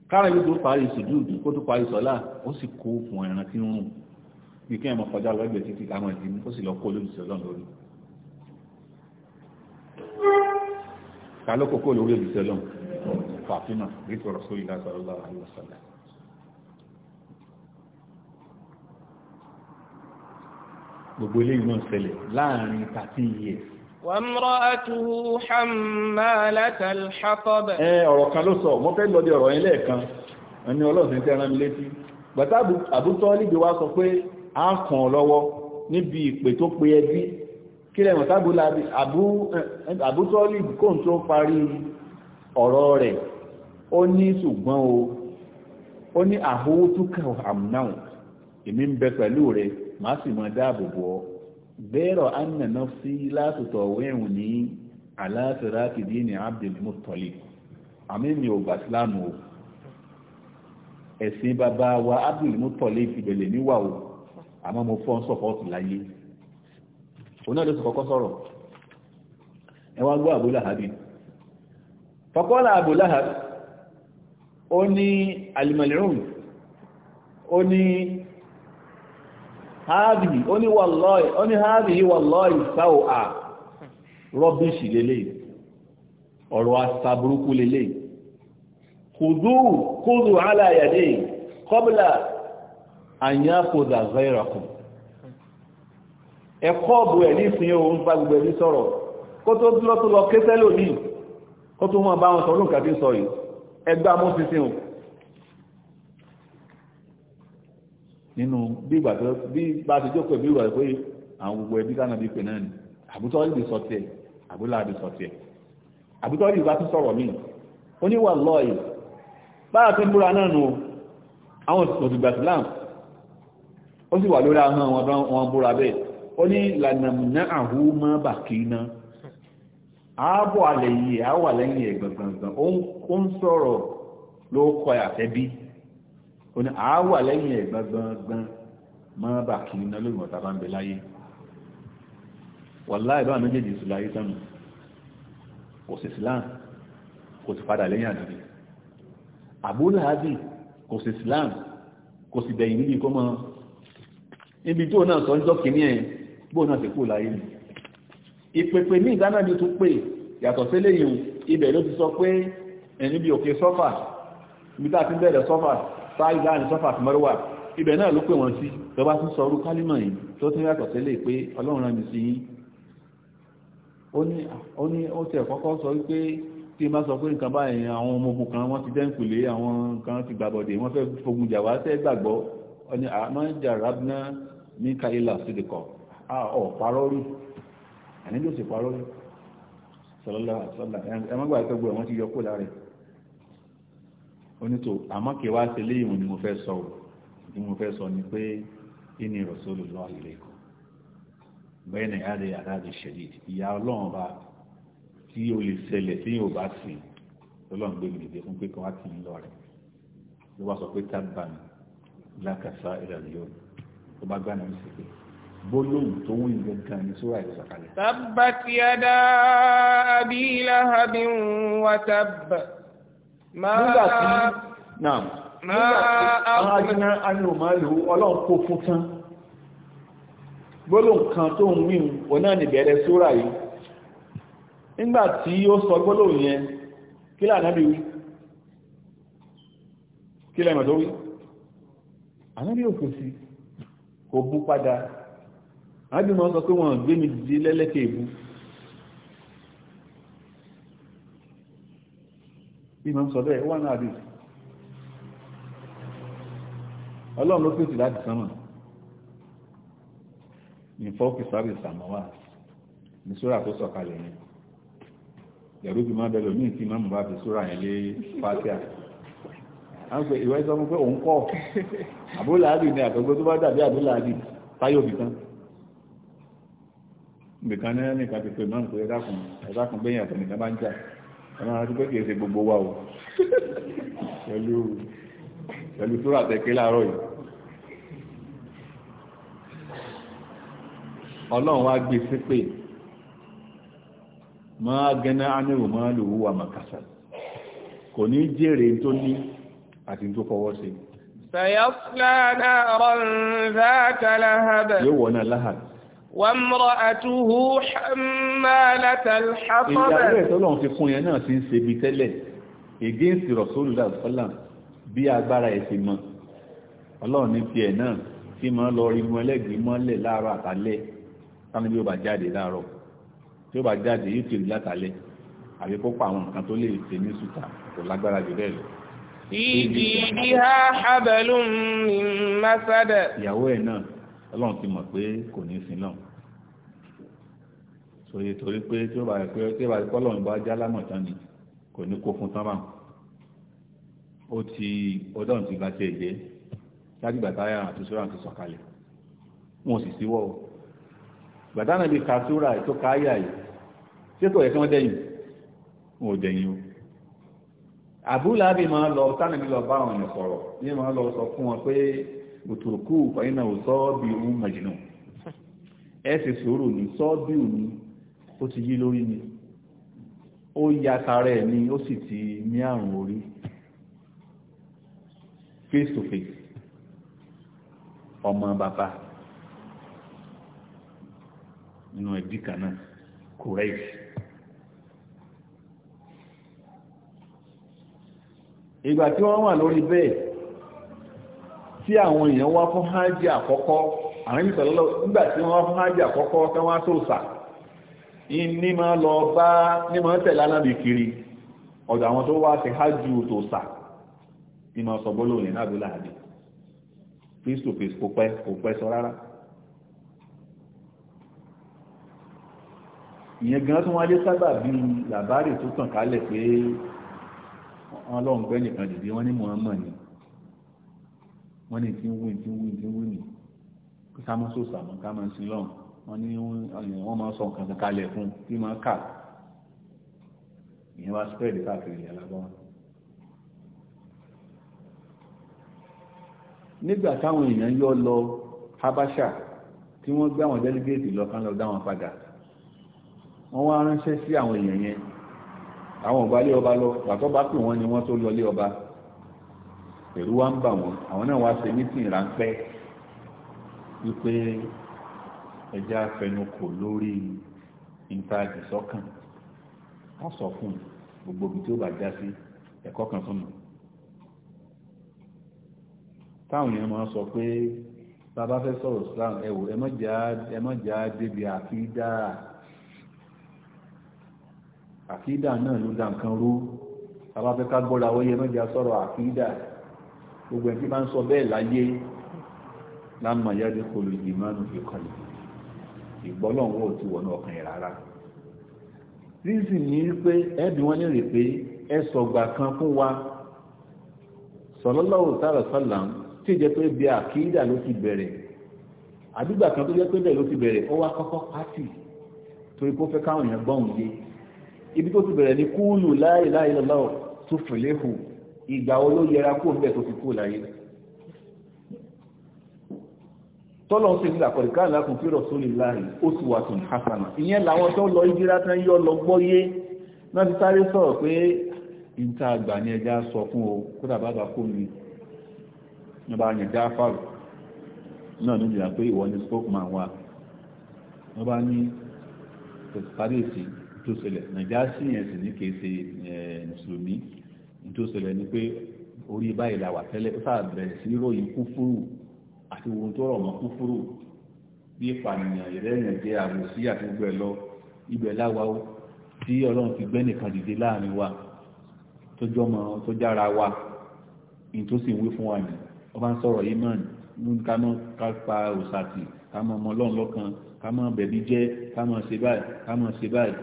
kára yóò tó parí ìṣèdúdú kó tó parí sọ́lá ó sì kó fún ẹran tí ń rùn bí kí ẹ̀ mọ̀ kọjá lọ́gbẹ̀ẹ́ títí káwọn ìdí ó sì lọ kó olóòjì ọlọ́run lórí ta ló kókó lórí olóòjì ọlọ́run Fàtímà bí tọrọ sórí lásàrọ́lá àlùsàlá gbogbo eléyìí náà ṣẹlẹ̀ láàrin thirteen years wàmúrọ́àtúhù hàmàlátàl hàtọ́bẹ̀. ẹ ọ̀rọ̀ kan ló sọ mo fẹ́ lọ di ọ̀rọ̀ yẹn lẹ́ẹ̀kan ẹni ọlọ́sìn tẹ́ ẹran mi létí bàtà àbútọ́ níbi wa sọ pé a ń kàn ọ́ lọ́wọ́ níbi ìpè tó pe ẹbí kí lẹ́yìn ọ̀tàbù àbútọ́ níbi kóhùn tó parí ọ̀rọ̀ rẹ̀ ó ní ṣùgbọ́n o ó ní àhówó túkà àmúnáwò èmi ń bẹ pẹ̀lú rẹ̀ màá sì mọ dáàbò bò ọ́ bẹ́ẹ̀rọ anna nafsi látòtọ̀ wẹ́hùn ní aláṣẹ́ráàkì dí ní Abdul Muttalib àmìmì ò gbàsílámù o ẹ̀sìn bàbá wa Abdul Muttalib ìbẹ̀lẹ̀ níwà o àmọ́ mo fọ́n sọ́pọ̀tù láyé oná ló sọ kọ́kọ́ sọ̀rọ̀ ẹ gbọ́ Abu Lahab faqala Abu Lahab ó ní al ó ní háàbì ó ní wàlọ́ọ̀ì ó ní háàbì yí wàlọ́ọ̀ì sáò à rọ́bíṣì lélẹ̀ ọ̀rọ̀ asaburúkú lélẹ̀ kùdú kúrù aláyàdé kọ́bílà àyàkódà zairakum ẹ̀kọ́ ọ̀bù ẹ̀ nífin ohun bá gbogbo ẹ̀rí sọ̀rọ̀ kó tó dúró tó lọ kétẹ́lò ní kó tó mọ́ bá wọn sọ lóǹkà tí sọ yìí ẹgbẹ́ amúsísìn nínú bí ìgbà tó bí bá ti jókòó bí ìwà pé àwọn gbogbo ẹbí sáà náà bí pè náà ni àbútọ́ ìdí sọ tiẹ̀ àbúlà ìdí sọ tiẹ̀ àbútọ́ ìdí bá tún sọ̀rọ̀ míì ó ní wà lọ́ọ̀yì bára tí ń búra náà nù àwọn òṣìṣẹ́ Islam ó sì wà lórí ahọ́n wọn búra bẹ́ẹ̀ ó ní lànàmùná àhúmọ́ bàkínà ààbò alẹ̀ yìí àwà lẹ́yìn ẹ̀gbọ̀ngbọ̀n ó ń sọ̀rọ̀ ló kọ àtẹ́bí ó ní àáwà lẹ́yìn ẹ̀ gbọ́ngbọ́n mọ́ bà kí iná lórí wọn tàbá ń bẹ láyé wàláì bá méjèèjì sùn láyé sánù kò sí Islam kò sì padà lẹ́yìn àdúgbò àbúrò àbí kò sí Islam kò sì bẹ̀yìn níbi kó mọ́ ibi tó náà sọ ń jọ́ sáàyí láàrin sọ́fà àti mọ́rọ́wà ibẹ̀ náà ló pè wọ́n sí lọ́ba tún sọ orú kálímọ̀ yìí tó tún yàtọ̀ sílẹ̀ pé ọlọ́run rán mi sí yín ó ní ó tẹ̀ kọ́kọ́ sọ wípé tí n bá sọ pé nǹkan báyìí àwọn ọmọ ogun kan wọ́n ti dẹ́ǹkùlé àwọn kan ti gbàbọ̀dé wọ́n fẹ́ fogun jà wá tẹ́ gbàgbọ́ ọ ni àmọ́ ìjà rábínà ní kaila sídìkọ̀ ọ̀ parọ́ rí àníjọ́ sì parọ́ rí sọlọ́lá àti sọlá ẹ̀mọ́gbà ìtọ́gbọ̀ wọn ti yọ kó lára onítò àmọ́ kí wá sí ilé ìwọ̀n ni mo fẹ́ sọ ò ni mo fẹ́ sọ ni pé inni rasulullah ilaykum bẹ́ẹ̀ ni adé adáde ṣẹlẹ̀ ìyá ọlọ́run bá tí o lè ṣẹlẹ̀ tí yóò bá sì ọlọ́run gbé mi dìde fún pé kí wọ́n ti ń lọ rẹ̀ ló wá sọ pé tábàn lákàtà ìrànlẹ́ òní tó bá gbá náà ń ṣe tó wù ní gan ní sóra ìlú sàkálẹ̀. tabbat yada abi lahabin wa tabba nígbà tí náà nígbà tí àwọn ajíná anìyàn lò ọlọ́run kó fún tán gbólóhùn kan tó ń wí wọn náà nìbẹ̀rẹ̀ sóra yìí nígbà tí ó sọ gbólóhùn yẹn kí lànà bí wí kí lẹ́mọ̀ tó wí ànábì òkú sí kò bú padà ànábì mọ́ sọ pé wọ́n gbé mi dìde lẹ́lẹ́kẹ̀ẹ́ bú ìmọ̀ ń sọ bẹ́ẹ̀ wà náà dìí ọlọ́run ló pèsè láti sánmà ní fọ́ọ̀kì sáré sàmọ́wà ní sóra tó sọ̀kalẹ̀ yẹn ẹ̀rú bí máa bẹ̀rẹ̀ míì tí máa mú bá fi sóra yẹn lé fásíà a ń pè ìwé sọ fún pé òun kọ́ àbúláàdì ni àtọ́gbẹ́ tó bá dàbí àbúláàdì táyọ̀ bìkan bìkan náà nìkan ti pè máa ń pè ẹ̀dákùn ẹ̀dákùn bẹ́yìn àtọ̀ bá ń jà àwọn àti pé kìí ṣe gbogbo wa o pẹ̀lú pẹ̀lú tó ràtẹ̀kẹ́ láàárọ̀ yìí ọlọ́run wá gbé sípè máa gẹ́nà ánìrò máa lòwú wà màkàsà kò ní jèrè tó ní àti tó fọwọ́ sí yóò wọ́n náà láhàbẹ̀ wàmúrọ̀àtúhù hàmàlátàl hàtọ́bà. ìyàwó ẹ̀ tọ́lọ́run fi kún yẹn náà against rasulullah sallam bí agbára ẹ̀ ti mọ̀ ọlọ́run ní tiẹ̀ náà tí mọ́ lọ rí mọ́ ẹlẹ́gbẹ̀ẹ́ mọ́lẹ̀ láàárọ̀ àtàlẹ́ táwọn bí ó bá jáde láàárọ̀ tí ó bá jáde yóò ti rí látàlẹ́ àbí kó àwọn nǹkan tó lè ṣe ní sùtà kò lágbára jù bẹ́ẹ̀ lọ. ìdí ìhá habalun min masad. ìyàwó ẹ̀ náà ọlọ́run ti mọ̀ pé kò ní sin náà torí torí pé tí ó bá rí pé tí ó bá rí pọ́lọ́run bá já lámọ̀tán ni kò ní kó fún tán báwọn ó ti ọdọ́run ti bá tiẹ̀ jẹ́ láti gbàtà ayà àti sọ́ra ti sọ̀kalẹ̀ wọn ò sì síwọ́ o gbàtà náà bí ka sóra tó ka ayà yìí ṣé kò yẹ kí wọ́n dẹ̀yìn wọn ò dẹ̀yìn o àbúlà bí máa lọ tánà bí lọ bá àwọn èèyàn sọ̀rọ̀ ní máa lọ sọ fún wọn pé òtòkù fàyínà ò sọ́ọ́bì òun màjìnà ẹ sì sòrò ní sọ́ọ́bì òun ó ti yí lórí ni ó ya tara ẹ̀ ni ó ti ní àrùn orí face to face ọmọ bàbá nínú ẹbí kan náà correct ìgbà tí wọ́n wà lórí bẹ́ẹ̀ tí àwọn èèyàn wá fún hajj àkọ́kọ́ àwọn ìgbà tí wọ́n wá fún hajj àkọ́kọ́ tí wọ́n to sa. ní máa lọ bá ní máa tẹ̀lé anábì kiri ọ̀dọ̀ àwọn tó wá sí hajj tó sà ní máa sọ gbọ́lò ní náà bílá àdé face to face kò pẹ́ kò pẹ́ sọ rárá ìyẹn gan tó wáyé sábà bí làbárì tó tàn kálẹ̀ pé wọ́n lọ́n pẹ́ nìkan dìde wọ́n ní Muhammad ni wọ́n ní tí ń wí tí ń wí tí ń wí nì kí ká mọ́ sóòsà mọ́ ká mọ́ sí wọ́n ní wọ́n máa sọ nǹkan kan kalẹ̀ fún tí máa kà ìyẹn wá spread káàkiri ìyá lágbọ́n. nígbà táwọn èèyàn yọ lọ habasha tí wọ́n gbé àwọn délégéètì lọ kán lọ dá wọn padà wọ́n wá ránṣẹ́ sí àwọn èèyàn yẹn àwọn ọba lé ọba lọ bàtọ́ bá pè wọ́n ni wọ́n tó lọ lé ọba ẹ̀rú wa ń bà wọ́n àwọn náà wá ṣe mítìn ráńpẹ́ wípé ẹjá fẹnukò lórí ìntàjì sọ́kàn wọ́n sọ fún gbogbo ibi tí ó bá já sí ẹ̀kọ́ kan fún mi táwọn èèyàn máa sọ pé bàbá fẹ́ sọ̀rọ̀ Islam ẹ̀wò ẹmọ́jà débi àkídà àkídà náà ló dá nǹkan rú bàbá fẹ́ ká gbọ́ra wọ́yẹ ẹmọ́jà sọ̀rọ̀ àkídà gbogbo ẹ̀ tí bá ń sọ bẹ́ẹ̀ láyé lámàyá dé kò lè dì mánu fi kọlẹ̀ ìgbọ́lọ́hún ò ti wọnú ọkàn yẹn rárá rízì ní pé ẹbí wọn lè rè pé ẹ sọ̀gbà kan fún wa sọlọ́lọ́wọ́ sára sọ́là tí ì jẹ́ pé bí àkídà ló ti bẹ̀rẹ̀ àdúgbà kan tó jẹ́ pé bẹ́ẹ̀ ló ti bẹ̀rẹ̀ ó wá kọ́kọ́ pátì torí kó fẹ́ káwọn èèyàn gbọ́hùn yé ibi tó ti bẹ̀rẹ̀ ní kúlù láìláìlọ́lọ́ tó fẹ̀lẹ́hù ìgbà wo ló yẹra kó ń bẹ̀ tó fi kú láyé tọ́lọ́n sí nígbà kọ̀ríká alákùn fí rọ̀sólì láàrin ó sì wà tún hasana ìyẹn làwọn tó lọ ìjírá tán yọ lọ gbọ́yé náà ti sáré sọ̀rọ̀ pé ìta àgbà ni ẹja sọ fún o kódà bàbá kó mi nígbà yẹn já fàrù náà níbi ìyá pé ìwọ ni spokesman wa wọ́n bá ní kàdéèsì tó ṣẹlẹ̀ nàìjà sí yẹn sì ní kìí mùsùlùmí tó ṣẹlẹ̀ ni pé orí báyìí làwà tẹ́lẹ̀ ó sáà bẹ̀rẹ̀ sí ròyìn kúfúrú àti ohun tó rọ̀ mọ́ kúfúrú bí ìpànìyàn ìrẹ́yìn jẹ́ àwòsí àti gbogbo ẹ̀ lọ ibẹ̀ láwa ó tí ọlọ́run ti gbẹ́ nìkan dìde láàrin wa tó jọmọ tó jára wa ní tó sì ń wí fún wa nì ọba ń sọ̀rọ̀ yìí mọ́ni ní ká mọ́ ká pa òsàtì ká mọ́ ọmọ ọlọ́run lọ́kan ká mọ́ bẹ̀bí jẹ́ ká mọ́ ṣe báyìí ká mọ́ ṣe báyìí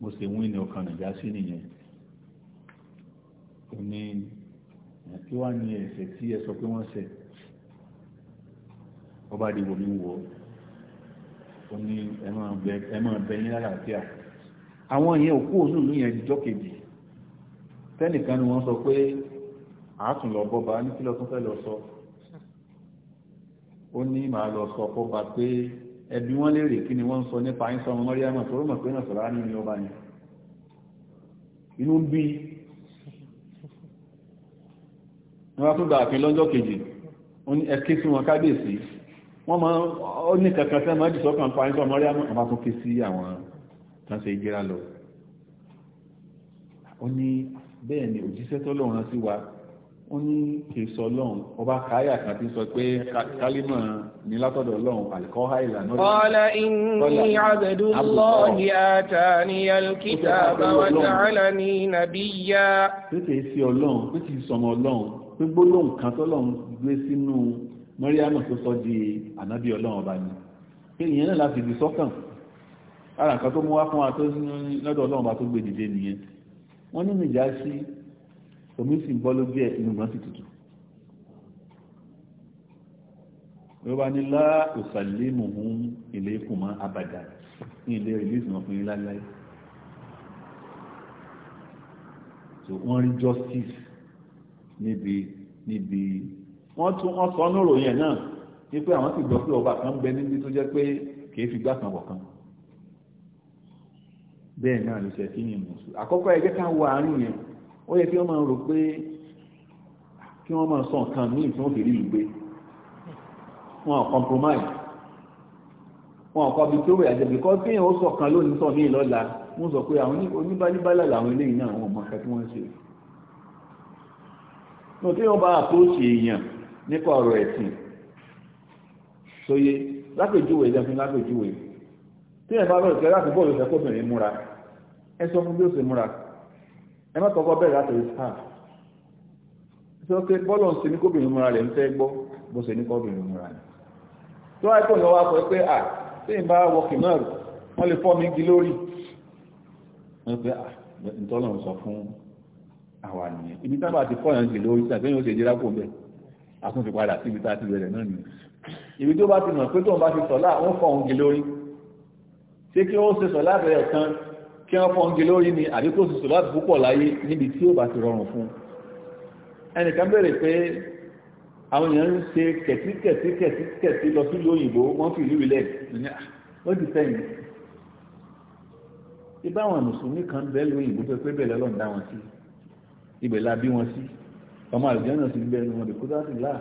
mo sì ń wí ní ọkàn nàìjà sí nìyẹn kí wàá ní ẹ̀ṣẹ̀ tí ẹ sọ pé wọ́n ṣẹ̀ ọba àdìwò mi wọ ó ní ẹ máa bẹ yín lálàáfíà àwọn yẹn òkú òun ní yẹn jíjọ́ kejì tẹ́nìkan ni wọ́n sọ pé àátùn lọ bọ́ba ní kí lọ́tún fẹ́ lọ sọ ó ní màá lọ sọ fọ́ba pé ẹbí wọ́n léèrè kí ni wọ́n sọ nípa yín sọ ọmọ mọ́ríyá náà tó rọ́mọ̀ pé náà sọ̀rọ̀ á ní ọba yẹn inú ń bí wọ́n tún dààfin lọ́jọ́ kejì ẹ̀kí sí wọn kábíyèsí wọ́n ma ó ní kankan sẹ́ máa jùsọ́ kan parí tọ́ mọ́rí àwọn àbáfún ké sí àwọn tán ṣe ìgbéra lọ ó ní bẹ́ẹ̀ ni òjíṣẹ́ tó lọ́run sí wa ó ní kì í sọ lọ́run ọba káyà kan ti sọ pé kálímọ̀ ní látọ̀dọ̀ lọ́run àlùkọ́ àìlà náà qala inni abdullahi atani pé gbólóhùn kan tọ́lọ́run gbé sínú mọ́ríámù tó sọ di ànábì ọlọ́run ọba ni pé ìyẹn náà láti di sọ́kàn ara nǹkan tó mú wá fún wa tó lọ́dọ̀ ọlọ́run ọba tó gbé dìde nìyẹn wọ́n ní nìjà sí omi sì ń bọ́ lójú ẹ̀ inú gan sì tutù ló bá ní lá òsàlémùhún ilé kùmọ́ abàdà ní ilé release wọn fún yín láláì so wọ́n rí justice níbi níbi wọ́n tún wọ́n sọ nírò yẹn náà ní pé àwọn sì gbọ́ pé ọba kan bẹ níbi tó jẹ́ pé kìí fi gbà kan bọ̀ kan bẹ́ẹ̀ náà ló ṣe kí ni mùsùlùmí àkọ́kọ́ ẹgbẹ́ ká wọ àárín yẹn ó yẹ kí wọ́n máa rò pé kí wọ́n máa sọ nǹkan míì tí wọ́n fi rí ìlú gbé wọn compromise wọn kọ bí tó wẹ̀ àjẹ́ bí kọ́ tí èèyàn ó sọ kan lónìí sọ ní ìlọ́la wọ́n sọ pé àwọn oníbálíbálà làwọn eléyìí náà wọ́n mọ̀ ká tó tí wọ́n bá àpòsì èèyàn nípa ọ̀rọ̀ ẹ̀sìn sóye lápèjúwe ẹ̀jẹ̀ fún lápèjúwe tí ẹ̀ bá lọ́rọ̀ ìṣẹ́ láti bọ́ọ̀lù ìṣẹ́ kóbìnrin múra ẹ sọ fún bí ó ṣe múra ẹ má kọ́kọ́ bẹ̀rẹ̀ láti rí sáà sọ pé bọ́ọ̀lù ń ṣe ní kóbìnrin múra rẹ̀ ń fẹ́ gbọ́ bó ṣe ní kóbìnrin múra rẹ̀ tó wáyé pọ̀ lọ́wọ́ akọ pé à tí ń bá wọkì náà wọ́n lè fọ́ mi gí lórí wọ́n pé à ìtọ́lọ́run sọ fún àwa nìyẹn ibi tábà ti fọ́ yàn gbèlè oríṣi àtẹ́yìn ó ṣe jẹ́rá kò bẹ̀ àtúnfi padà síbi tá a ti bẹ̀rẹ̀ náà nìyẹn ibi tó bá ti mọ̀ pé tóun bá ti sọ̀lá wọ́n fọ́ òun gbèlè orí ṣé kí ó ṣe sọ̀lá bẹ̀rẹ̀ kan kí wọ́n fọ́ òun gbèlè orí ni àbí kó ṣe sọ̀lá púpọ̀ láyé níbi tí ó bá ti rọrùn fún ẹnìkan bẹ̀rẹ̀ pé àwọn èèyàn ń ṣe kẹ̀tíkẹ̀tíkẹ̀tíkẹ̀tí lọ sí lóyìnbó wọ́n fi ìlú ilẹ̀ wọ́n ti sẹ́yìn ibáwọn mùsùlùmí kan bẹ́ẹ̀ lóyìnbó pé pé bẹ́ẹ̀ lọ́lọ́run dá wọn sí i ibẹ̀ la bí wọn sí ọmọ àlùjọ́nà sì ń bẹ́ẹ̀ ni wọn lè kó sáà sí láà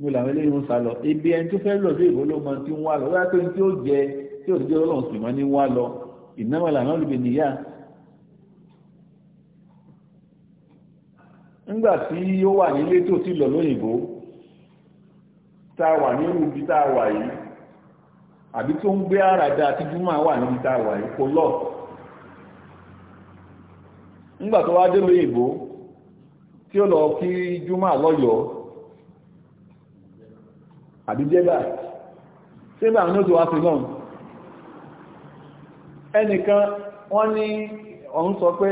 mo làwọn eléyìí ń sá lọ ibi ẹni tó fẹ́ lọ sí ìbò ló mọ tí ń wá lọ wáyà pé tí ó jẹ tí ò jẹ́ ọlọ́run sì mọ́ ní wá lọ ìnáwó làwọn olùgbé nìyà ńgbà tí ó wà nílé tó ti lọ lóyìnbó tá a wà ní irú ibi tá a wà yìí àbí tó ń gbé àràdà àti júmọ̀ wà níbi tá a wà yìí kò lọ́ọ̀ nígbà tó wá délé ìbò tí ó lọ kí júmọ́ àlọ́yọ̀ àbí jẹ́bà síbà ní ó ti wá sí náà ẹnìkan wọ́n ní ọ̀hún sọ pé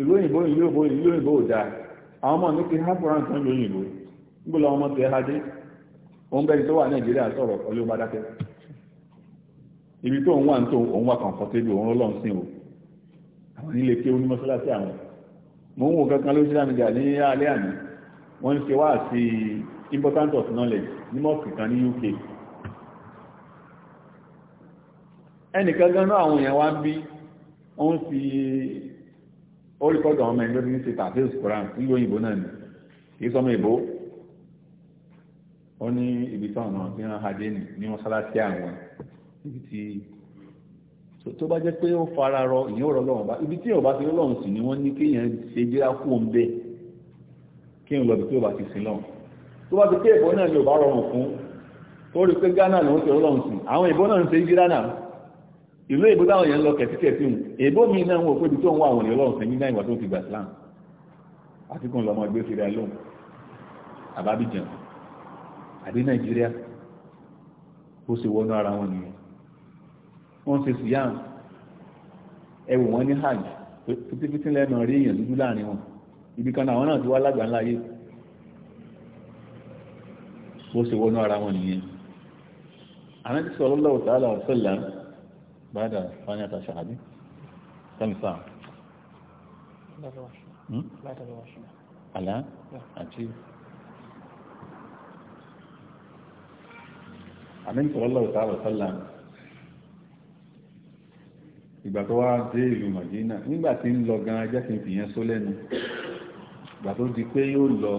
ìlú òyìnbó ìlú òyìnbó ìlú òyìnbó àwọn ọmọ ní kí hápùrán kan ló yìnbó ọmọ tẹ́ hajé òun tó wà nàìjíríà ibi tó ń wà ń tó òun wà kàn fọ́tébì òun lọ́n nílé kí ó ní mọ́sálásí àwọn mo ń wo kankan lójú lámì gà ní alẹ́ àná wọ́n ń ṣe wá sí important of knowledge ní mọ́ọ̀sì kan ní UK ẹnìkan gan náà àwọn èèyàn wá ń bí ó ń fi ó rí kọ́dọ̀ ọmọ ẹgbẹ́ ní ṣe tàfíìs koran nílùú òyìnbó náà ni kìí sọmọ ìbò ó ní ibi táwọn ọmọ tí wọ́n hajé ní mọ́sálásí àwọn ibi tí tó bá jẹ́ pé ó fara rọ ìyẹn ọ̀rọ̀ lọ́wọ́ bá ibi tí ọba ti lọ́wọ́ sí ni wọ́n ní kéèyàn ṣe jẹ́ra kú òun bẹ́ẹ̀ kí n lọ́bi tí ọba ti sin lọ́wọ́ tó bá ti pé ìbọn náà ni ọba rọrùn fún tó rí pé Ghana ni wọ́n ti lọ́wọ́ sí àwọn ìbọn náà ń ṣe jẹ́ra náà ìlú ìbò táwọn yẹn ń lọ kẹ̀tíkẹ̀tì hùn èbó mi náà wọ́n pé ibi tó ń wá àwọn ènìyàn lọ́wọ́ sí ní náà ìwà tó fi wọ́n ṣe siyam ẹwù wọn ní hajj fitifiti lẹ́nu rí èèyàn dúdú láàrin wọn ibi kan àwọn náà ti wá lágbàá ńlá yìí bó ṣe wọnú ara wọn nìyẹn àwọn ti sọ lọ́wọ́ tààlà ọ̀sẹ̀lá bàdà fani àtàṣàbí sẹ́mìsà àlá àti àmì ìsọ̀rọ̀lọ́wọ́ tààlà ọ̀sẹ̀lá ìgbà tó wá dé ìlú Madina nígbà tí ń lọ gan ajá kí n fìyẹn só lẹ́nu ìgbà tó di pé yóò lọ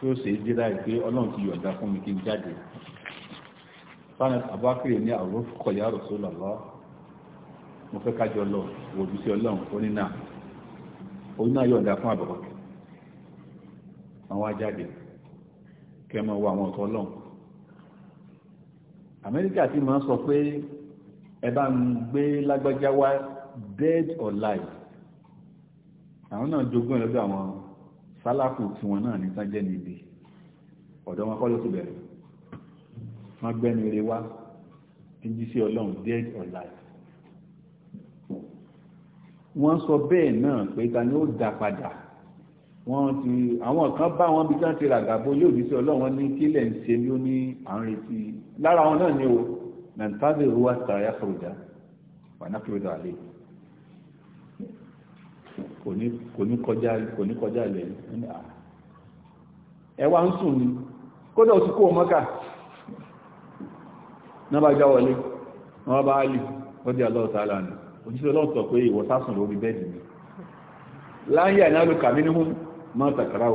tí ó ṣe é dé láì pé ọlọ́run ti yọ̀ǹda fún mi kí n jáde fanet abakiri ní àwòrán kọ̀yà rọ̀sọ́ lọ́lọ́ mo fẹ́ kájọ lọ òbí sí ọlọ́run oní náà oní náà yọ̀ǹda fún àbọ̀bọ̀ àwọn ajáde kẹmọ wo àwọn ọ̀tọ̀ ọlọ́run Amẹ́ríkà ti máa ń sọ pé ẹ bá ń gbé lágbájá wá dead or live àwọn náà jogún ẹ̀ lọ́dọ̀ àwọn sálàkù tí wọn náà ní sájẹ́ níbi ọ̀dọ̀ wọn kọ́ ló ti bẹ̀rẹ̀ wọ́n gbẹ́ni rẹ wá tí jí sí ọlọ́run dead or live wọ́n sọ bẹ́ẹ̀ náà pé ta ni ó dá padà wọ́n ti àwọn kan bá wọn bí kí wọ́n ti ràgàbo yóò jí sí ọlọ́run ní kílẹ̀ ń ṣe bí ó ní à ń lára wọn náà ni o ننتظر حتى يخرج ونخرج عليه kò ní kọjá kò kọjá ilẹ̀ ẹwà ń sùn ní kódà ó ti kó mọ́kà náà bá já wọlé wọ́n bá lè ọdí ọlọ aláàánú òjíṣẹ́ ọlọ́ọ̀tọ̀ pé ìwọ̀sásùn lórí bẹ́ẹ̀dì ni láyé àìnáàlú kàmínúhùn máa tàkàrà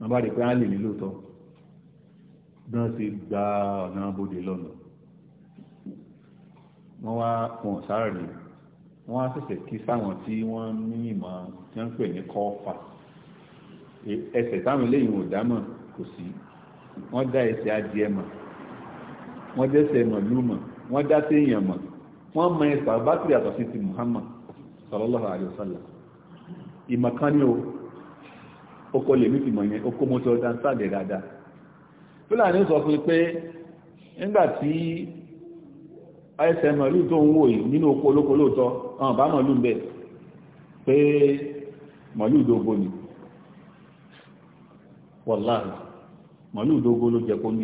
wọ́n bá rí pé á lè ní lóòótọ́ náà sì gba ọ̀nà bòde lọ́nà wọ́n wá wọn sáré wọ́n á ṣẹ̀ṣẹ̀ kí sáwọn tí wọ́n ní ìmọ̀ tí wọ́n ń pè ní kọ́ọ̀fà e, ẹsẹ̀ táwọn eléyìí ò dámọ̀ kò sí wọ́n dá ẹsẹ̀ adìẹ mọ̀ wọ́n dẹ́sẹ̀ mọ̀lú mọ̀ wọ́n dá sí èèyàn mọ̀ wọ́n mọ ẹsẹ̀ àbátìrì àtọ̀sí ti Muhammad sallallahu alayhi ìmọ̀ kan ní o oko lè mítì mọ̀ yẹn oko mo ti ọdá sáàdẹ̀ dáadáa fúlàní sọ fún pé nígbà tí isml tó ń wò yìí nínú oko olóko lóòótọ́ àwọn bá mọ̀lú ń bẹ̀ pé mọ̀lú ìdógó ni wọ̀láàrù mọ̀lú ìdógó ló jẹ kó wọ́n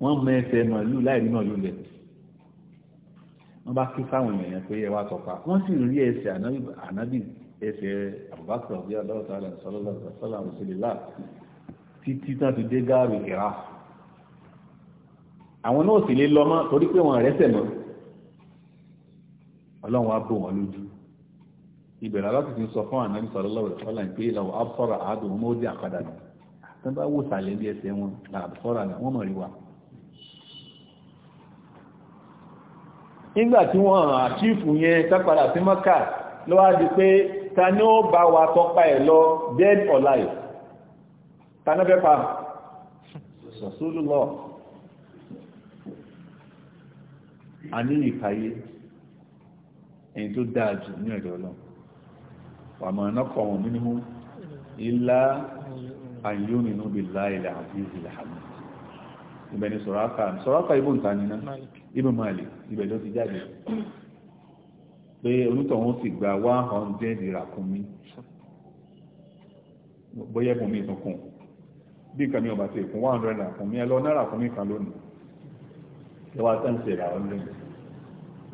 mọ mọ̀lú láì mọ̀lú lẹ̀ wọ́n bá kí fáwọn èèyàn pé ẹ wá tọpa wọ́n sì rí ẹsẹ̀ ànábì ẹsẹ̀ Abubakar bí aláwọ̀tá alẹ́ sọlọ́lá òṣèlélá títí tán ti dé gáàrù ìrà àwọn náà sì lè lọ mọ́ torí pé wọ́n rẹ́sẹ̀ mọ́ ọlọ́run á bò wọ́n lójú ìbẹ̀rẹ̀ aláti fi sọ fún ànábì sọlọ́lá òṣèlélá pé ìlàwọ̀ absọ́ra àádùn ọmọ ó nígbàtí wọ́n àchífù yẹn tápàdà sí mọ́kà ló wá di pé ta ní ó bá wa tọ́pa ẹ̀ lọ dead or life ta ní fẹ́ pa sọ̀sọ́lù lọ a ní ìkàyé ẹni tó dáa jù ní ọ̀dọ̀ ọlọ́run wà mọ̀ nọ́kọ̀ wọn nínú ilá àyónínú bí láìlẹ̀ àbí ìzìlẹ̀ ìbẹ̀ni sọ̀rọ̀ àkà ìbò ìtànínà Ibn Malik ibẹ̀ ló ti jáde pé onítọ̀hún sì gba one hundred ìràkúnmí bóyá ẹ̀bùn mi tuntun bí nǹkan mi ọba ti kún one hundred ìràkúnmí ẹ lọ náírà kúnmí kan lónìí ẹ wá tán ṣe ìrà ọ̀rẹ́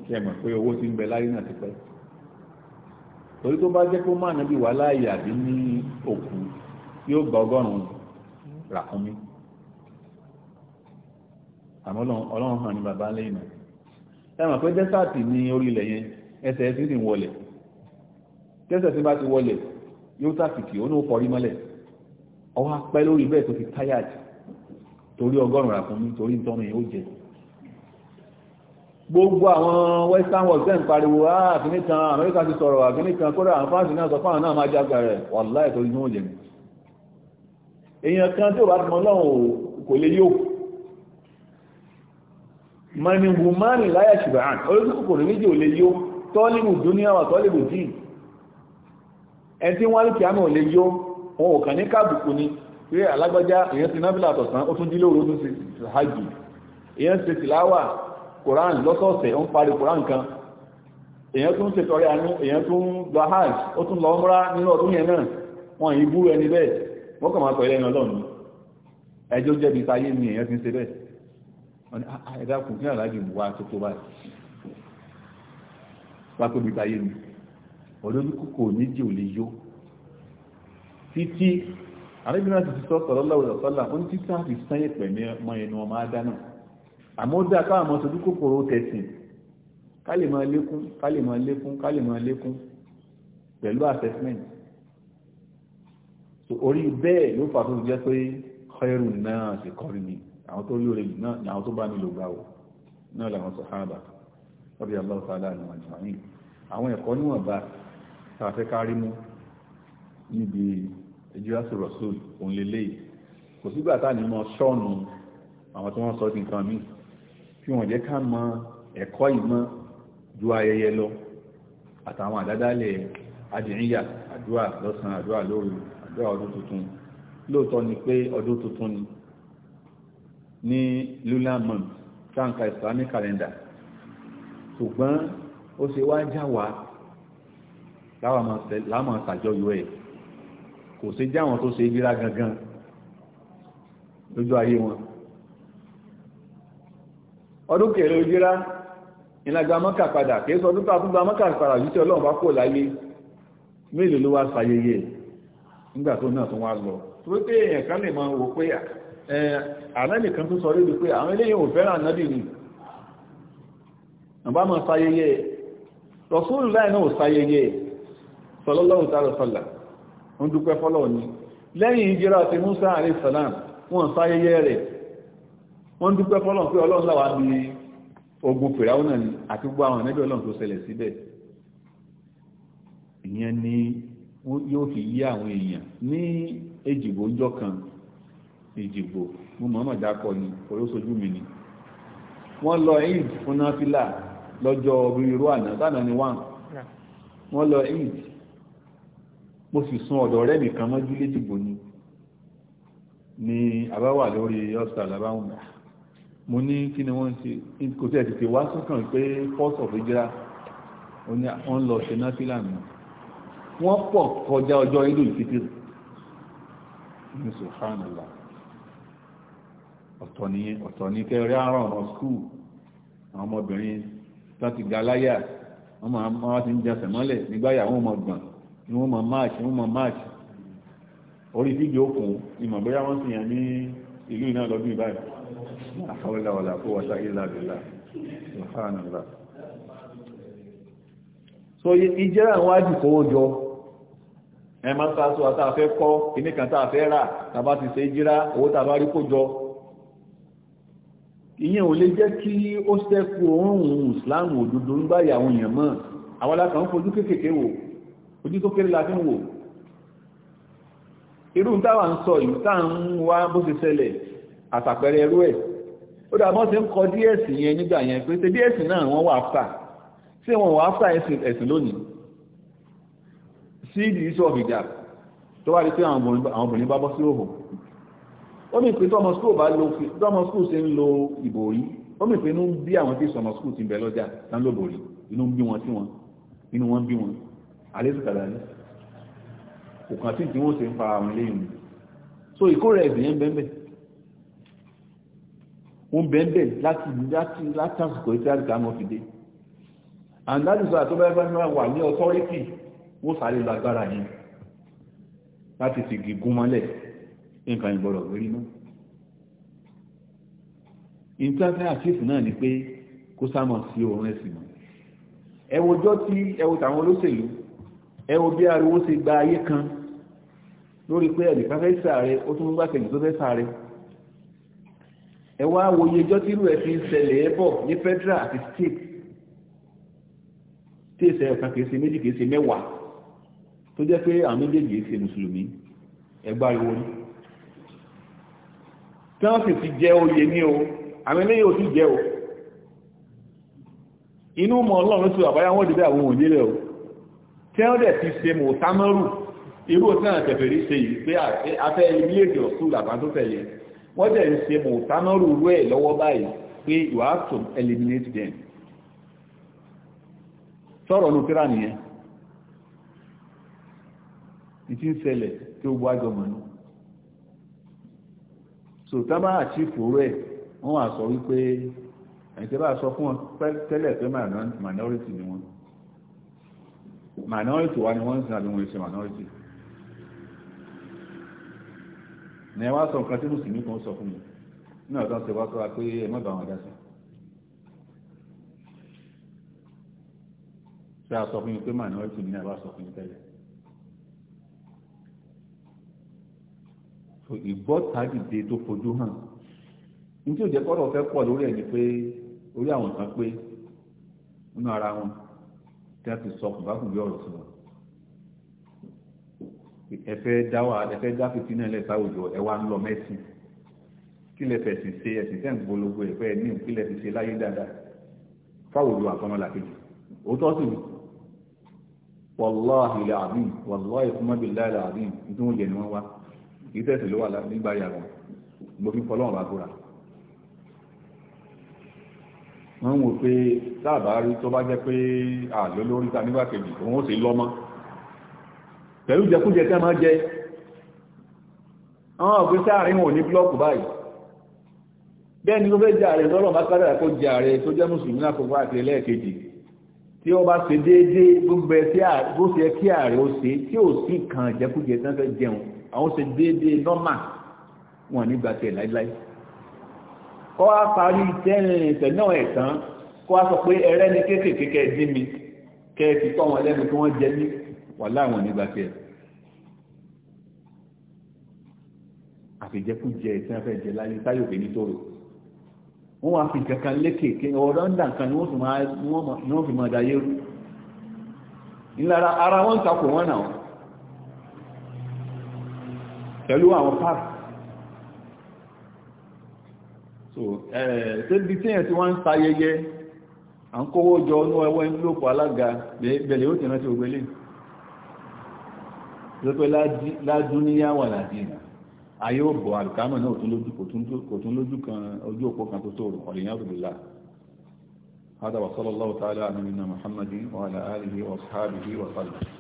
kí ẹ mọ̀ pé owó ti ń bẹ láyé náà ti pẹ́ torí tó bá jẹ́ pé máa nàbí wà láàyè àbí ní òkú yóò gba ọgọ́rùn-ún ràkúnmí. ọlọ́run hàn ní bàbá ńlẹ̀ ìmọ̀ ẹmọ̀ pé dẹ́sàtì ní orílẹ̀ yẹn ẹsẹ̀ ẹsẹ̀ sì wọlẹ̀ tẹ́sẹ̀ tí bá ti wọlẹ̀ yóò tàkìtì ó ní ó fọrí mọ́lẹ̀ ọwọ́ ti táyàjì torí ọgọ́rùn-ún torí gbogbo àwọn western world ten pariwo ah amẹ́ríkà ti sọ̀rọ̀ ah, kódà náà sọ fáwọn náà máa jágbà rẹ̀ wàláì torí ní èèyàn kan tí ò bá ọlọ́run kò lè yóò mani wùmánì láyà ṣùgbọ́n olóṣù kòkòrò méjì ò lè yó tọ́lìbù dúníà wà tọ́lìbù dì ẹni tí wọ́n lùkì àmì ò lè yó wọn ò kàn ní káàbùkù ni pé alágbájá èèyàn ti nábìlà àtọ̀sán ó tún jí lóru tún sí hajj èèyàn ti tìláwà koran lọ́sọ̀ọ̀sẹ̀ ó ń parí koran kan èèyàn tún ṣe tọrẹ àánú èèyàn tún lọ hajj ó tún lọ múra nínú ọdún yẹn náà wọn yìí búrú ẹni bẹ́ẹ̀ wọ́n kàn máa tọ̀ ilẹ̀ ẹni ọlọ́run ẹjọ́ jẹ́bi táyé ni èèyàn ti ń ṣe bẹ́ẹ̀ wọ́n ní ah, ah, ẹ̀dá kù ní àlájì mú wá tó tó báyìí wá tó bí báyé mi olórí kòkò méjì ò lè yó títí àrẹ́bìnrin ti sọ sọ̀rọ̀ lọ́wọ́ ọ̀sọ́là ó ní títí àti sán ìpẹ̀ ní ọmọ ẹnu ọmọ adá náà àmọ́ ó dáa káwọn ọmọ sojú kòkòrò tẹ̀sìn ká lè máa lékún ká lè lékún ká lè lékún pẹ̀lú assessment orí bẹ́ẹ̀ ló fà tó jẹ́ pé kọ́ẹ̀rù náà ti kọrin ni àwọn tó rí orí náà ni àwọn tó bá nílò gbà náà làwọn sàhábà ọdí Allahu ta'ala ni wọn jùmọ̀yìn àwọn ẹ̀kọ́ níwọ̀nba tààfẹ́ kárí mú níbi ìjírásù Rasul òun lélẹ́yìí kò sígbà tá ní mọ ṣọ́ọ̀nù àwọn tí wọ́n sọ ti nǹkan míì tí wọ́n jẹ́ ká mọ ẹ̀kọ́ ìmọ̀ ju ayẹyẹ lọ àtàwọn àdádálẹ̀ adìríyà àdúrà lọ́sàn àdúrà lóru àdúrà ọdún tuntun lóòótọ́ ni pé ọdún tuntun ni ní lula month tanka islamic calendar ṣùgbọ́n ó ṣe wá já wa láwọn àṣàjọyọ̀ ẹ̀ kò sí wọn tó ṣe ìgbéra gangan lójú ayé wọn ọdún kẹrẹ ìgbéra ìlàgbà mọ́kà padà kìí sọ ọdún tàbí gba mọ́kà padà yìí tí ọlọ́run bá kò láyé mélòó ló wá nígbà tó náà àlẹ́nìkan tó sọ lébi pé àwọn eléyìí ò fẹ́ràn ànábì ni nàbá mọ̀ sáyẹyẹ Rasulullah náà sáyẹyẹ sallallahu ta'ala sallam ń dúpẹ́ fọ́lọ̀ ni lẹ́yìn ìjírà ti Musa alayhi salam wọ́n sáyẹyẹ rẹ̀ wọ́n dúpẹ́ fọ́lọ̀ pé ọlọ́run láwà ní ogun ni àti gbogbo àwọn ìyẹn ni yóò fi yí àwọn èèyàn ní èjìgbò ń kan èjìgbò mo mọ̀ọ́mọ̀ dákọ ni olóṣojú mi ni wọ́n lọ eid fún náfìlà lọ́jọ́ ríru àná tánà ni wọ́n wọ́n lọ eid mo sì sun ọ̀dọ̀ ọ̀rẹ́ mi kan mọ́jú lédìgbò ni ni àbáwà lórí ọ̀sà làbáwọn mo ní kí ni wọ́n ṣe kò tí ẹ̀ tètè wá sọ́kàn pé first of hijra wọ́n lọ ṣe mi wọ́n pọ̀ kọjá ọjọ́ ìlú ìfitìrì ní sùhánàlá ọ̀tọ̀ ní ọ̀tọ̀ ní kẹrẹ àrùn ọ̀rọ̀ skul àwọn ọmọbìnrin láti ga láyà wọ́n máa ti ń jẹsẹ̀ mọ́lẹ̀ nígbàyà wọ́n mọ̀ gbọ̀n ni wọ́n mọ̀ march wọ́n mọ̀ march orí fídíò òkun ìmọ̀ bóyá wọ́n sì yàn ní ìlú iná lọ́dún ìbáyìí àkọọ́lá wàlà kó wọ́n sáyé lábẹ́lá subhanallah so ìjẹ́ àwọn àjùkówó jọ ẹ máa ń sá sọ àtàfẹ́ kọ́ kíníkan tàfẹ́ rà tàbá ti ṣe jíra owó tàbá rí kó jọ ìyẹn ò lè jẹ́ kí ó sẹ́kù oòrùn islam òdodo ń báyà àwọn èèyàn mọ́ àwọn alákan fojú kéékèèké wò ojú tó kéré la fi ń wò irú táwa ń sọ ìlú táà ń wá bó ṣe ṣẹlẹ̀ àtàpẹrẹ ẹrú ẹ̀ ó dà bọ́ ṣe ń kọ ds yẹn nígbà yẹn pé ṣe ds náà wọ́n wà áfà ṣé wọ́n wà áfà ẹ̀sìn lónìí sí ìdí iṣẹ́ ọ̀fìjà tó wà ní pé àwọn obìnrin bá bọ́ sí òhùn ó mì pé tọ́mọ skúl bá lo tọ́mọ skúl ṣe ń lo ìbòrí ó mì pé inú ń bí àwọn tí sọmọ skúl ti bẹ̀ lọ́jà tán ló bòrí inú ń bí wọn sí wọn inú wọn bí wọn àlésù kàdàní òkàn tí tí wọ́n ṣe ń fa àwọn ilé ìlú so ìkórè ẹ̀sìn yẹn bẹ́ẹ̀ wọ́n bẹ́ẹ̀ láti láti láti àsìkò ìtàrí kàmọ́ fìdé and that is why tó bẹ́ẹ̀ bẹ́ẹ̀ wà ní authority wọ́n sáré lágbára yìí láti fi gígún mọ́lẹ̀ nǹkan ìgbọ́rọ̀ lórí mọ́ ìtafẹ́ àṣìfù náà ni pé kó sámọ̀ sí òun ẹ̀sìn mọ́ ẹ wo ọjọ́ tí ẹ wo tàwọn olóṣèlú ẹ wo bí ariwo ṣe gba ayé kan lórí pé ẹnìkan fẹ́ sàárẹ̀ ó tún gbà kẹ̀yìn tó fẹ́ sàárẹ̀ ẹ wá wo iye ọjọ́ tí irú ẹ̀ fi ń ṣẹlẹ̀ ẹ bọ̀ ní federal àti state tí èsẹ̀ ẹ̀ka kìí ṣe méjì kìí ṣe mẹ́wàá tó jẹ́ pé àwọn méjèèjì ṣe mùsùlùmí ẹgbàá ariwo tí wọ́n sì ti jẹ oyè ní o àmì lẹ́yìn ò sí jẹ o inú mọ̀ ọlọ́run sí àbáyá wọ́n dìbẹ́ àwọn ònílẹ̀ o tí wọ́n dẹ̀ ti ṣe mọ̀ támọ́rù irú òtí náà tẹ̀fẹ̀rí ṣe yìí pé afẹ́ ilé èdè ọ̀sùn làbá tó tẹ̀lé wọ́n dẹ̀ ń ṣe mọ̀ támọ́rù rú ẹ̀ to eliminate them tí ó gbọ́ àjọmọ̀ náà so tábà àti ìfòró ẹ̀ wọ́n wà sọ wípé ẹ̀sẹ̀ bá sọ fún wọn tẹ́lẹ̀ pé minority ni wọ́n minority wa ni wọ́n ń sin àbí wọn ṣe minority ní ẹ wá sọ nǹkan tí mùsùlùmí kan sọ fún mi ní ọ̀dọ́ ṣe wá sọ́ra pé ẹ mọ̀gbà wọn dáṣẹ́ ṣé a sọ fún mi pé minority ni ẹ bá sọ fún mi tẹ́lẹ̀ ìgbọ́tàdìde tó fojú hàn ní tí ò jẹ́ kọ́rọ̀ fẹ́ pọ̀ lórí ẹ̀ ni pé orí àwọn kan pé nínú ara wọn tí a ti sọ kò bá kù bí ọ̀rọ̀ sí wọn ẹ fẹ́ dá wà ẹ fẹ́ dá fìtí náà lẹ́sà òjò ẹ wá ń lọ mẹ́sìn kí lẹ fẹ́ sì ṣe ẹ̀sìn tẹ́ ń gbólógbó ẹ̀fẹ́ ẹ̀ ní kí lẹ fi ṣe láyé dáadáa fáwọn òjò àfọmọlàkejì òótọ́ sì ni wàláhìlà àbí wàláhìfúnmọ́bìlá àbí nítorí wọn jẹ ni wọ́n wá ìtẹ́sì ló wà nígbà yà wọn mo fi fọlọ́wọ́n bá búra wọ́n ń wò pé sáàbà rí tó bá jẹ́ pé àlólórí ta nígbà kejì òun ó sì lọ́mọ́ pẹ̀lú jẹkújẹ tẹ́ máa jẹ àwọn ọ̀gbẹ́ sáàrin wọn ní blọ́ọ̀kù báyìí bẹ́ẹ̀ ni ó fẹ́ jẹ ààrẹ lọ́rọ̀ bá kádàrà kó jẹ ààrẹ tó jẹ́ mùsùlùmí lákòókò àti ẹlẹ́ẹ̀kejì tí ó bá ṣe déédéé gbogbo ẹ tí ó ṣe kí ààrẹ ó ṣe tí ò sí kan jẹkújẹ tán fẹ́ jẹun àwọn ṣe déédéé nọ́mà wọn nígbà tẹ̀ láíláí kọ́ wá parí tẹ́rìnrìnsẹ̀ náà ẹ̀tàn kọ́ wá sọ pé ẹrẹ́ ni kéékèèké kẹ́ dín mi kẹ́ ẹ ti tọ́ wọn lẹ́nu kí wọ́n jẹ mí wà láwọn nígbà tẹ̀ àfìjẹkújẹ tí wọ́n fẹ́ jẹ láyé táyò pé nítorò wọ́n wá fi kankan lékèké ọ̀rọ̀ ń dà nǹkan ni wọ́n fi máa dayé rú ńlára ara wọn ń takò wọn náà pẹ̀lú àwọn park so ṣébi tí èèyàn ti wọ́n ń sayẹyẹ à ń kówó jọ ní ẹwọ́ ìlúlòpọ̀ alága bẹ̀lẹ̀ ó ti rántí ògbélé lọ́pẹ́ ládúníyà wà ládìnà ayé ò bọ̀ àlùkámọ̀ náà kò tún lójú kan ojú òpó kan tó tóòrò ọ̀lẹ́yìn àbùdùlá هذا وصلى الله تعالى على نبينا محمد وعلى آله وصحبه وسلم